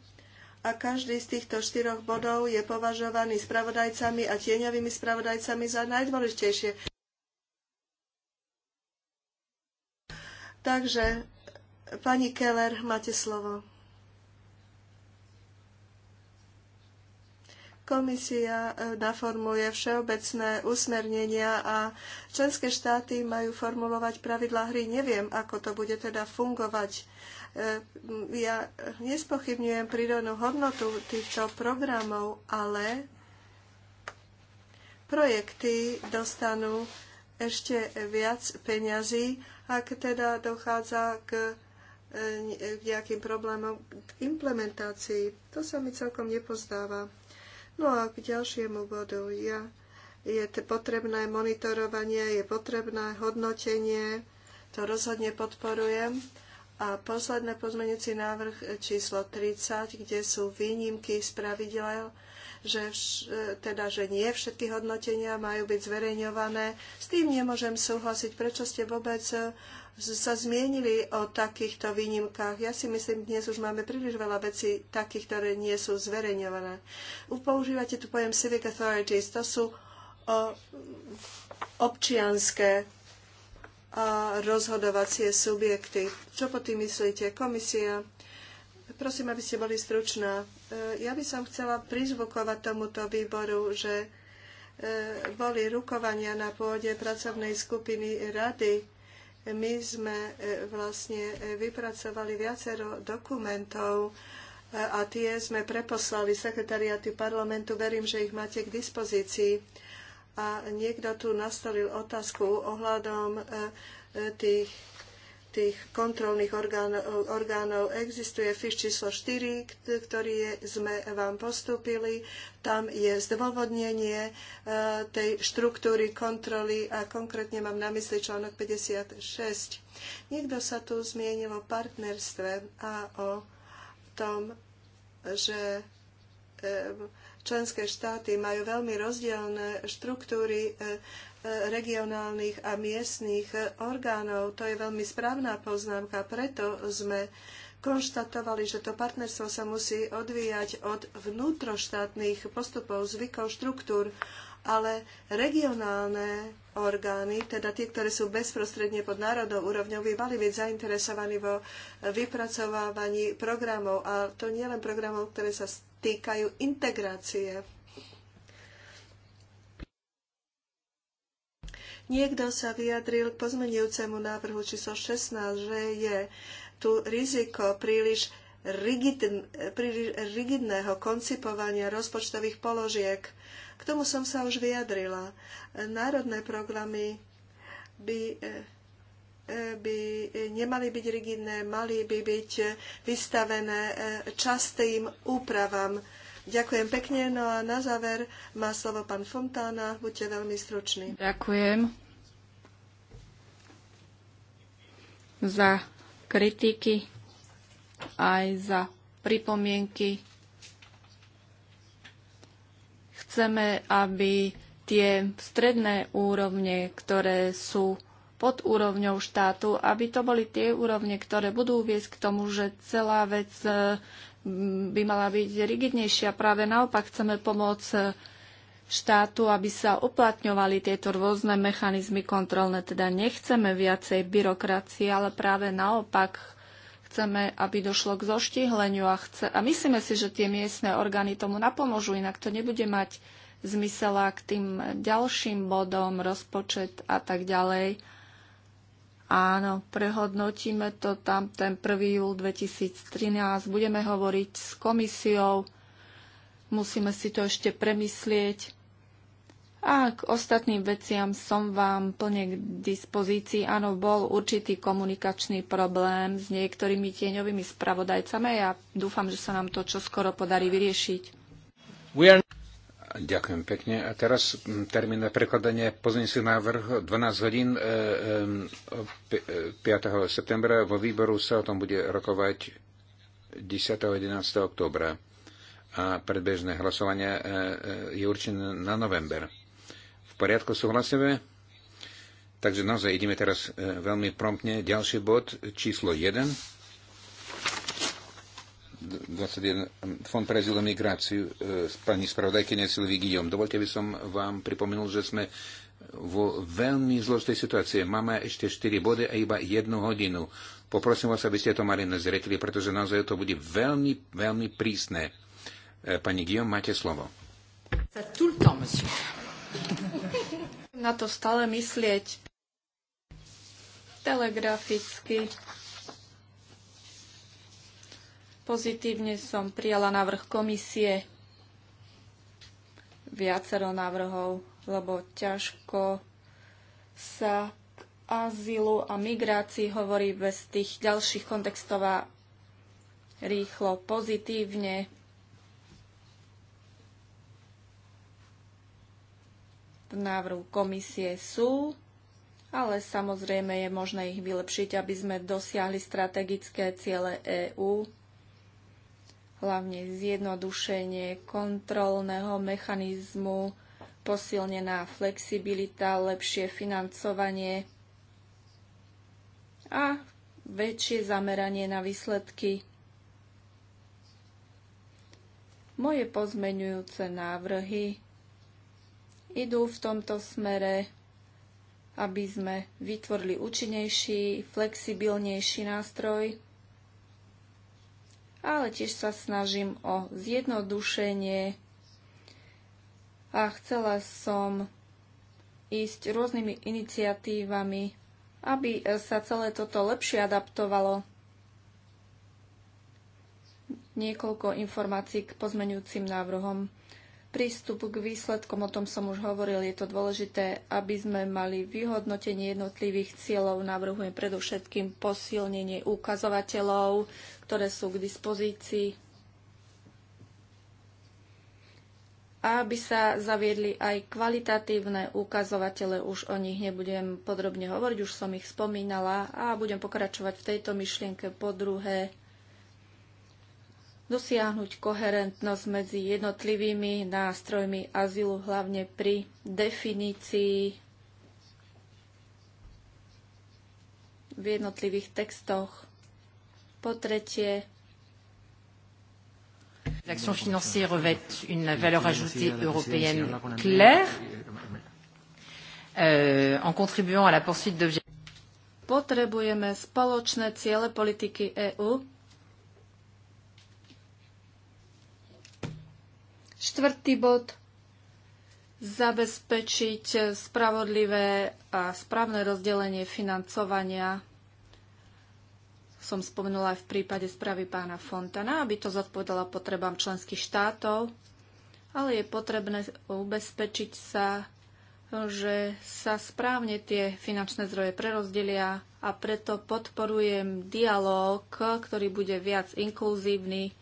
a každý z týchto štyroch bodov je považovaný spravodajcami a tieňovými spravodajcami za najdôležitejšie. Takže, pani Keller, máte slovo. Komisia e, naformuje všeobecné usmernenia a členské štáty majú formulovať pravidlá hry. Neviem, ako to bude teda fungovať. E, ja nespochybňujem prírodnú hodnotu týchto programov, ale projekty dostanú ešte viac peňazí, ak teda dochádza e, k nejakým problémom k implementácii. To sa mi celkom nepozdáva. No a k ďalšiemu bodu. Ja, je potrebné monitorovanie, je potrebné hodnotenie, to rozhodne podporujem. A posledné pozmenujúci návrh číslo 30, kde sú výnimky z pravidel že, vš, e, teda, že nie všetky hodnotenia majú byť zverejňované. S tým nemôžem súhlasiť. Prečo ste vôbec e, sa zmienili o takýchto výnimkách. Ja si myslím, dnes už máme príliš veľa vecí takých, ktoré nie sú zverejňované. Používate tu pojem civic authorities. To sú o, občianské a rozhodovacie subjekty. Čo po tým myslíte? Komisia, prosím, aby ste boli stručná ja by som chcela prizvukovať tomuto výboru, že e, boli rukovania na pôde pracovnej skupiny rady. My sme e, vlastne e, vypracovali viacero dokumentov a tie sme preposlali sekretariatu parlamentu. Verím, že ich máte k dispozícii. A niekto tu nastolil otázku ohľadom tých tých kontrolných orgánov, orgánov existuje FIŠ číslo 4, ktorý je, sme vám postúpili. Tam je zdôvodnenie e, tej štruktúry kontroly a konkrétne mám na mysli článok 56. Niekto sa tu zmienil o partnerstve a o tom, že e, členské štáty majú veľmi rozdielne štruktúry e, regionálnych a miestných orgánov. To je veľmi správna poznámka, preto sme konštatovali, že to partnerstvo sa musí odvíjať od vnútroštátnych postupov, zvykov, štruktúr, ale regionálne orgány, teda tie, ktoré sú bezprostredne pod národnou úrovňou, by mali byť zainteresovaní vo vypracovávaní programov. A to nielen programov, ktoré sa týkajú integrácie Niekto sa vyjadril k pozmenujúcemu návrhu číslo 16, že je tu riziko príliš, rigidn, príliš rigidného koncipovania rozpočtových položiek. K tomu som sa už vyjadrila. Národné programy by e, e, by nemali byť rigidné, mali by byť vystavené e, častým úpravám. Ďakujem pekne. No a na záver má slovo pán Fontána. Buďte veľmi struční. Ďakujem. za kritiky, aj za pripomienky. Chceme, aby tie stredné úrovne, ktoré sú pod úrovňou štátu, aby to boli tie úrovne, ktoré budú viesť k tomu, že celá vec eh, by mala byť rigidnejšia. Práve naopak chceme pomôcť eh, štátu, aby sa uplatňovali tieto rôzne mechanizmy kontrolné. Teda nechceme viacej byrokracie, ale práve naopak chceme, aby došlo k zoštihleniu a, chce, a myslíme si, že tie miestne orgány tomu napomôžu, inak to nebude mať zmysel k tým ďalším bodom, rozpočet a tak ďalej. Áno, prehodnotíme to tam ten 1. júl 2013. Budeme hovoriť s komisiou Musíme si to ešte premyslieť. A k ostatným veciam som vám plne k dispozícii. Áno, bol určitý komunikačný problém s niektorými tieňovými spravodajcami a ja dúfam, že sa nám to čoskoro podarí vyriešiť. Are... Ďakujem pekne. A teraz termín na prekladanie si návrh 12 hodín 5. E, e, e, septembra. Vo výboru sa o tom bude rokovať 10. a 11. oktobra a predbežné hlasovanie e, e, je určené na november. V poriadku súhlasíme? Takže naozaj ideme teraz e, veľmi promptne. Ďalší bod, číslo 1. 21, Fond pre zilu migráciu s pani spravodajkyne Silvi Gijom. Dovolte by som vám pripomenul, že sme vo veľmi zložitej situácii. Máme ešte 4 body a iba 1 hodinu. Poprosím vás, aby ste to mali na zreteli, pretože naozaj to bude veľmi, veľmi prísne. E, pani Guillaume, máte slovo. <laughs> Na to stále myslieť telegraficky. Pozitívne som prijala návrh komisie viacero návrhov, lebo ťažko sa k azylu a migrácii hovorí bez tých ďalších kontextov a rýchlo pozitívne návrhu komisie sú, ale samozrejme je možné ich vylepšiť, aby sme dosiahli strategické ciele EÚ, hlavne zjednodušenie kontrolného mechanizmu, posilnená flexibilita, lepšie financovanie a väčšie zameranie na výsledky. Moje pozmenujúce návrhy idú v tomto smere, aby sme vytvorili účinnejší, flexibilnejší nástroj, ale tiež sa snažím o zjednodušenie a chcela som ísť rôznymi iniciatívami, aby sa celé toto lepšie adaptovalo. Niekoľko informácií k pozmenujúcim návrhom prístup k výsledkom, o tom som už hovoril, je to dôležité, aby sme mali vyhodnotenie jednotlivých cieľov. Navrhujem predovšetkým posilnenie ukazovateľov, ktoré sú k dispozícii. A aby sa zaviedli aj kvalitatívne ukazovatele, už o nich nebudem podrobne hovoriť, už som ich spomínala a budem pokračovať v tejto myšlienke po druhé dosiahnuť koherentnosť medzi jednotlivými nástrojmi azylu, hlavne pri definícii v jednotlivých textoch. Po tretie, L'action financière revêt une valeur ajoutée européenne claire euh, en contribuant à la poursuite d'objectifs. Potrebujeme spoločné ciele politiky EU, Štvrtý bod zabezpečiť spravodlivé a správne rozdelenie financovania. Som spomenula aj v prípade správy pána Fontana, aby to zodpovedala potrebám členských štátov, ale je potrebné ubezpečiť sa, že sa správne tie finančné zdroje prerozdelia a preto podporujem dialog, ktorý bude viac inkluzívny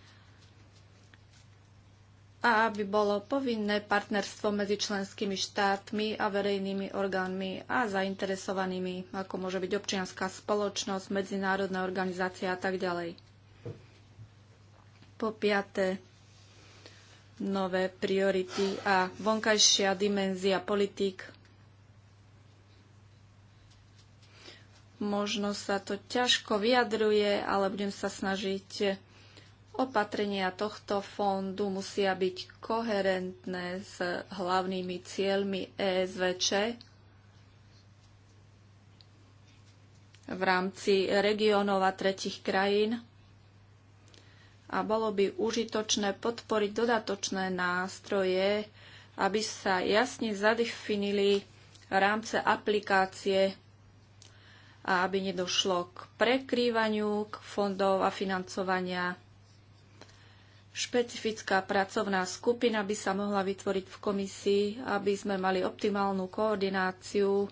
a aby bolo povinné partnerstvo medzi členskými štátmi a verejnými orgánmi a zainteresovanými, ako môže byť občianská spoločnosť, medzinárodná organizácia a tak ďalej. Po piaté, nové priority a vonkajšia dimenzia politík. Možno sa to ťažko vyjadruje, ale budem sa snažiť Opatrenia tohto fondu musia byť koherentné s hlavnými cieľmi ESVČ v rámci regiónov a tretich krajín a bolo by užitočné podporiť dodatočné nástroje, aby sa jasne zadefinili rámce aplikácie a aby nedošlo k prekrývaniu k fondov a financovania Špecifická pracovná skupina by sa mohla vytvoriť v komisii, aby sme mali optimálnu koordináciu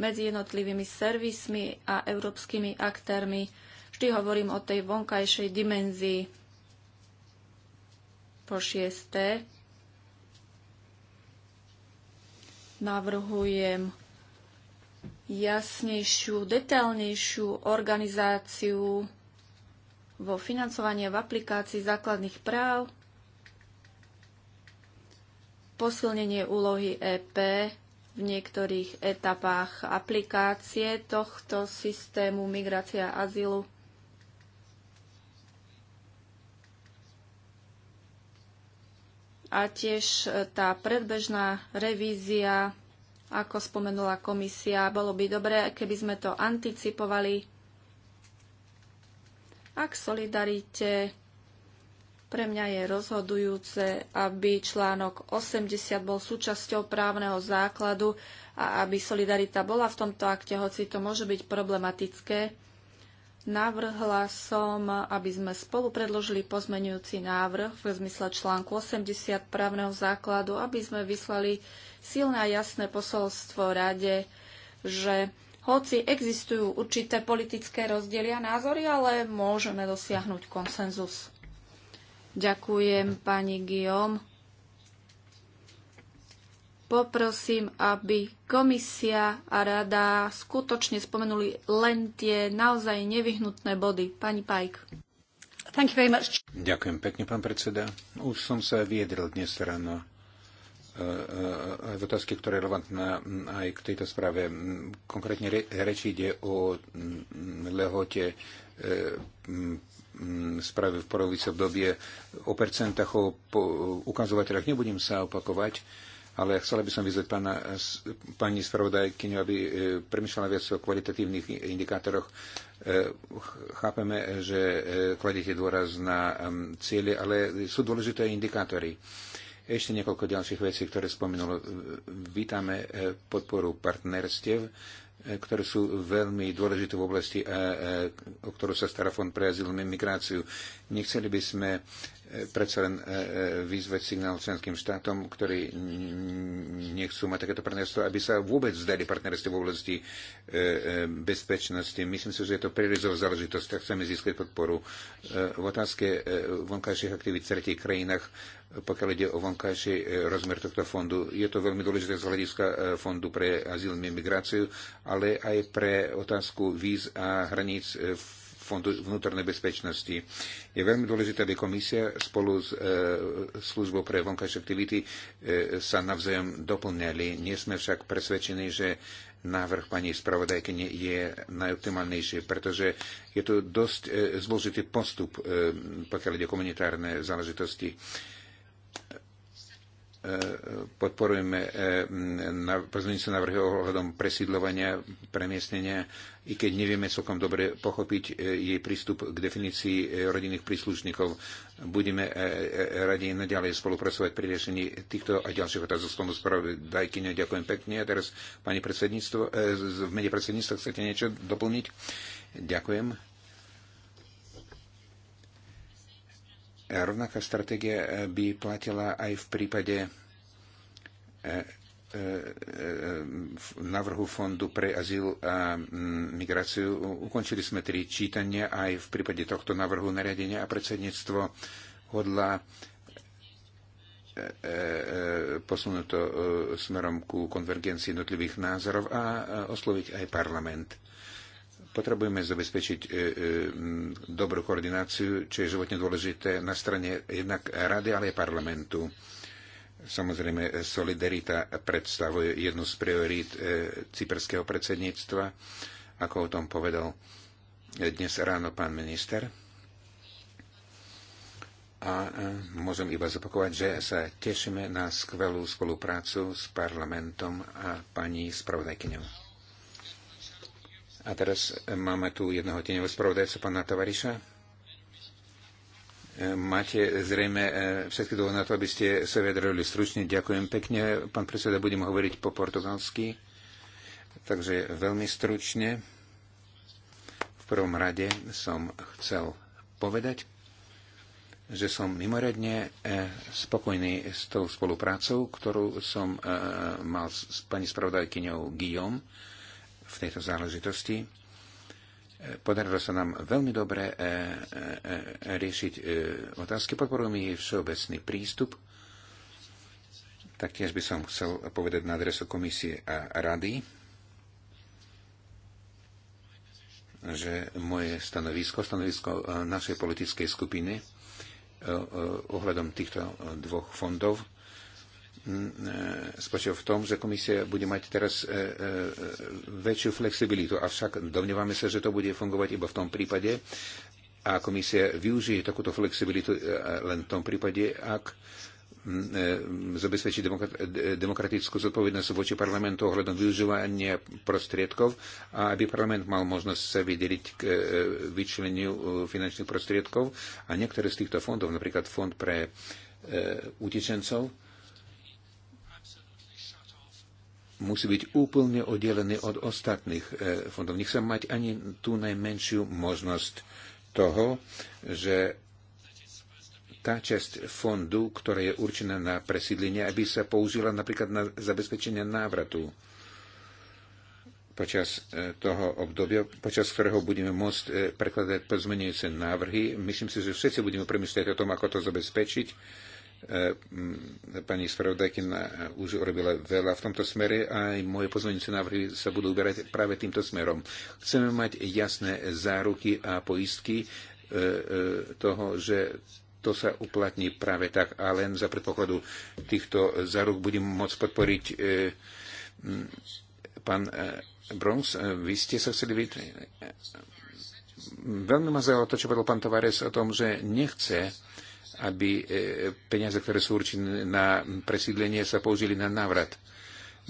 medzi jednotlivými servismi a európskymi aktérmi. Vždy hovorím o tej vonkajšej dimenzii. Po šiesté navrhujem jasnejšiu, detailnejšiu organizáciu vo financovanie v aplikácii základných práv, posilnenie úlohy EP v niektorých etapách aplikácie tohto systému migrácia a azylu. A tiež tá predbežná revízia, ako spomenula komisia, bolo by dobré, keby sme to anticipovali a k solidarite. Pre mňa je rozhodujúce, aby článok 80 bol súčasťou právneho základu a aby solidarita bola v tomto akte, hoci to môže byť problematické. Navrhla som, aby sme spolu predložili pozmenujúci návrh v zmysle článku 80 právneho základu, aby sme vyslali silné a jasné posolstvo rade, že hoci existujú určité politické rozdiely a názory, ale môžeme dosiahnuť konsenzus. Ďakujem pani Guillaume. Poprosím, aby komisia a rada skutočne spomenuli len tie naozaj nevyhnutné body. Pani Pajk. Ďakujem pekne, pán predseda. Už som sa vyjadril dnes ráno Eh, aj v otázke, ktorá je relevantná mm, aj k tejto správe. Mm, Konkrétne reči ide o mm, lehote eh, správy v porovice v dobie o percentách, o ukazovateľách. Nebudem sa opakovať, ale chcela by som vyzvať pána, pani spravodajkyňu, aby eh, premyšľala viac o kvalitatívnych indikátoroch. Chápeme, že kladete dôraz na cieľe, ale sú dôležité indikátory. Ešte niekoľko ďalších vecí, ktoré spomenul. Vítame eh, podporu partnerstiev, eh, ktoré sú veľmi dôležité v oblasti, eh, o ktorú sa stará Fond pre azylnú migráciu. Nechceli by sme predsa len e, e, vyzvať signál členským štátom, ktorí nechcú mať takéto partnerstvo, aby sa vôbec zdali partnerstvo v oblasti e, bezpečnosti. Myslím si, že je to prierezová záležitosť a chceme získať podporu. V otázke vonkajších aktivít v tretich krajinách, pokiaľ ide o vonkajší rozmer tohto fondu, je to veľmi dôležité z hľadiska fondu pre azylnú migráciu, ale aj pre otázku víz a hraníc v Fondu vnútornej bezpečnosti. Je veľmi dôležité, aby komisia spolu s e, službou pre vonkajšie aktivity e, sa navzájom doplňali. Nie sme však presvedčení, že návrh pani spravodajky je najoptimálnejší, pretože je to dosť e, zložitý postup, e, pokiaľ ide o komunitárne záležitosti. E, podporujeme e, pozmeňujúce návrhy ohľadom presídľovania, premiestnenia i keď nevieme celkom dobre pochopiť e, jej prístup k definícii e, rodinných príslušníkov. Budeme e, radi naďalej spolupracovať pri riešení týchto a ďalších otázok z tomu spravodajkyne. Ďakujem pekne. A teraz, pani predsedníctvo, v mene predsedníctva chcete niečo doplniť? Ďakujem. Rovnaká stratégia by platila aj v prípade E, e, návrhu Fondu pre azyl a migráciu. Ukončili sme tri čítania aj v prípade tohto návrhu nariadenia a predsedníctvo hodla e, posunúť to smerom ku konvergencii jednotlivých názorov a osloviť aj parlament. Potrebujeme zabezpečiť dobrú koordináciu, čo je životne dôležité na strane jednak rady, ale aj parlamentu Samozrejme, solidarita predstavuje jednu z priorít e, cyperského predsedníctva, ako o tom povedal e, dnes ráno pán minister. A e, môžem iba zopakovať, že sa tešíme na skvelú spoluprácu s parlamentom a pani spravodajkyňou. A teraz máme tu jedného tieňového spravodajca, pána Tavariša. Máte zrejme e, všetky dôvody na to, aby ste sa vyjadrili stručne. Ďakujem pekne. Pán predseda, budem hovoriť po portugalsky. Takže veľmi stručne. V prvom rade som chcel povedať, že som mimoriadne e, spokojný s tou spoluprácou, ktorú som e, mal s pani spravodajkyňou Guillaume v tejto záležitosti Podarilo sa nám veľmi dobre e, e, e, riešiť otázky. Podporujem jej všeobecný prístup. Taktiež by som chcel povedať na adresu komisie a rady, že moje stanovisko, stanovisko našej politickej skupiny ohľadom týchto dvoch fondov spočíva v tom, že komisia bude mať teraz e, e, väčšiu flexibilitu. Avšak domnievame sa, že to bude fungovať iba v tom prípade, a komisia využije takúto flexibilitu e, len v tom prípade, ak zabezpečí demokratickú zodpovednosť voči parlamentu ohľadom využívania prostriedkov a aby parlament mal možnosť sa vydeliť k vyčleniu finančných prostriedkov a niektoré z týchto fondov, napríklad fond pre utečencov, musí byť úplne oddelený od ostatných e, fondov. Nechcem mať ani tú najmenšiu možnosť toho, že tá časť fondu, ktorá je určená na presídlenie, aby sa použila napríklad na zabezpečenie návratu počas e, toho obdobia, počas ktorého budeme môcť e, prekladať pozmenujúce návrhy. Myslím si, že všetci budeme premyšľať o tom, ako to zabezpečiť Eh, mm, pani spravodajkina eh, už urobila veľa v tomto smere a aj moje pozmeňujúce návrhy sa budú uberať práve týmto smerom. Chceme mať jasné záruky a poistky eh, toho, že to sa uplatní práve tak a len za predpokladu týchto záruk budem môcť podporiť mm, pán Bronx, vy ste sa chceli vyjadriť. Mm, veľmi ma zaujalo to, čo povedal pán Tavares o tom, že nechce aby e, peniaze, ktoré sú určené na presídlenie, sa použili na návrat.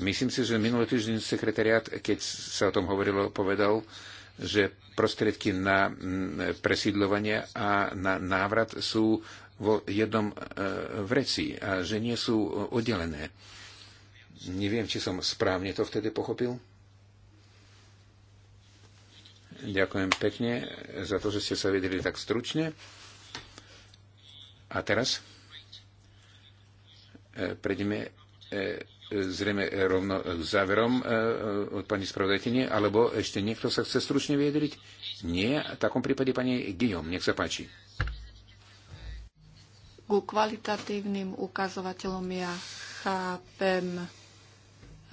Myslím si, že minulý týždeň sekretariat, keď sa o tom hovorilo, povedal, že prostriedky na presídľovanie a na návrat sú vo jednom e, vreci a že nie sú oddelené. Neviem, či som správne to vtedy pochopil. Ďakujem pekne za to, že ste sa vedeli tak stručne. A teraz e, prejdeme e, zrejme rovno k záverom e, od pani spravodajkyne, alebo ešte niekto sa chce stručne vyjadriť? Nie, v takom prípade pani Guillaume, nech sa páči. Ku kvalitatívnym ukazovateľom ja chápem,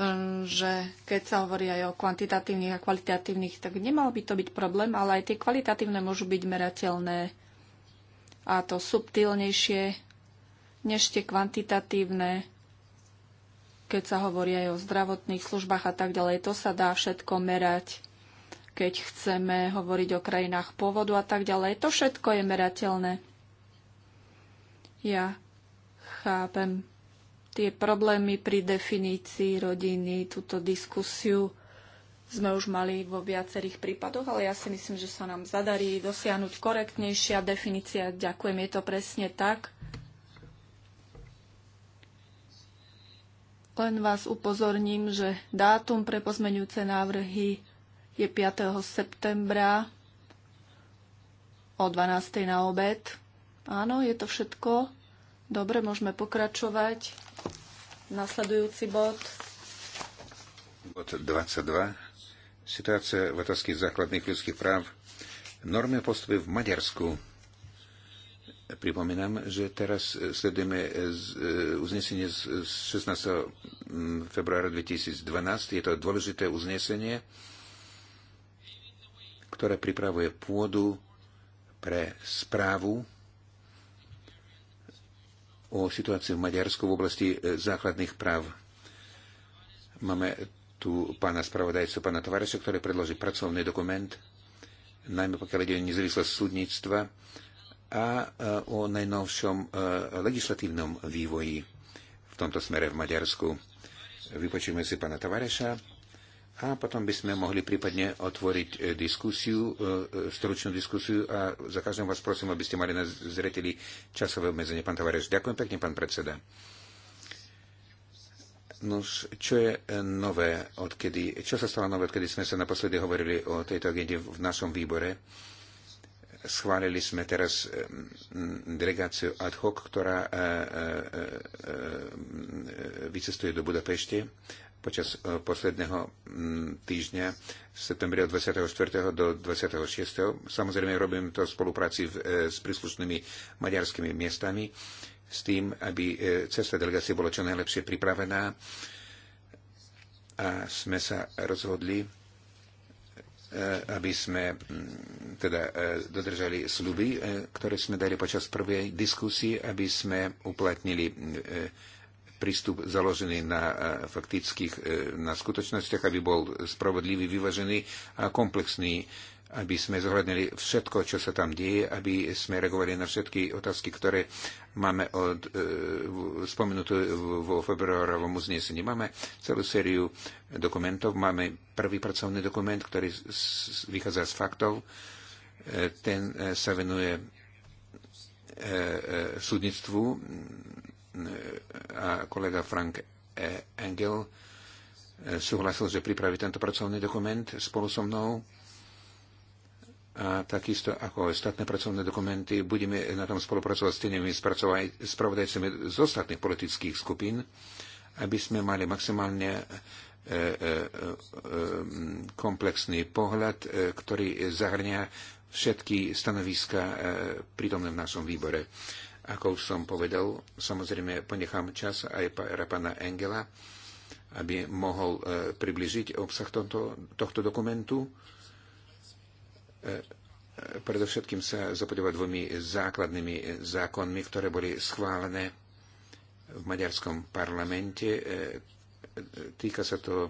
hm, že keď sa hovorí aj o kvantitatívnych a kvalitatívnych, tak nemal by to byť problém, ale aj tie kvalitatívne môžu byť merateľné a to subtilnejšie než tie kvantitatívne, keď sa hovorí aj o zdravotných službách a tak ďalej. To sa dá všetko merať, keď chceme hovoriť o krajinách pôvodu a tak ďalej. To všetko je merateľné. Ja chápem tie problémy pri definícii rodiny, túto diskusiu sme už mali vo viacerých prípadoch, ale ja si myslím, že sa nám zadarí dosiahnuť korektnejšia definícia. Ďakujem, je to presne tak. Len vás upozorním, že dátum pre pozmeňujúce návrhy je 5. septembra o 12. na obed. Áno, je to všetko. Dobre, môžeme pokračovať. Nasledujúci bod. Bod 22 Situácia v otázky základných ľudských práv, normy a postupy v Maďarsku. Pripomínam, že teraz e, sledujeme e, e, uznesenie z 16. februára 2012. Je to dôležité uznesenie, ktoré pripravuje pôdu pre správu o situácii v Maďarsku v oblasti základných práv. Máme tu pána spravodajcu, pána Tovareša, ktorý predloží pracovný dokument, najmä pokiaľ ide o nezávislosť súdnictva a e, o najnovšom e, legislatívnom vývoji v tomto smere v Maďarsku. Vypočujeme si pána tovareša. a potom by sme mohli prípadne otvoriť e, diskusiu, stručnú diskusiu a za každým vás prosím, aby ste mali na zreteli časové obmedzenie. Pán Tovareš, ďakujem pekne, pán predseda. Nož, čo je e, nové, odkedy, čo sa stalo nové, odkedy sme sa naposledy hovorili o tejto agende v našom výbore? Schválili sme teraz e, delegáciu ad hoc, ktorá e, vycestuje do Budapešte počas posledného týždňa v septembri od 24. do 26. Samozrejme, robím to v spolupráci s príslušnými maďarskými miestami s tým, aby e, cesta delegácie bola čo najlepšie pripravená a sme sa rozhodli, e, aby sme teda e, dodržali sluby, ktoré sme dali počas prvej diskusie, aby sme uplatnili prístup založený na faktických, na skutočnostiach, aby bol spravodlivý, vyvažený a komplexný aby sme zohľadnili všetko, čo sa tam deje, aby sme reagovali na všetky otázky, ktoré máme od, e, spomenuté vo februárovom uznesení. Máme celú sériu dokumentov, máme prvý pracovný dokument, ktorý vychádza z faktov, e, ten e, sa venuje e, e, súdnictvu e, a kolega Frank e. Engel e, súhlasil, že pripraví tento pracovný dokument spolu so mnou a takisto ako ostatné pracovné dokumenty budeme na tom spolupracovať s tými spravodajcami z ostatných politických skupín, aby sme mali maximálne e, e, e, komplexný pohľad, ktorý zahrňa všetky stanoviska prítomné v našom výbore. Ako už som povedal, samozrejme ponechám čas aj pána Engela, aby mohol približiť obsah tohto, tohto dokumentu E, predovšetkým sa zapodobať dvomi základnými zákonmi, ktoré boli schválené v maďarskom parlamente. E, týka sa to e,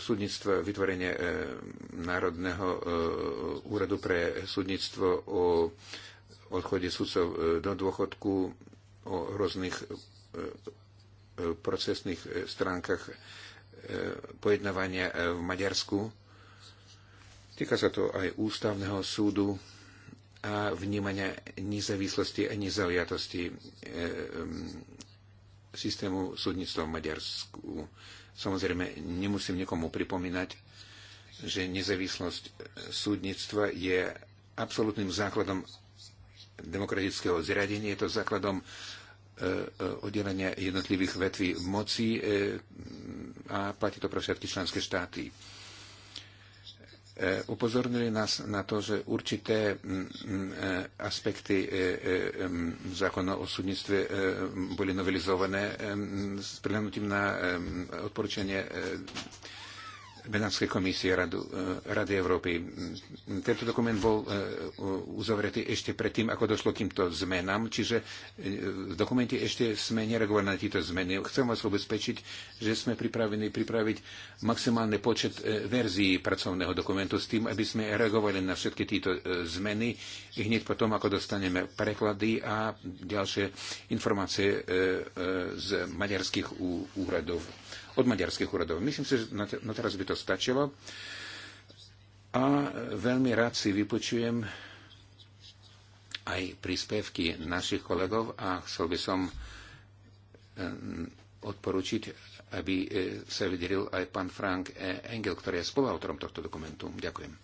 súdnictva, vytvorenie Národného úradu pre súdnictvo o odchode súdcov do dôchodku, o rôznych procesných stránkach pojednávania v Maďarsku Týka sa to aj ústavného súdu a vnímania nezávislosti a nezaliatosti e, systému súdnictva v Maďarsku. Samozrejme, nemusím nikomu pripomínať, že nezávislosť e, súdnictva je absolútnym základom demokratického zriadenia, je to základom e, e, oddelenia jednotlivých vetví moci a platí to pre všetky členské štáty. E, upozornili nás na to, že určité e, aspekty e, zákona o súdnictve boli novelizované s prihľadnutím na odporúčanie Benátskej komisie Radu, eh, Rady Európy. Tento dokument bol eh, uzavretý ešte predtým, ako došlo k týmto zmenám, čiže eh, v dokumente ešte sme nereagovali na tieto zmeny. Chcem vás ubezpečiť, že sme pripravení pripraviť maximálny počet verzií pracovného dokumentu s tým, aby sme reagovali na všetky tieto zmeny i hneď potom, ako dostaneme preklady a ďalšie informácie z maďarských úradov od maďarských úradov. Myslím si, že na teraz by to stačilo. A veľmi rád si vypočujem aj príspevky našich kolegov a chcel by som eh, odporučiť, aby eh, sa vydelil aj pán Frank eh, Engel, ktorý je spoluautorom tohto dokumentu. Ďakujem.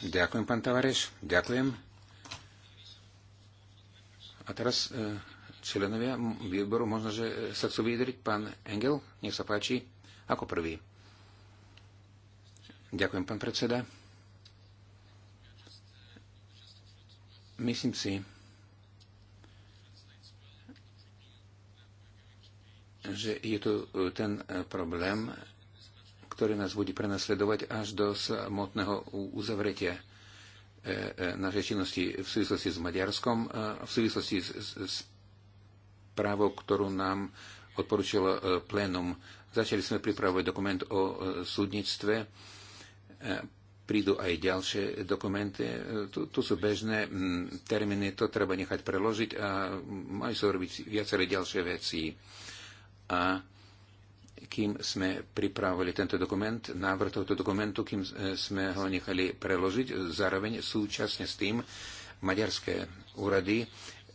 Ďakujem, pán Tavareš. Ďakujem. A teraz členovia výboru možno, že e, sa chcú vyjadriť. Pán Engel, nech sa páči, ako prvý. Ďakujem, pán predseda. Myslím si, že je to e, ten e, problém, ktorý nás bude prenasledovať až do samotného uzavretia našej činnosti v súvislosti s Maďarskom, v súvislosti s právo, ktorú nám odporúčilo e, plénum. Začali sme pripravovať dokument o e, súdnictve. E, prídu aj ďalšie dokumenty. Tu, tu sú bežné termíny, to treba nechať preložiť a majú sa robiť viaceré ďalšie veci. A kým sme pripravili tento dokument, návrh tohto dokumentu, kým sme ho nechali preložiť, zároveň súčasne s tým maďarské úrady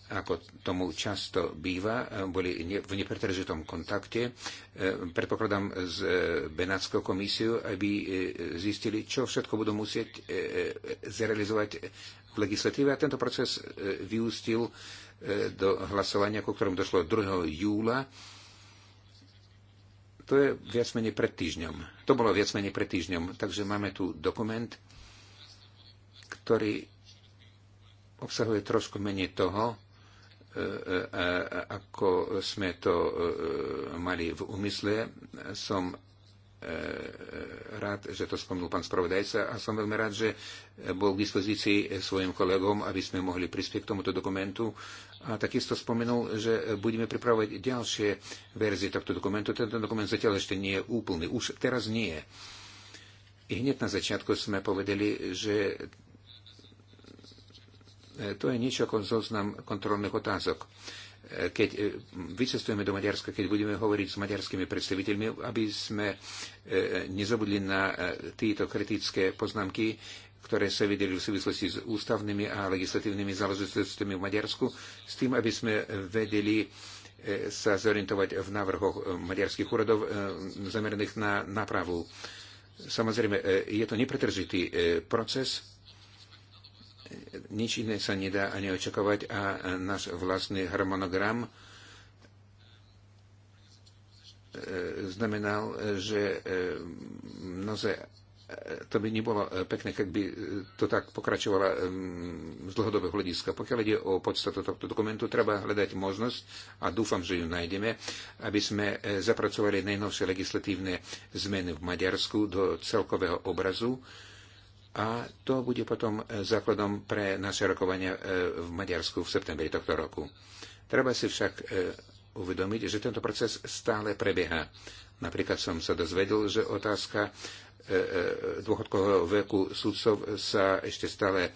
ako tomu často býva, boli v nepretržitom kontakte, e, predpokladám, s e, Benátskou komisiou, aby e, zistili, čo všetko budú musieť zrealizovať v legislatíve. A tento proces vyústil do hlasovania, ku ktorom došlo 2. júla. To je viac menej pred týždňom. To bolo viac menej pred týždňom. Takže máme tu dokument, ktorý obsahuje trošku menej toho, E, e, e, ako sme to mali v úmysle. Som rád, že to spomnul pán spravodajca a som veľmi rád, že bol k dispozícii svojim kolegom, aby sme mohli prispieť k tomuto dokumentu. A takisto spomenul, že budeme pripravovať ďalšie verzie tohto dokumentu. Tento dokument zatiaľ ešte nie je úplný. Už teraz nie. I hneď na začiatku sme povedali, že E, to je niečo ako zoznam kontrolných otázok. E, keď e, vycestujeme do Maďarska, keď budeme hovoriť s maďarskými predstaviteľmi, aby sme nezabudli na tieto kritické poznámky, ktoré sa videli v súvislosti s ústavnými a legislatívnymi záležitostiami v Maďarsku, s tým, aby sme vedeli sa zorientovať v návrhoch maďarských úradov zameraných na nápravu. Samozrejme, je to nepretržitý proces, nič iné sa nedá ani očakávať a náš vlastný harmonogram e, znamenal, že mnoze e, to by nebolo pekné, keď by to tak pokračovalo e, z dlhodobého hľadiska. Pokiaľ ide o podstatu tohto dokumentu, treba hľadať možnosť, a dúfam, že ju nájdeme, aby sme zapracovali najnovšie legislatívne zmeny v Maďarsku do celkového obrazu, a to bude potom e, základom pre naše rokovania e, v Maďarsku v septembri tohto roku. Treba si však e, uvedomiť, že tento proces stále prebieha. Napríklad som sa dozvedel, že otázka dôchodkového veku sudcov sa ešte stále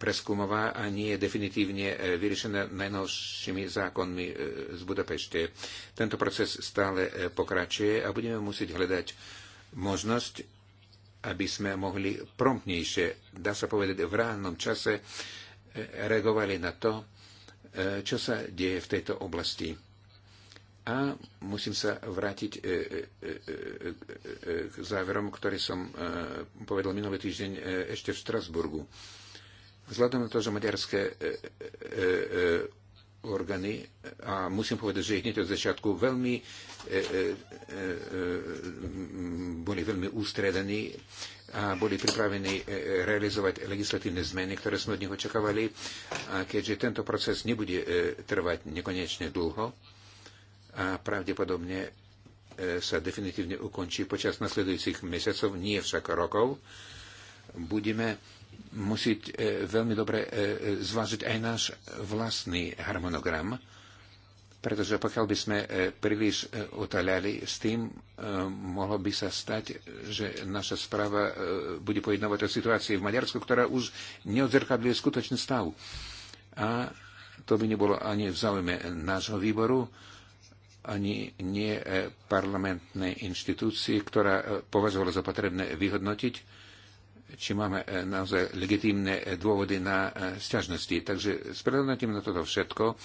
preskúmová a nie je definitívne vyriešená najnovšími zákonmi z Budapešte. Tento proces stále pokračuje a budeme musieť hľadať možnosť, aby sme mohli promptnejšie, dá sa povedať, v reálnom čase e, reagovali na to, e, čo sa deje v tejto oblasti. A musím sa vrátiť e, k záverom, ktorý som povedal minulý týždeň ešte v Štrasburgu. Vzhľadom na to, že maďarské orgány a musím povedať, že hneď od začiatku veľmi e, e, e, boli veľmi ústredení a boli pripravení realizovať legislatívne zmeny, ktoré sme od nich očakávali. A keďže tento proces nebude trvať nekonečne dlho a pravdepodobne sa definitívne ukončí počas nasledujúcich mesiacov, nie však rokov, budeme musieť e, veľmi dobre e, e, zvážiť aj náš vlastný harmonogram, pretože pokiaľ by sme príliš otáľali s tým, mohlo by sa stať, že naša správa bude pojednovať o situácii v Maďarsku, ktorá už neodzrkadľuje skutočný stav. A to by nebolo ani v záujme nášho výboru, ani nie parlamentnej inštitúcii, ktorá považovala za potrebné vyhodnotiť, či máme e, naozaj legitímne e, dôvody na e, sťažnosti. Takže prehľadnutím na toto všetko.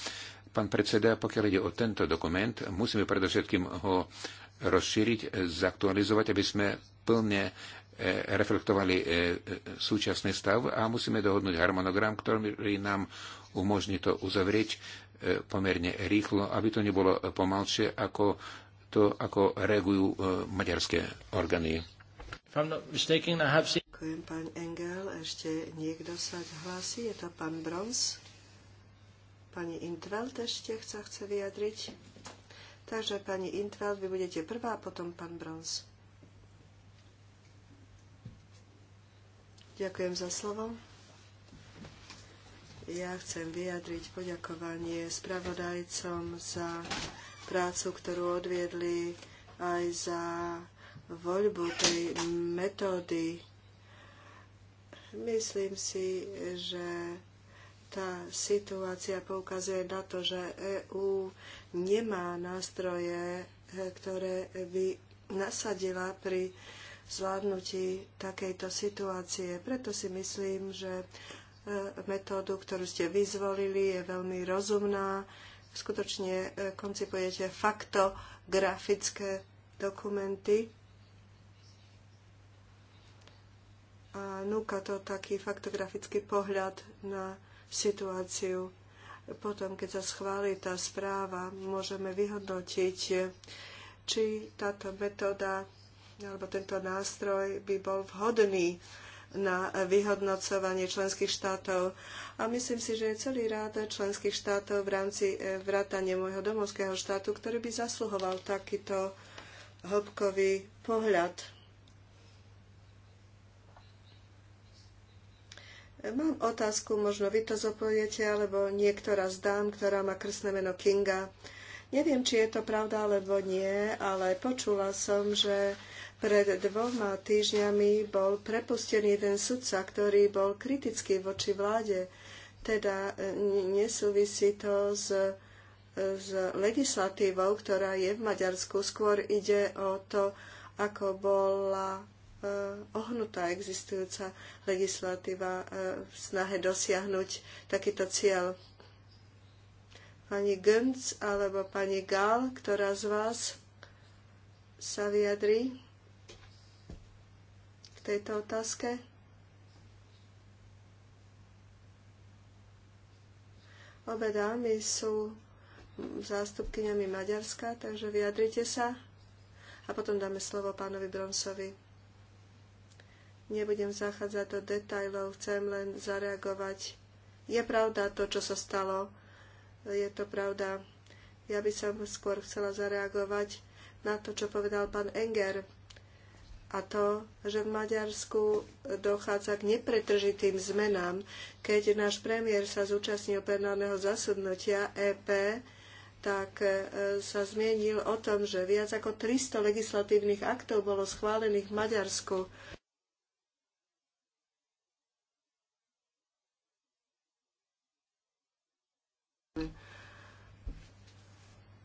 Pán predseda, pokiaľ ide o tento dokument, musíme predovšetkým ho rozšíriť, zaktualizovať, aby sme plne reflektovali súčasný stav a musíme dohodnúť harmonogram, ktorý nám umožní to uzavrieť pomerne rýchlo, aby to nebolo pomalšie ako to, ako reagujú maďarské orgány. Ďakujem, pán Engel. Ešte niekto sa hlási? Je to pán Brons? Pani Intveld ešte sa chce vyjadriť. Takže pani Intveld, vy budete prvá, a potom pán Brons. Ďakujem za slovo. Ja chcem vyjadriť poďakovanie spravodajcom za prácu, ktorú odviedli aj za voľbu tej metódy. Myslím si, že tá situácia poukazuje na to, že EÚ nemá nástroje, e, ktoré by nasadila pri zvládnutí takejto situácie. Preto si myslím, že e, metódu, ktorú ste vyzvolili, je veľmi rozumná. Skutočne e, koncipujete faktografické dokumenty a núka to taký faktografický pohľad na situáciu. Potom, keď sa schváli tá správa, môžeme vyhodnotiť, či táto metóda alebo tento nástroj by bol vhodný na vyhodnocovanie členských štátov. A myslím si, že je celý rád členských štátov v rámci eh, vrátania môjho domovského štátu, ktorý by zasluhoval takýto hĺbkový pohľad Mám otázku, možno vy to zopoviete, alebo niektorá z dám, ktorá má krstné meno Kinga. Neviem, či je to pravda alebo nie, ale počula som, že pred dvoma týždňami bol prepustený jeden sudca, ktorý bol kritický voči vláde. Teda e, nesúvisí to s, e, s legislatívou, ktorá je v Maďarsku. Skôr ide o to, ako bola Eh, ohnutá existujúca legislatíva eh, v snahe dosiahnuť takýto cieľ. Pani Gönc alebo pani Gál, ktorá z vás sa vyjadrí k tejto otázke? Obe dámy sú zástupkyňami Maďarska, takže vyjadrite sa a potom dáme slovo pánovi Bronsovi. Nebudem zachádzať do detajlov, chcem len zareagovať. Je pravda to, čo sa stalo. Je to pravda. Ja by som skôr chcela zareagovať na to, čo povedal pán Enger. A to, že v Maďarsku dochádza k nepretržitým zmenám. Keď náš premiér sa zúčastnil plenárneho zasudnutia EP, tak e, sa zmienil o tom, že viac ako 300 legislatívnych aktov bolo schválených v Maďarsku.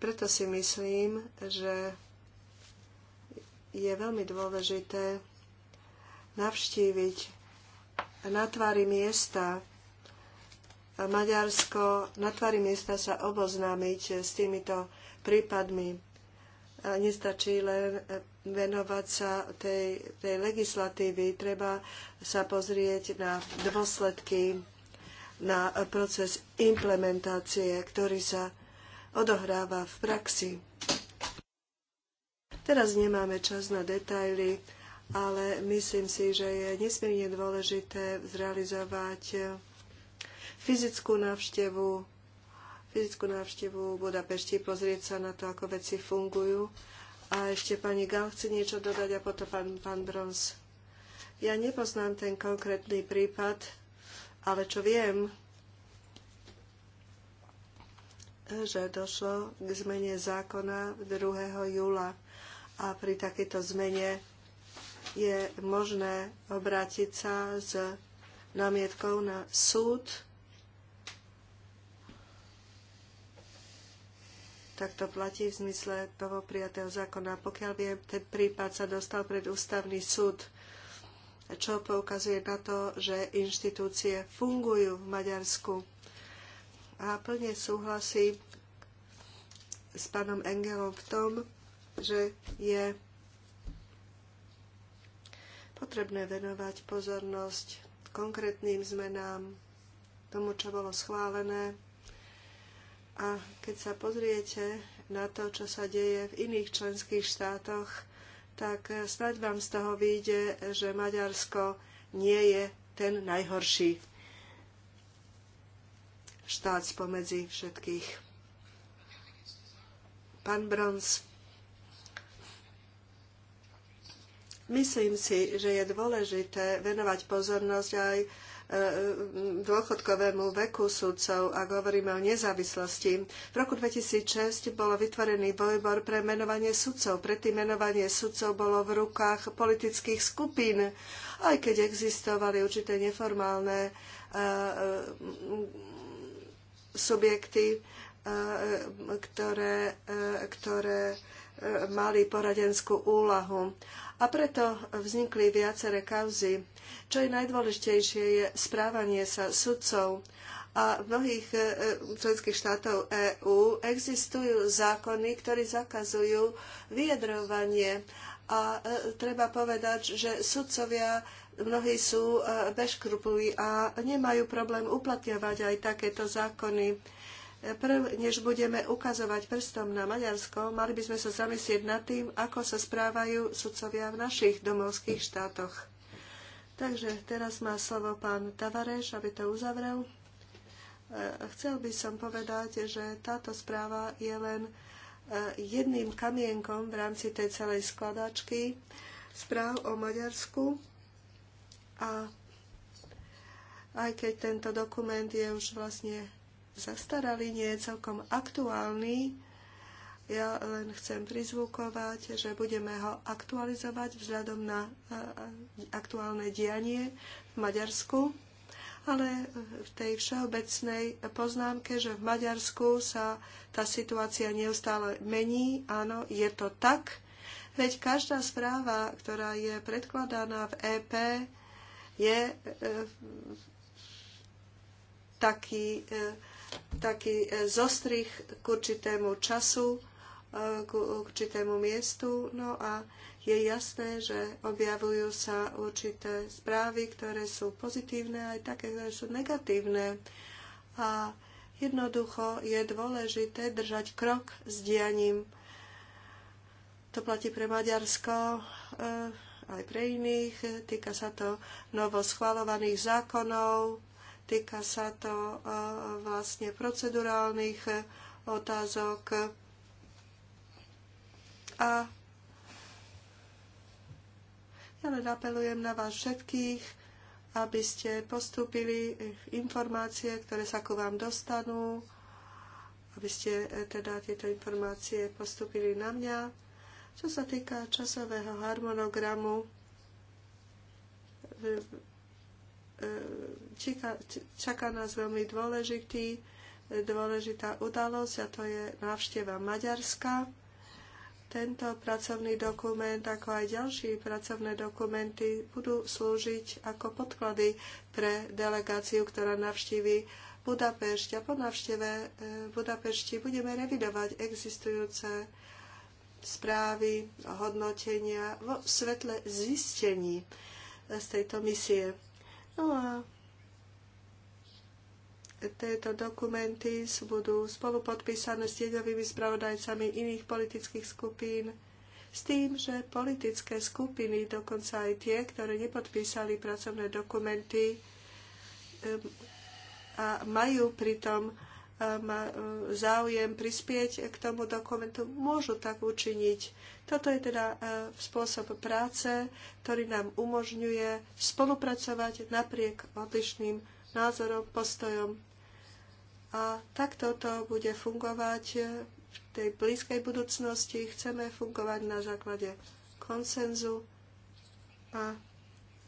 Preto si myslím, že je veľmi dôležité navštíviť na tvári miesta Maďarsko, na tvári miesta sa oboznámiť s týmito prípadmi. Nestačí len venovať sa tej, tej legislatívy, treba sa pozrieť na dôsledky, na proces implementácie, ktorý sa odohráva v praxi. Teraz nemáme čas na detaily, ale myslím si, že je nesmierne dôležité zrealizovať fyzickú návštevu, fyzickú návštevu Budapešti, pozrieť sa na to, ako veci fungujú. A ešte pani Gal chce niečo dodať a potom pán, pán Brons. Ja nepoznám ten konkrétny prípad, ale čo viem, že došlo k zmene zákona 2. júla a pri takejto zmene je možné obrátiť sa s námietkou na súd. Tak to platí v zmysle toho prijatého zákona. Pokiaľ viem, ten prípad sa dostal pred ústavný súd, čo poukazuje na to, že inštitúcie fungujú v Maďarsku a plne súhlasí s pánom Engelom v tom, že je potrebné venovať pozornosť konkrétnym zmenám, tomu, čo bolo schválené. A keď sa pozriete na to, čo sa deje v iných členských štátoch, tak snáď vám z toho vyjde, že Maďarsko nie je ten najhorší štát spomedzi všetkých. Pán Brons, myslím si, že je dôležité venovať pozornosť aj e, dôchodkovému veku sudcov, a hovoríme o nezávislosti. V roku 2006 bolo vytvorený výbor pre menovanie sudcov. Predtým menovanie sudcov bolo v rukách politických skupín, aj keď existovali určité neformálne e, e, subjekty, e, ktoré, e, ktoré e, mali poradenskú úlahu. A preto vznikli viaceré kauzy. Čo je najdôležitejšie, je správanie sa sudcov. A v mnohých členských štátov EÚ existujú zákony, ktorí zakazujú vyjadrovanie. A treba povedať, že sudcovia mnohí sú e, bezkrupujú a nemajú problém uplatňovať aj takéto zákony. E, prv, než budeme ukazovať prstom na Maďarsko, mali by sme sa zamyslieť nad tým, ako sa správajú sudcovia v našich domovských štátoch. Takže teraz má slovo pán Tavareš, aby to uzavrel. E, chcel by som povedať, že táto správa je len jedným kamienkom v rámci tej celej skladačky správ o Maďarsku a aj keď tento dokument je už vlastne zastaralý, nie je celkom aktuálny, ja len chcem prizvukovať, že budeme ho aktualizovať vzhľadom na aktuálne dianie v Maďarsku, ale v tej všeobecnej poznámke, že v Maďarsku sa tá situácia neustále mení, áno, je to tak, veď každá správa, ktorá je predkladaná v EP, je e, taký, e, taký e, zostrich k určitému času, k určitému miestu. No a je jasné, že objavujú sa určité správy, ktoré sú pozitívne, aj také, ktoré sú negatívne. A jednoducho je dôležité držať krok s dianím. To platí pre Maďarsko aj pre iných. Týka sa to novo schvalovaných zákonov, týka sa to e, vlastne procedurálnych e, otázok a ja len apelujem na vás všetkých, aby ste postúpili informácie, ktoré sa ku vám dostanú, aby ste e, teda tieto informácie postúpili na mňa. Čo sa týka časového harmonogramu, e, čaká, čaká nás veľmi dôležitý, dôležitá udalosť a to je návšteva Maďarska. Tento pracovný dokument, ako aj ďalší pracovné dokumenty, budú slúžiť ako podklady pre delegáciu, ktorá navštívi Budapešť. A po návšteve e, Budapešti budeme revidovať existujúce správy, hodnotenia vo svetle zistení eh, z tejto misie. No a tieto dokumenty budú spolupodpísané s tieňovými spravodajcami iných politických skupín, s tým, že politické skupiny, dokonca aj tie, ktoré nepodpísali pracovné dokumenty a majú pritom má e, záujem prispieť k tomu dokumentu, môžu tak učiniť. Toto je teda e, spôsob práce, ktorý nám umožňuje spolupracovať napriek odlišným názorom, postojom. A takto toto bude fungovať v tej blízkej budúcnosti. Chceme fungovať na základe konsenzu a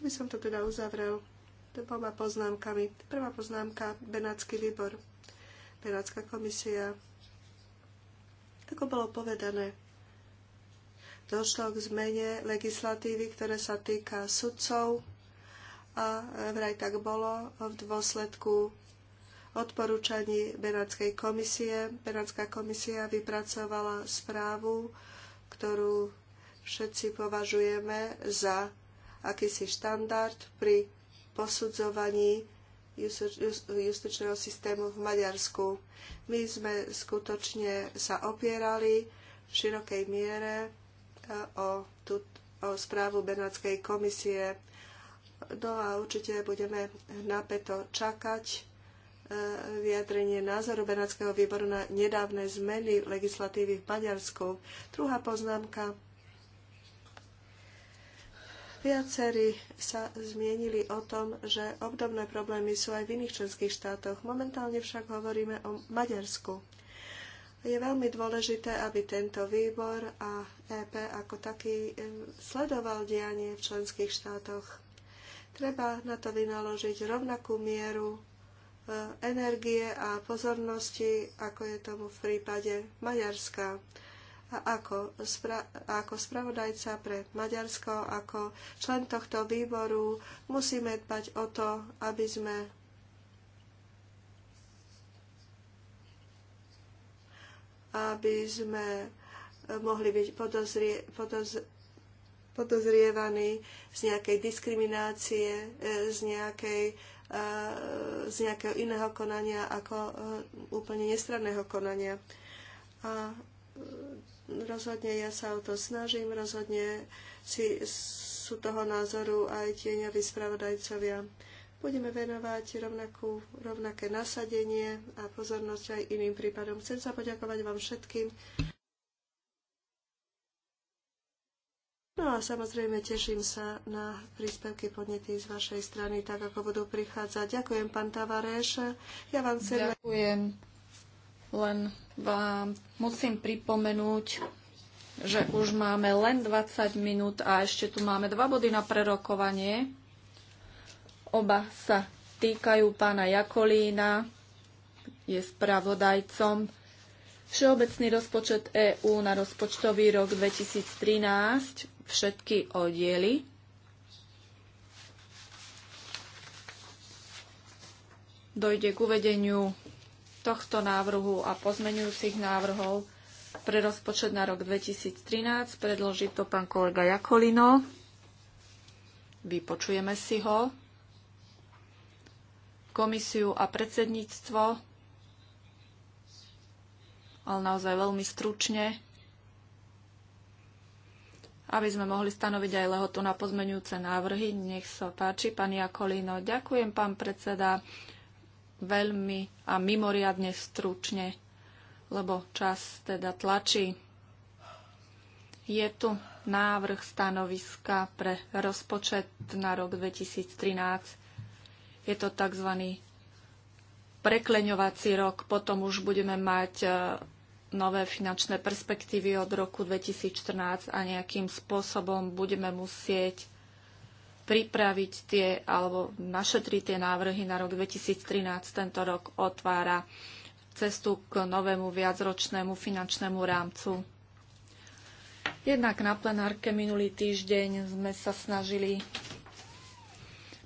by som to teda uzavrel dvoma poznámkami. Prvá poznámka, Benátsky výbor. Benátska komisia. Ako bolo povedané, došlo k zmene legislatívy, ktoré sa týka sudcov a vraj tak bolo v dôsledku odporúčaní Benátskej komisie. Benátska komisia vypracovala správu, ktorú všetci považujeme za akýsi štandard pri posudzovaní justičného systému v Maďarsku. My sme skutočne sa opierali v širokej miere e, o, tú, o správu Benátskej komisie. No a určite budeme napeto čakať e, vyjadrenie názoru Benátskeho výboru na nedávne zmeny legislatívy v Maďarsku. Druhá poznámka Viacerí sa zmienili o tom, že obdobné problémy sú aj v iných členských štátoch. Momentálne však hovoríme o Maďarsku. Je veľmi dôležité, aby tento výbor a EP ako taký e, sledoval dianie v členských štátoch. Treba na to vynaložiť rovnakú mieru e, energie a pozornosti, ako je tomu v prípade Maďarska ako, spra- ako spravodajca pre Maďarsko, ako člen tohto výboru musíme dbať o to, aby sme aby sme mohli byť podozrie, podoz, podozrievaní z nejakej diskriminácie, e, z, nejakej, e, z nejakého iného konania ako e, úplne nestranného konania. A Rozhodne ja sa o to snažím, rozhodne si sú toho názoru aj tieňoví spravodajcovia. Budeme venovať rovnakú, rovnaké nasadenie a pozornosť aj iným prípadom. Chcem sa poďakovať vám všetkým. No a samozrejme teším sa na príspevky podnety z vašej strany, tak ako budú prichádzať. Ďakujem, pán Tavareš. Ja vám chcem... Ďakujem. Len vám musím pripomenúť, že už máme len 20 minút a ešte tu máme dva body na prerokovanie. Oba sa týkajú pána Jakolína, je spravodajcom. Všeobecný rozpočet EÚ na rozpočtový rok 2013, všetky oddiely. Dojde k uvedeniu tohto návrhu a pozmenujúcich návrhov pre rozpočet na rok 2013. Predloží to pán kolega Jakolino. Vypočujeme si ho. Komisiu a predsedníctvo, ale naozaj veľmi stručne, aby sme mohli stanoviť aj lehotu na pozmenujúce návrhy. Nech sa páči, pani Jakolino. Ďakujem, pán predseda veľmi a mimoriadne stručne, lebo čas teda tlačí. Je tu návrh stanoviska pre rozpočet na rok 2013. Je to tzv. prekleňovací rok, potom už budeme mať e, nové finančné perspektívy od roku 2014 a nejakým spôsobom budeme musieť pripraviť tie alebo našetriť tie návrhy na rok 2013. Tento rok otvára cestu k novému viacročnému finančnému rámcu. Jednak na plenárke minulý týždeň sme sa snažili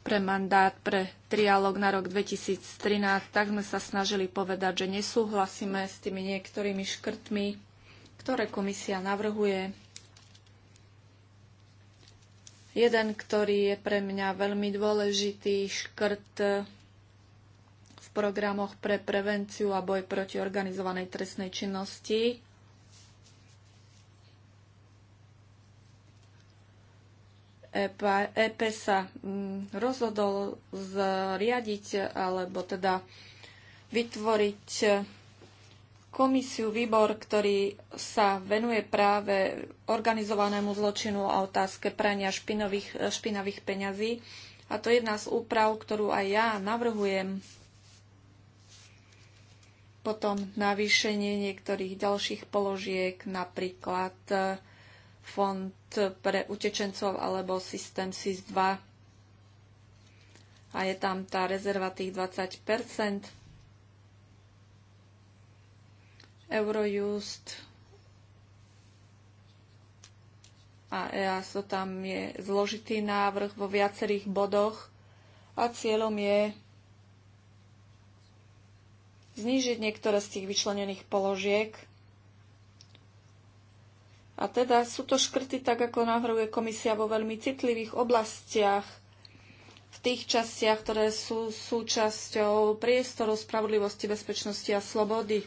pre mandát pre trialog na rok 2013, tak sme sa snažili povedať, že nesúhlasíme s tými niektorými škrtmi, ktoré komisia navrhuje Jeden, ktorý je pre mňa veľmi dôležitý, škrt eh, v programoch pre prevenciu a boj proti organizovanej trestnej činnosti. EP, EP sa mm, rozhodol zriadiť alebo teda vytvoriť eh, komisiu, výbor, ktorý sa venuje práve organizovanému zločinu a otázke prania špinových, eh, špinavých peňazí. A to je jedna z úprav, ktorú aj ja navrhujem. Potom navýšenie niektorých ďalších položiek, napríklad eh, fond pre utečencov alebo systém SIS-2. A je tam tá rezerva tých 20 Eurojust a EASO tam je zložitý návrh vo viacerých bodoch a cieľom je znížiť niektoré z tých vyčlenených položiek. A teda sú to škrty, tak ako navrhuje komisia vo veľmi citlivých oblastiach, v tých častiach, ktoré sú súčasťou priestoru spravodlivosti, bezpečnosti a slobody.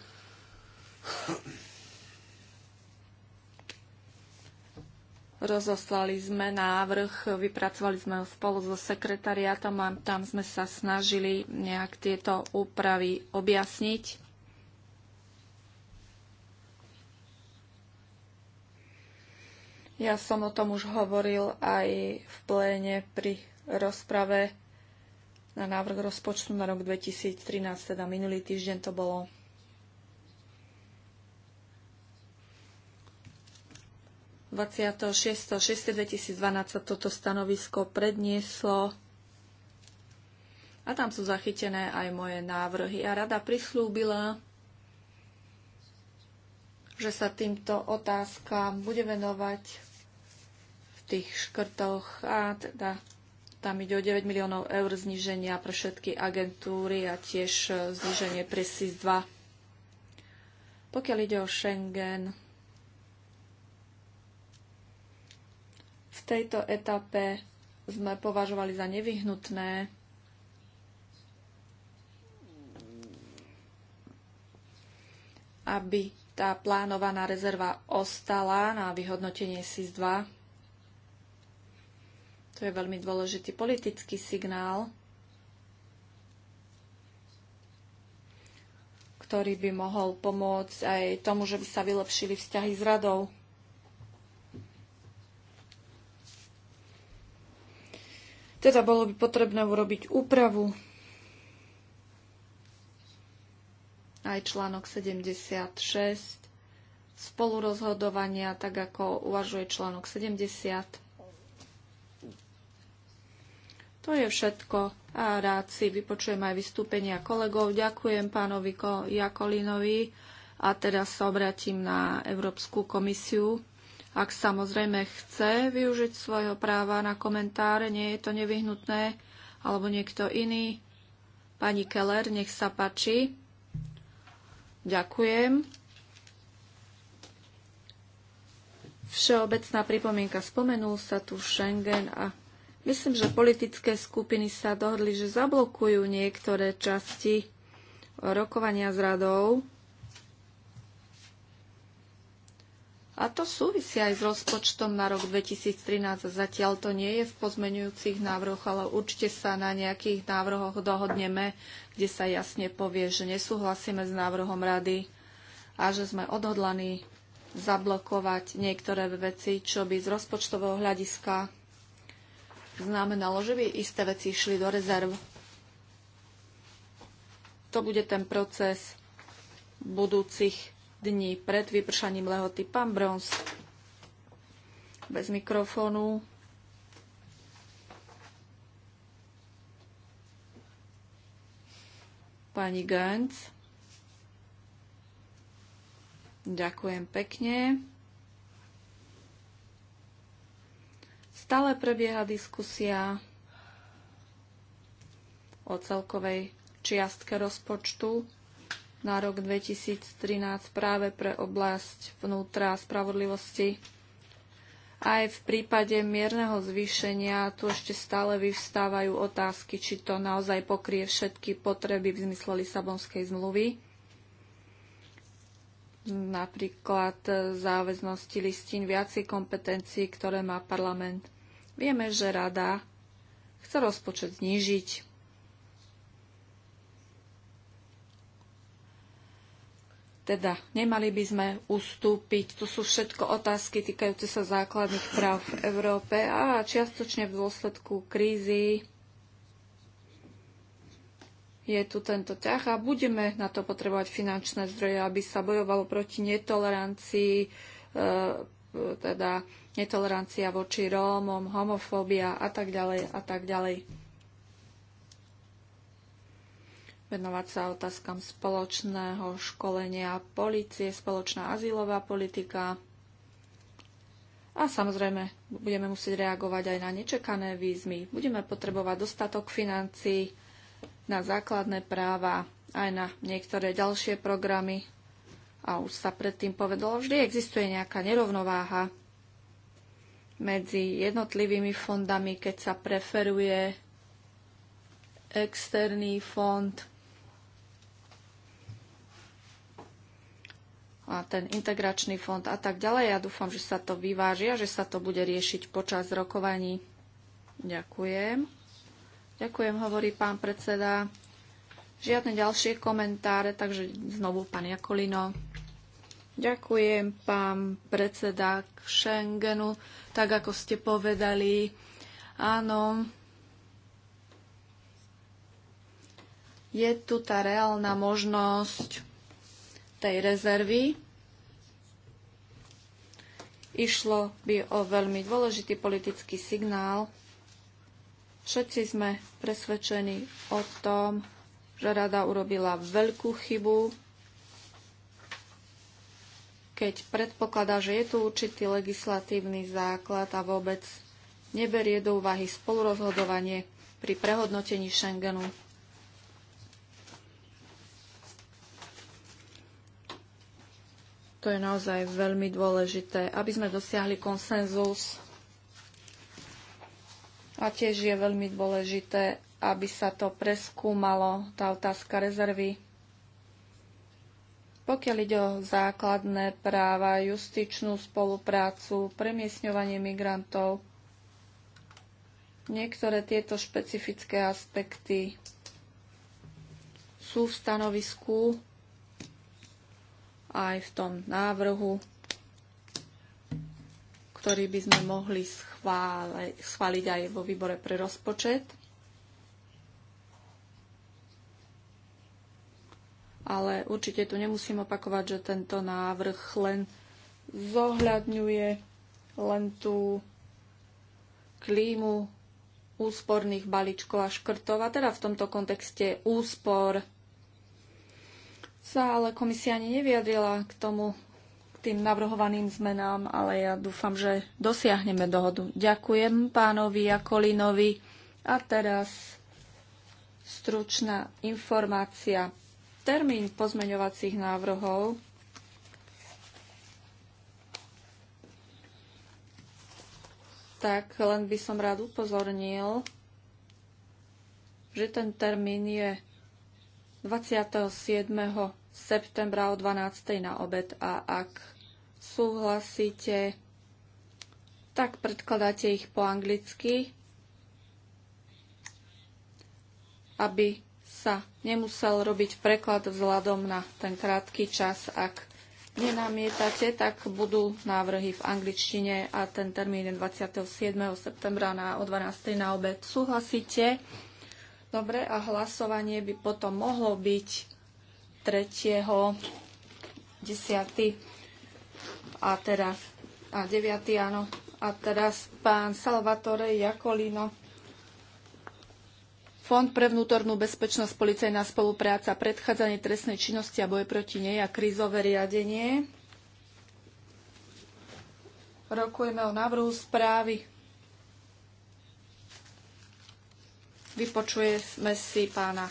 Rozoslali sme návrh, vypracovali sme ho spolu so sekretariátom a tam sme sa snažili nejak tieto úpravy objasniť. Ja som o tom už hovoril aj v pléne pri rozprave na návrh rozpočtu na rok 2013, teda minulý týždeň to bolo. 26.6.2012 sa toto stanovisko prednieslo a tam sú zachytené aj moje návrhy. A rada prislúbila, že sa týmto otázkam bude venovať v tých škrtoch a teda tam ide o 9 miliónov eur zníženia pre všetky agentúry a tiež zníženie pre SIS-2. Pokiaľ ide o Schengen, tejto etape sme považovali za nevyhnutné aby tá plánovaná rezerva ostala na vyhodnotenie SIS-2. To je veľmi dôležitý politický signál, ktorý by mohol pomôcť aj tomu, že by sa vylepšili vzťahy s radou. Teda bolo by potrebné urobiť úpravu aj článok 76 spolurozhodovania, tak ako uvažuje článok 70. To je všetko a rád si vypočujem aj vystúpenia kolegov. Ďakujem pánovi Jakolinovi a teraz sa obratím na Európsku komisiu. Ak samozrejme chce využiť svojho práva na komentáre, nie je to nevyhnutné, alebo niekto iný. Pani Keller, nech sa páči. Ďakujem. Všeobecná pripomienka. Spomenul sa tu Schengen a myslím, že politické skupiny sa dohodli, že zablokujú niektoré časti rokovania s radou A to súvisí aj s rozpočtom na rok 2013. Zatiaľ to nie je v pozmenujúcich návrhoch, ale určite sa na nejakých návrhoch dohodneme, kde sa jasne povie, že nesúhlasíme s návrhom rady a že sme odhodlaní zablokovať niektoré veci, čo by z rozpočtového hľadiska znamenalo, že by isté veci išli do rezerv. To bude ten proces budúcich dní pred vypršaním lehoty. Pán Brons, bez mikrofónu. Pani Gantz. Ďakujem pekne. Stále prebieha diskusia o celkovej čiastke rozpočtu na rok 2013 práve pre oblasť vnútra a spravodlivosti. Aj v prípade mierneho zvýšenia tu ešte stále vyvstávajú otázky, či to naozaj pokrie všetky potreby v zmysle Lisabonskej zmluvy, napríklad záväznosti listín viacej kompetencií, ktoré má parlament. Vieme, že rada chce rozpočet znížiť Teda nemali by sme ustúpiť. To sú všetko otázky týkajúce sa základných práv v Európe a čiastočne v dôsledku krízy je tu tento ťah a budeme na to potrebovať finančné zdroje, aby sa bojovalo proti netolerancii, e, teda netolerancia voči Rómom, homofóbia a tak ďalej a tak ďalej. venovať sa otázkam spoločného školenia policie, spoločná azylová politika. A samozrejme, budeme musieť reagovať aj na nečekané výzmy. Budeme potrebovať dostatok financií na základné práva, aj na niektoré ďalšie programy. A už sa predtým povedalo, vždy existuje nejaká nerovnováha medzi jednotlivými fondami, keď sa preferuje externý fond a ten integračný fond a tak ďalej. Ja dúfam, že sa to vyváži a že sa to bude riešiť počas rokovaní. Ďakujem. Ďakujem, hovorí pán predseda. Žiadne ďalšie komentáre, takže znovu pán Jakolino. Ďakujem, pán predseda k Schengenu. Tak, ako ste povedali, áno, je tu tá reálna možnosť tej rezervy Išlo by o veľmi dôležitý politický signál. Všetci sme presvedčení o tom, že rada urobila veľkú chybu, keď predpokladá, že je tu určitý legislatívny základ a vôbec neberie do úvahy spolurozhodovanie pri prehodnotení Schengenu. To je naozaj veľmi dôležité, aby sme dosiahli konsenzus. A tiež je veľmi dôležité, aby sa to preskúmalo, tá otázka rezervy. Pokiaľ ide o základné práva, justičnú spoluprácu, premiesňovanie migrantov, niektoré tieto špecifické aspekty sú v stanovisku aj v tom návrhu, ktorý by sme mohli schvále, schváliť aj vo výbore pre rozpočet. Ale určite tu nemusím opakovať, že tento návrh len zohľadňuje len tú klímu úsporných balíčkov a škrtov, a teda v tomto kontexte úspor sa ale komisia ani nevyjadrila k tomu, k tým navrhovaným zmenám, ale ja dúfam, že dosiahneme dohodu. Ďakujem pánovi Jakolinovi. A teraz stručná informácia. Termín pozmeňovacích návrhov tak len by som rád upozornil, že ten termín je 27. septembra o 12. na obed a ak súhlasíte, tak predkladáte ich po anglicky, aby sa nemusel robiť preklad vzhľadom na ten krátky čas. Ak nenamietate, tak budú návrhy v angličtine a ten termín je 27. septembra na, o 12. na obed. Súhlasíte? Dobre, a hlasovanie by potom mohlo byť 3. 10. A teraz, a 9. áno. A teraz pán Salvatore Jakolino. Fond pre vnútornú bezpečnosť, policajná spolupráca, predchádzanie trestnej činnosti a boje proti nej a krízové riadenie. Rokujeme o návrhu správy Vypočujeme si pána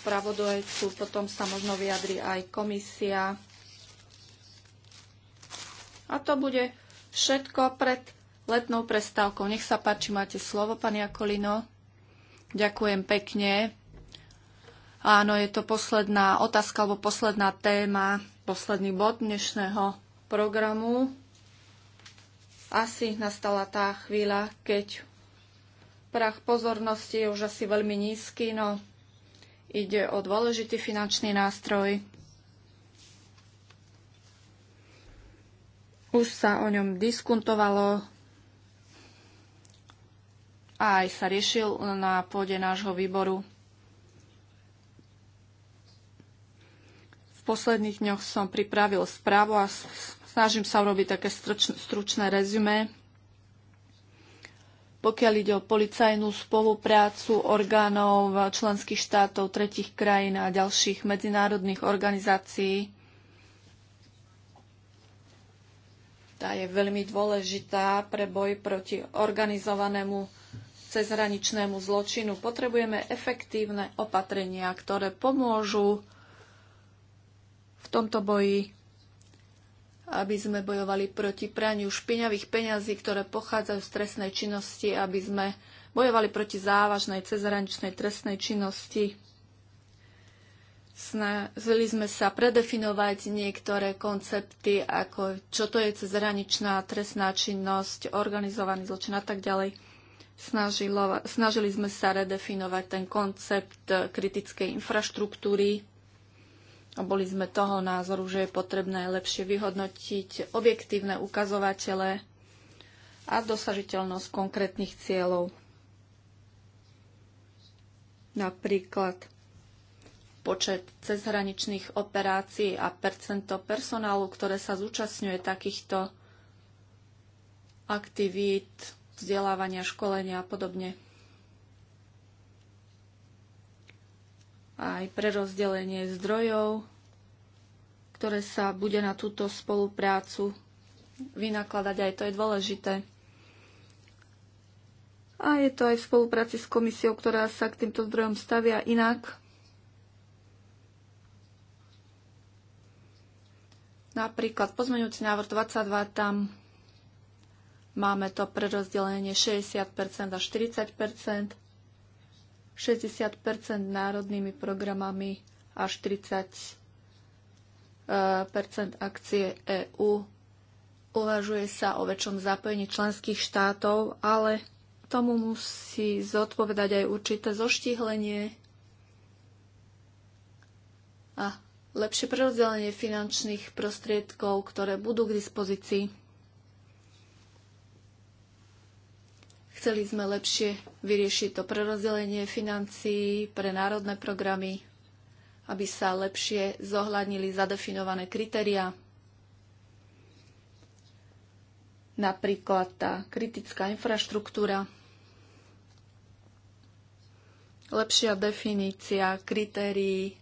spravodajcu, potom sa možno vyjadri aj komisia. A to bude všetko pred letnou prestávkou. Nech sa páči, máte slovo, pani Jakolino. Ďakujem pekne. Áno, je to posledná otázka alebo posledná téma, posledný bod dnešného programu. Asi nastala tá chvíľa, keď prach pozornosti je už asi veľmi nízky, no ide o dôležitý finančný nástroj. Už sa o ňom diskutovalo a aj sa riešil na pôde nášho výboru. V posledných dňoch som pripravil správu a snažím sa urobiť také stručné rezume pokiaľ ide o policajnú spoluprácu orgánov členských štátov, tretich krajín a ďalších medzinárodných organizácií. Tá je veľmi dôležitá pre boj proti organizovanému cezhraničnému zločinu. Potrebujeme efektívne opatrenia, ktoré pomôžu v tomto boji aby sme bojovali proti praniu špiňavých peňazí, ktoré pochádzajú z trestnej činnosti, aby sme bojovali proti závažnej cezhraničnej trestnej činnosti. Snažili sme sa predefinovať niektoré koncepty, ako čo to je cezhraničná trestná činnosť, organizovaný zločin a tak ďalej. Snažilo, snažili sme sa redefinovať ten koncept kritickej infraštruktúry, boli sme toho názoru, že je potrebné lepšie vyhodnotiť objektívne ukazovatele a dosažiteľnosť konkrétnych cieľov. Napríklad počet cezhraničných operácií a percento personálu, ktoré sa zúčastňuje takýchto aktivít, vzdelávania, školenia a podobne. aj prerozdelenie zdrojov, ktoré sa bude na túto spoluprácu vynakladať. Aj to je dôležité. A je to aj v spolupráci s komisiou, ktorá sa k týmto zdrojom stavia inak. Napríklad pozmeňujúci návrh 22, tam máme to prerozdelenie 60% a 40%. 60 národnými programami a 40 akcie EÚ. Uvažuje sa o väčšom zapojení členských štátov, ale tomu musí zodpovedať aj určité zoštihlenie a lepšie prerozdelenie finančných prostriedkov, ktoré budú k dispozícii. Chceli sme lepšie vyriešiť to prerozdelenie financií pre národné programy, aby sa lepšie zohľadnili zadefinované kritériá. Napríklad tá kritická infraštruktúra, lepšia definícia kritérií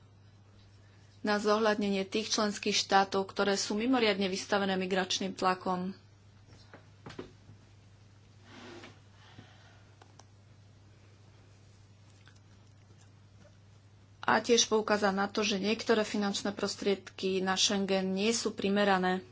na zohľadnenie tých členských štátov, ktoré sú mimoriadne vystavené migračným tlakom a tiež poukázal na to, že niektoré finančné prostriedky na Schengen nie sú primerané.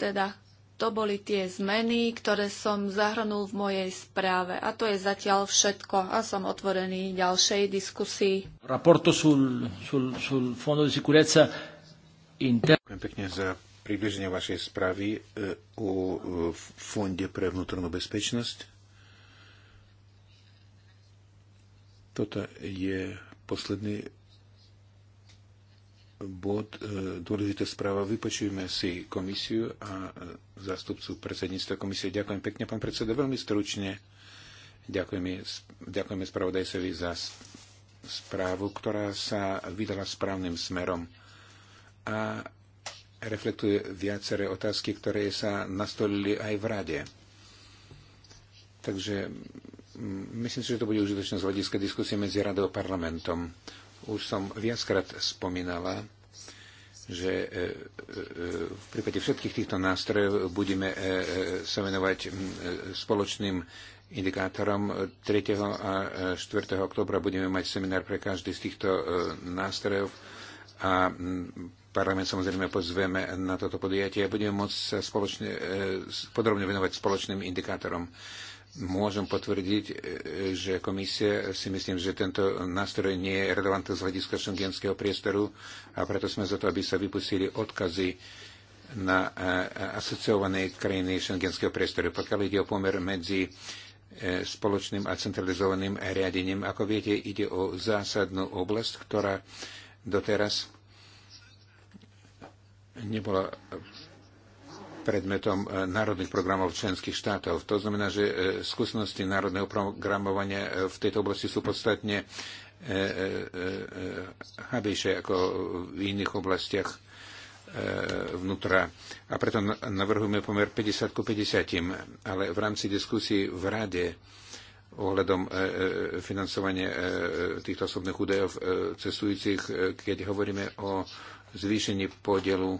Teda to boli tie zmeny, ktoré som zahrnul v mojej správe. A to je zatiaľ všetko. A som otvorený ďalšej diskusii. Raporto sul, sul, sul fondo di inter... Ďakujem pekne za približenie vašej správy eh, o eh, Fonde pre vnútornú bezpečnosť. Toto je posledný bod, e, dôležitá správa. Vypočujeme si komisiu a e, zástupcu predsedníctva komisie. Ďakujem pekne, pán predseda, veľmi stručne. Ďakujeme, ďakujeme spravodajcovi za správu, ktorá sa vydala správnym smerom a reflektuje viaceré otázky, ktoré sa nastolili aj v rade. Takže Myslím si, že to bude užitočné z hľadiska diskusie medzi radou a parlamentom. Už som viackrát spomínala, že e, e, e, v prípade všetkých týchto nástrojov budeme sa venovať spoločným indikátorom. 3. a 4. oktobra budeme mať seminár pre každý z týchto nástrojov a parlament samozrejme pozveme na toto podujatie a budeme môcť sa spoločne, podrobne venovať spoločným indikátorom. Môžem potvrdiť, e, že komisia si myslím, že tento nástroj nie je relevantný z hľadiska šengenského priestoru a preto sme za to, aby sa vypustili odkazy na e, asociované krajiny šengenského priestoru. Pokiaľ ide o pomer medzi e, spoločným a centralizovaným riadením, ako viete, ide o zásadnú oblasť, ktorá doteraz nebola predmetom e, národných programov členských štátov. To znamená, že e, skúsenosti národného programovania e, v tejto oblasti sú podstatne habejšie ako v iných oblastiach vnútra. A preto navrhujeme pomer 50 ku 50. Ale v rámci diskusí v Rade ohľadom financovania týchto osobných údajov cestujúcich, keď hovoríme o zvýšení podielu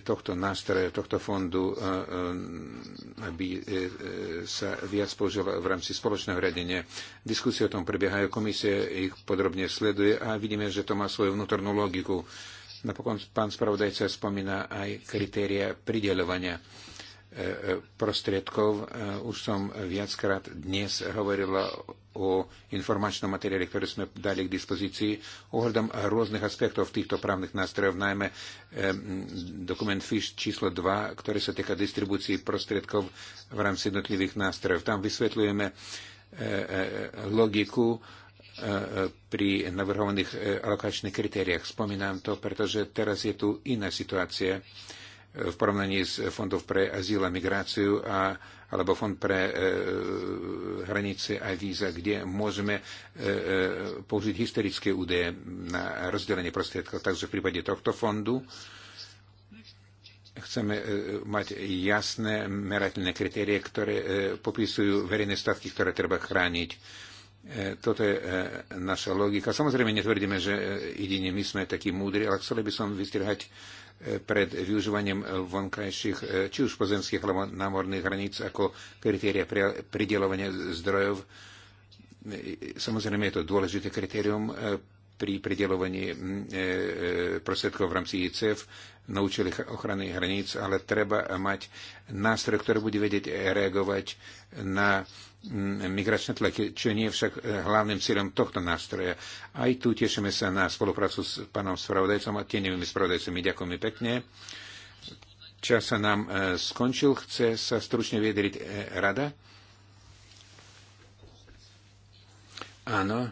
tohto nástroja, tohto fondu, e, e, aby e, sa viac použila v rámci spoločného riadenia. Diskusie o tom prebiehajú, komisie ich podrobne sleduje a vidíme, že to má svoju vnútornú logiku. Napokon pán spravodajca spomína aj kritéria prideľovania prostriedkov. E, už som viackrát dnes hovorila o informačnom materiáli, ktoré sme dali k dispozícii ohľadom rôznych aspektov týchto právnych nástrojov, najmä e, dokument FISH číslo 2, ktorý sa týka distribúcií prostriedkov v rámci jednotlivých nástrojov. Tam vysvetľujeme e, logiku pri navrhovaných alokačných kritériách. Spomínam to, pretože teraz je tu iná situácia v porovnaní s fondov pre azyl a migráciu a, alebo fond pre e, e, hranice a víza, kde môžeme e, e, použiť historické údaje na rozdelenie prostriedkov. Takže v prípade tohto fondu chceme e, mať jasné merateľné kritérie, ktoré e, popisujú verejné statky, ktoré treba chrániť. E, toto je e, naša logika. Samozrejme, netvrdíme, že jedine my sme takí múdri, ale chceli by som vystrihať pred využívaním vonkajších, či už pozemských alebo námorných hraníc ako kritéria pridelovania zdrojov. Samozrejme je to dôležité kritérium e, pri pridelovaní e, e, prostriedkov v rámci ICF na účely ochrany hraníc, ale treba mať nástroj, ktorý bude vedieť reagovať na migračné tlaky, čo nie je však e, hlavným cieľom tohto nástroja. Aj tu tešíme sa na spoluprácu s pánom spravodajcom a tieňovými spravodajcami. Ďakujeme pekne. Čas sa nám e, skončil. Chce sa stručne vyjadriť e, rada? Áno.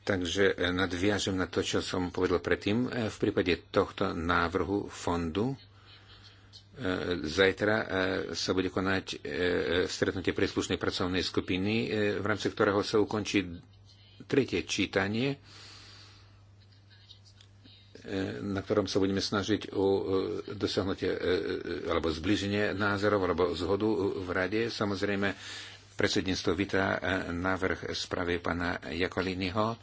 Takže nadviažem na to, čo som povedal predtým. V prípade tohto návrhu fondu E, zajtra e, sa bude konať e, stretnutie príslušnej pracovnej skupiny, v rámci ktorého sa ukončí tretie čítanie, na ktorom sa budeme snažiť o dosiahnutie alebo zbliženie názorov alebo zhodu v rade. Samozrejme, predsedníctvo vítá návrh správy pána Jakoliniho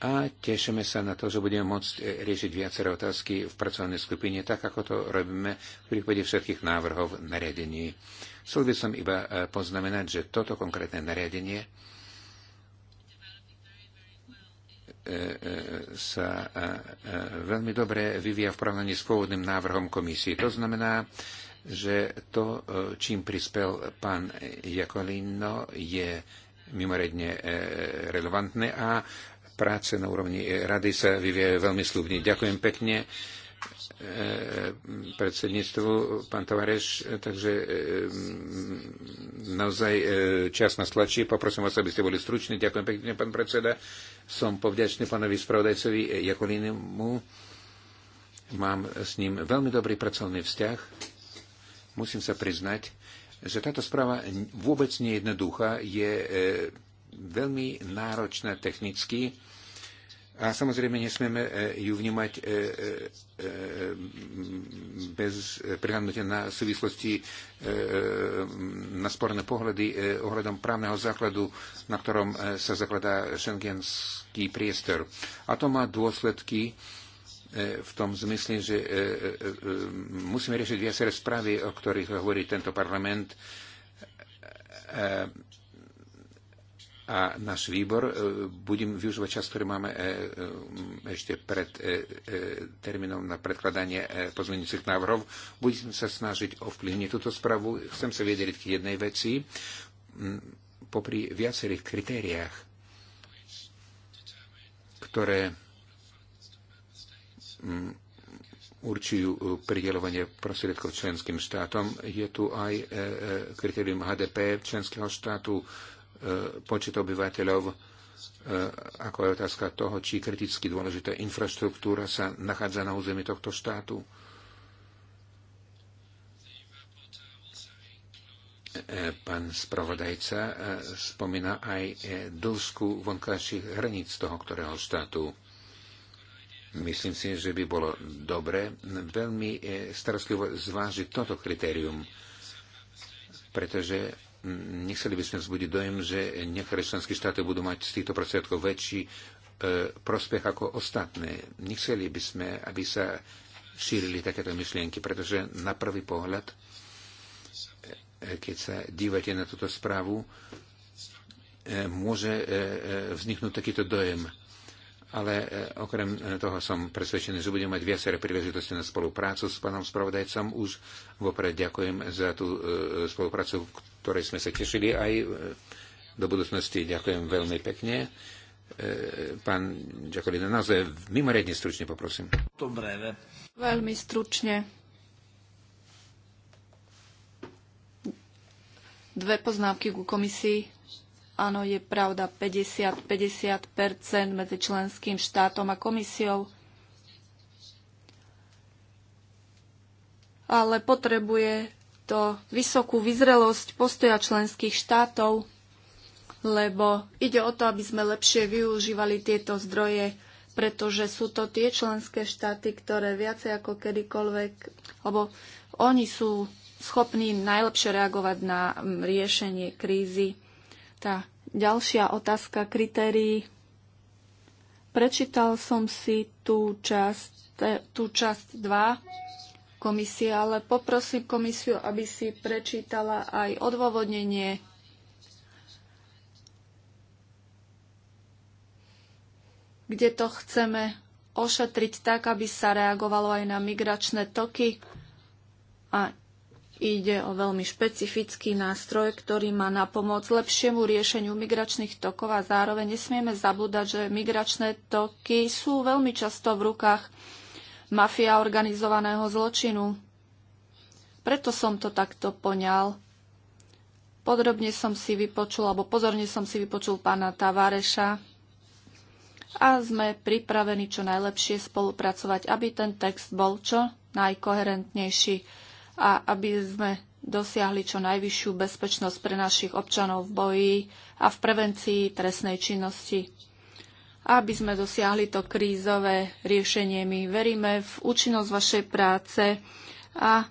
a tešíme sa na to, že budeme môcť e, riešiť viaceré otázky v pracovnej skupine, tak ako to robíme v prípade všetkých návrhov nariadení. Chcel by som iba e, poznamenať, že toto konkrétne nariadenie e, sa veľmi dobre vyvíja v porovnaní s pôvodným návrhom komisie. To znamená, že to, čím prispel pán Jakolino, je mimoriadne relevantné a práce na úrovni rady sa vyvíjajú veľmi slubne. Ďakujem pekne e, predsedníctvu, pán Tavareš, takže e, naozaj e, čas nás tlačí. Poprosím vás, aby ste boli struční. Ďakujem pekne, pán predseda. Som povďačný pánovi spravodajcovi Jakolinimu. Mám s ním veľmi dobrý pracovný vzťah. Musím sa priznať, že táto správa vôbec nie je jednoduchá, je veľmi náročná technicky a samozrejme nesmieme e, ju vnímať e, e, bez prihľadnutia na súvislosti na sporné pohľady ohľadom právneho základu, na ktorom sa zakladá šengenský priestor. A to má dôsledky v tom zmysle, že musíme riešiť viaceré správy, o ktorých hovorí tento parlament a náš výbor, e, budem využívať čas, ktorý máme e, e, ešte pred termínom na predkladanie pozmeňujúcich návrhov, budem sa snažiť ovplyvniť túto správu. Chcem sa vyjadriť k jednej veci. Popri viacerých kritériách, ktoré určujú pridelovanie prostriedkov členským štátom. Je tu aj kritérium HDP členského štátu, E, počet obyvateľov, e, ako je otázka toho, či kriticky dôležitá infraštruktúra sa nachádza na území tohto štátu. E, pán spravodajca spomína aj dĺžku vonkajších hraníc toho ktorého štátu. Myslím si, že by bolo dobre veľmi starostlivo zvážiť toto kritérium, pretože nechceli by sme vzbudiť dojem, že nekresťanské štáty budú mať z týchto prostriedkov väčší e, prospech ako ostatné. Nechceli by sme, aby sa šírili takéto myšlienky, pretože na prvý pohľad, e, keď sa dívate na túto správu, e, môže vzniknúť takýto dojem ale e, okrem e, toho som presvedčený, že budem mať viaceré príležitosti na spoluprácu s pánom spravodajcom. Už vopred ďakujem za tú e, spoluprácu, v ktorej sme sa tešili aj do budúcnosti. Ďakujem veľmi pekne. Pán Ďakolina, naozaj mimoriadne stručne poprosím. Dobre, ve. Veľmi stručne. Dve poznámky ku komisii Áno, je pravda 50-50 medzi členským štátom a komisiou, ale potrebuje to vysokú vyzrelosť postoja členských štátov, lebo ide o to, aby sme lepšie využívali tieto zdroje, pretože sú to tie členské štáty, ktoré viacej ako kedykoľvek, lebo oni sú schopní najlepšie reagovať na mm, riešenie krízy tá ďalšia otázka kritérií. Prečítal som si tú časť, eh, tú časť 2 komisie, ale poprosím komisiu, aby si prečítala aj odôvodnenie kde to chceme ošetriť tak, aby sa reagovalo aj na migračné toky a Ide o veľmi špecifický nástroj, ktorý má na pomoc lepšiemu riešeniu migračných tokov a zároveň nesmieme zabúdať, že migračné toky sú veľmi často v rukách mafia organizovaného zločinu. Preto som to takto poňal. Podrobne som si vypočul, alebo pozorne som si vypočul pána Tavareša a sme pripravení čo najlepšie spolupracovať, aby ten text bol čo najkoherentnejší a aby sme dosiahli čo najvyššiu bezpečnosť pre našich občanov v boji a v prevencii trestnej činnosti. Aby sme dosiahli to krízové riešenie, my veríme v účinnosť vašej práce a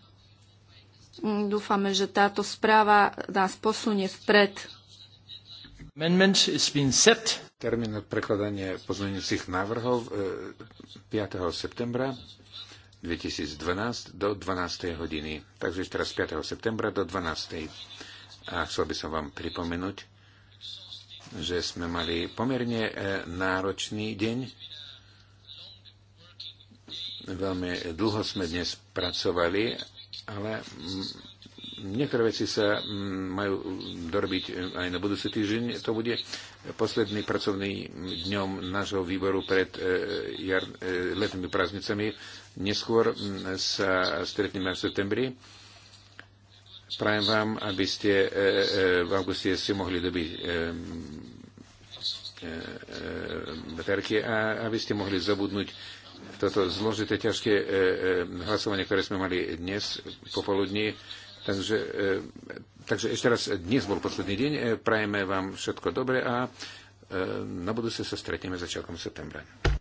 mm, dúfame, že táto správa nás posunie vpred. Termín na prekladanie pozmeňujúcich návrhov 5. E, septembra 2012 do 12. hodiny. Takže teraz 5. septembra do 12. A chcel by som vám pripomenúť, že sme mali pomerne e, náročný deň. Veľmi dlho sme dnes pracovali, ale niektoré veci sa majú dorobiť e, aj na budúci týždeň. To bude posledný pracovný dňom nášho výboru pred e, letnými prázdnicami Neskôr mm, sa stretneme v septembri. Prajem vám, aby ste e, e, v auguste si mohli dobiť e, baterky a aby ste mohli zabudnúť toto zložité, ťažké hlasovanie, ktoré sme mali dnes popoludní. Takže, takže ešte raz, dnes bol posledný deň. Prajeme vám všetko dobre a na budúce sa stretneme začiatkom septembra.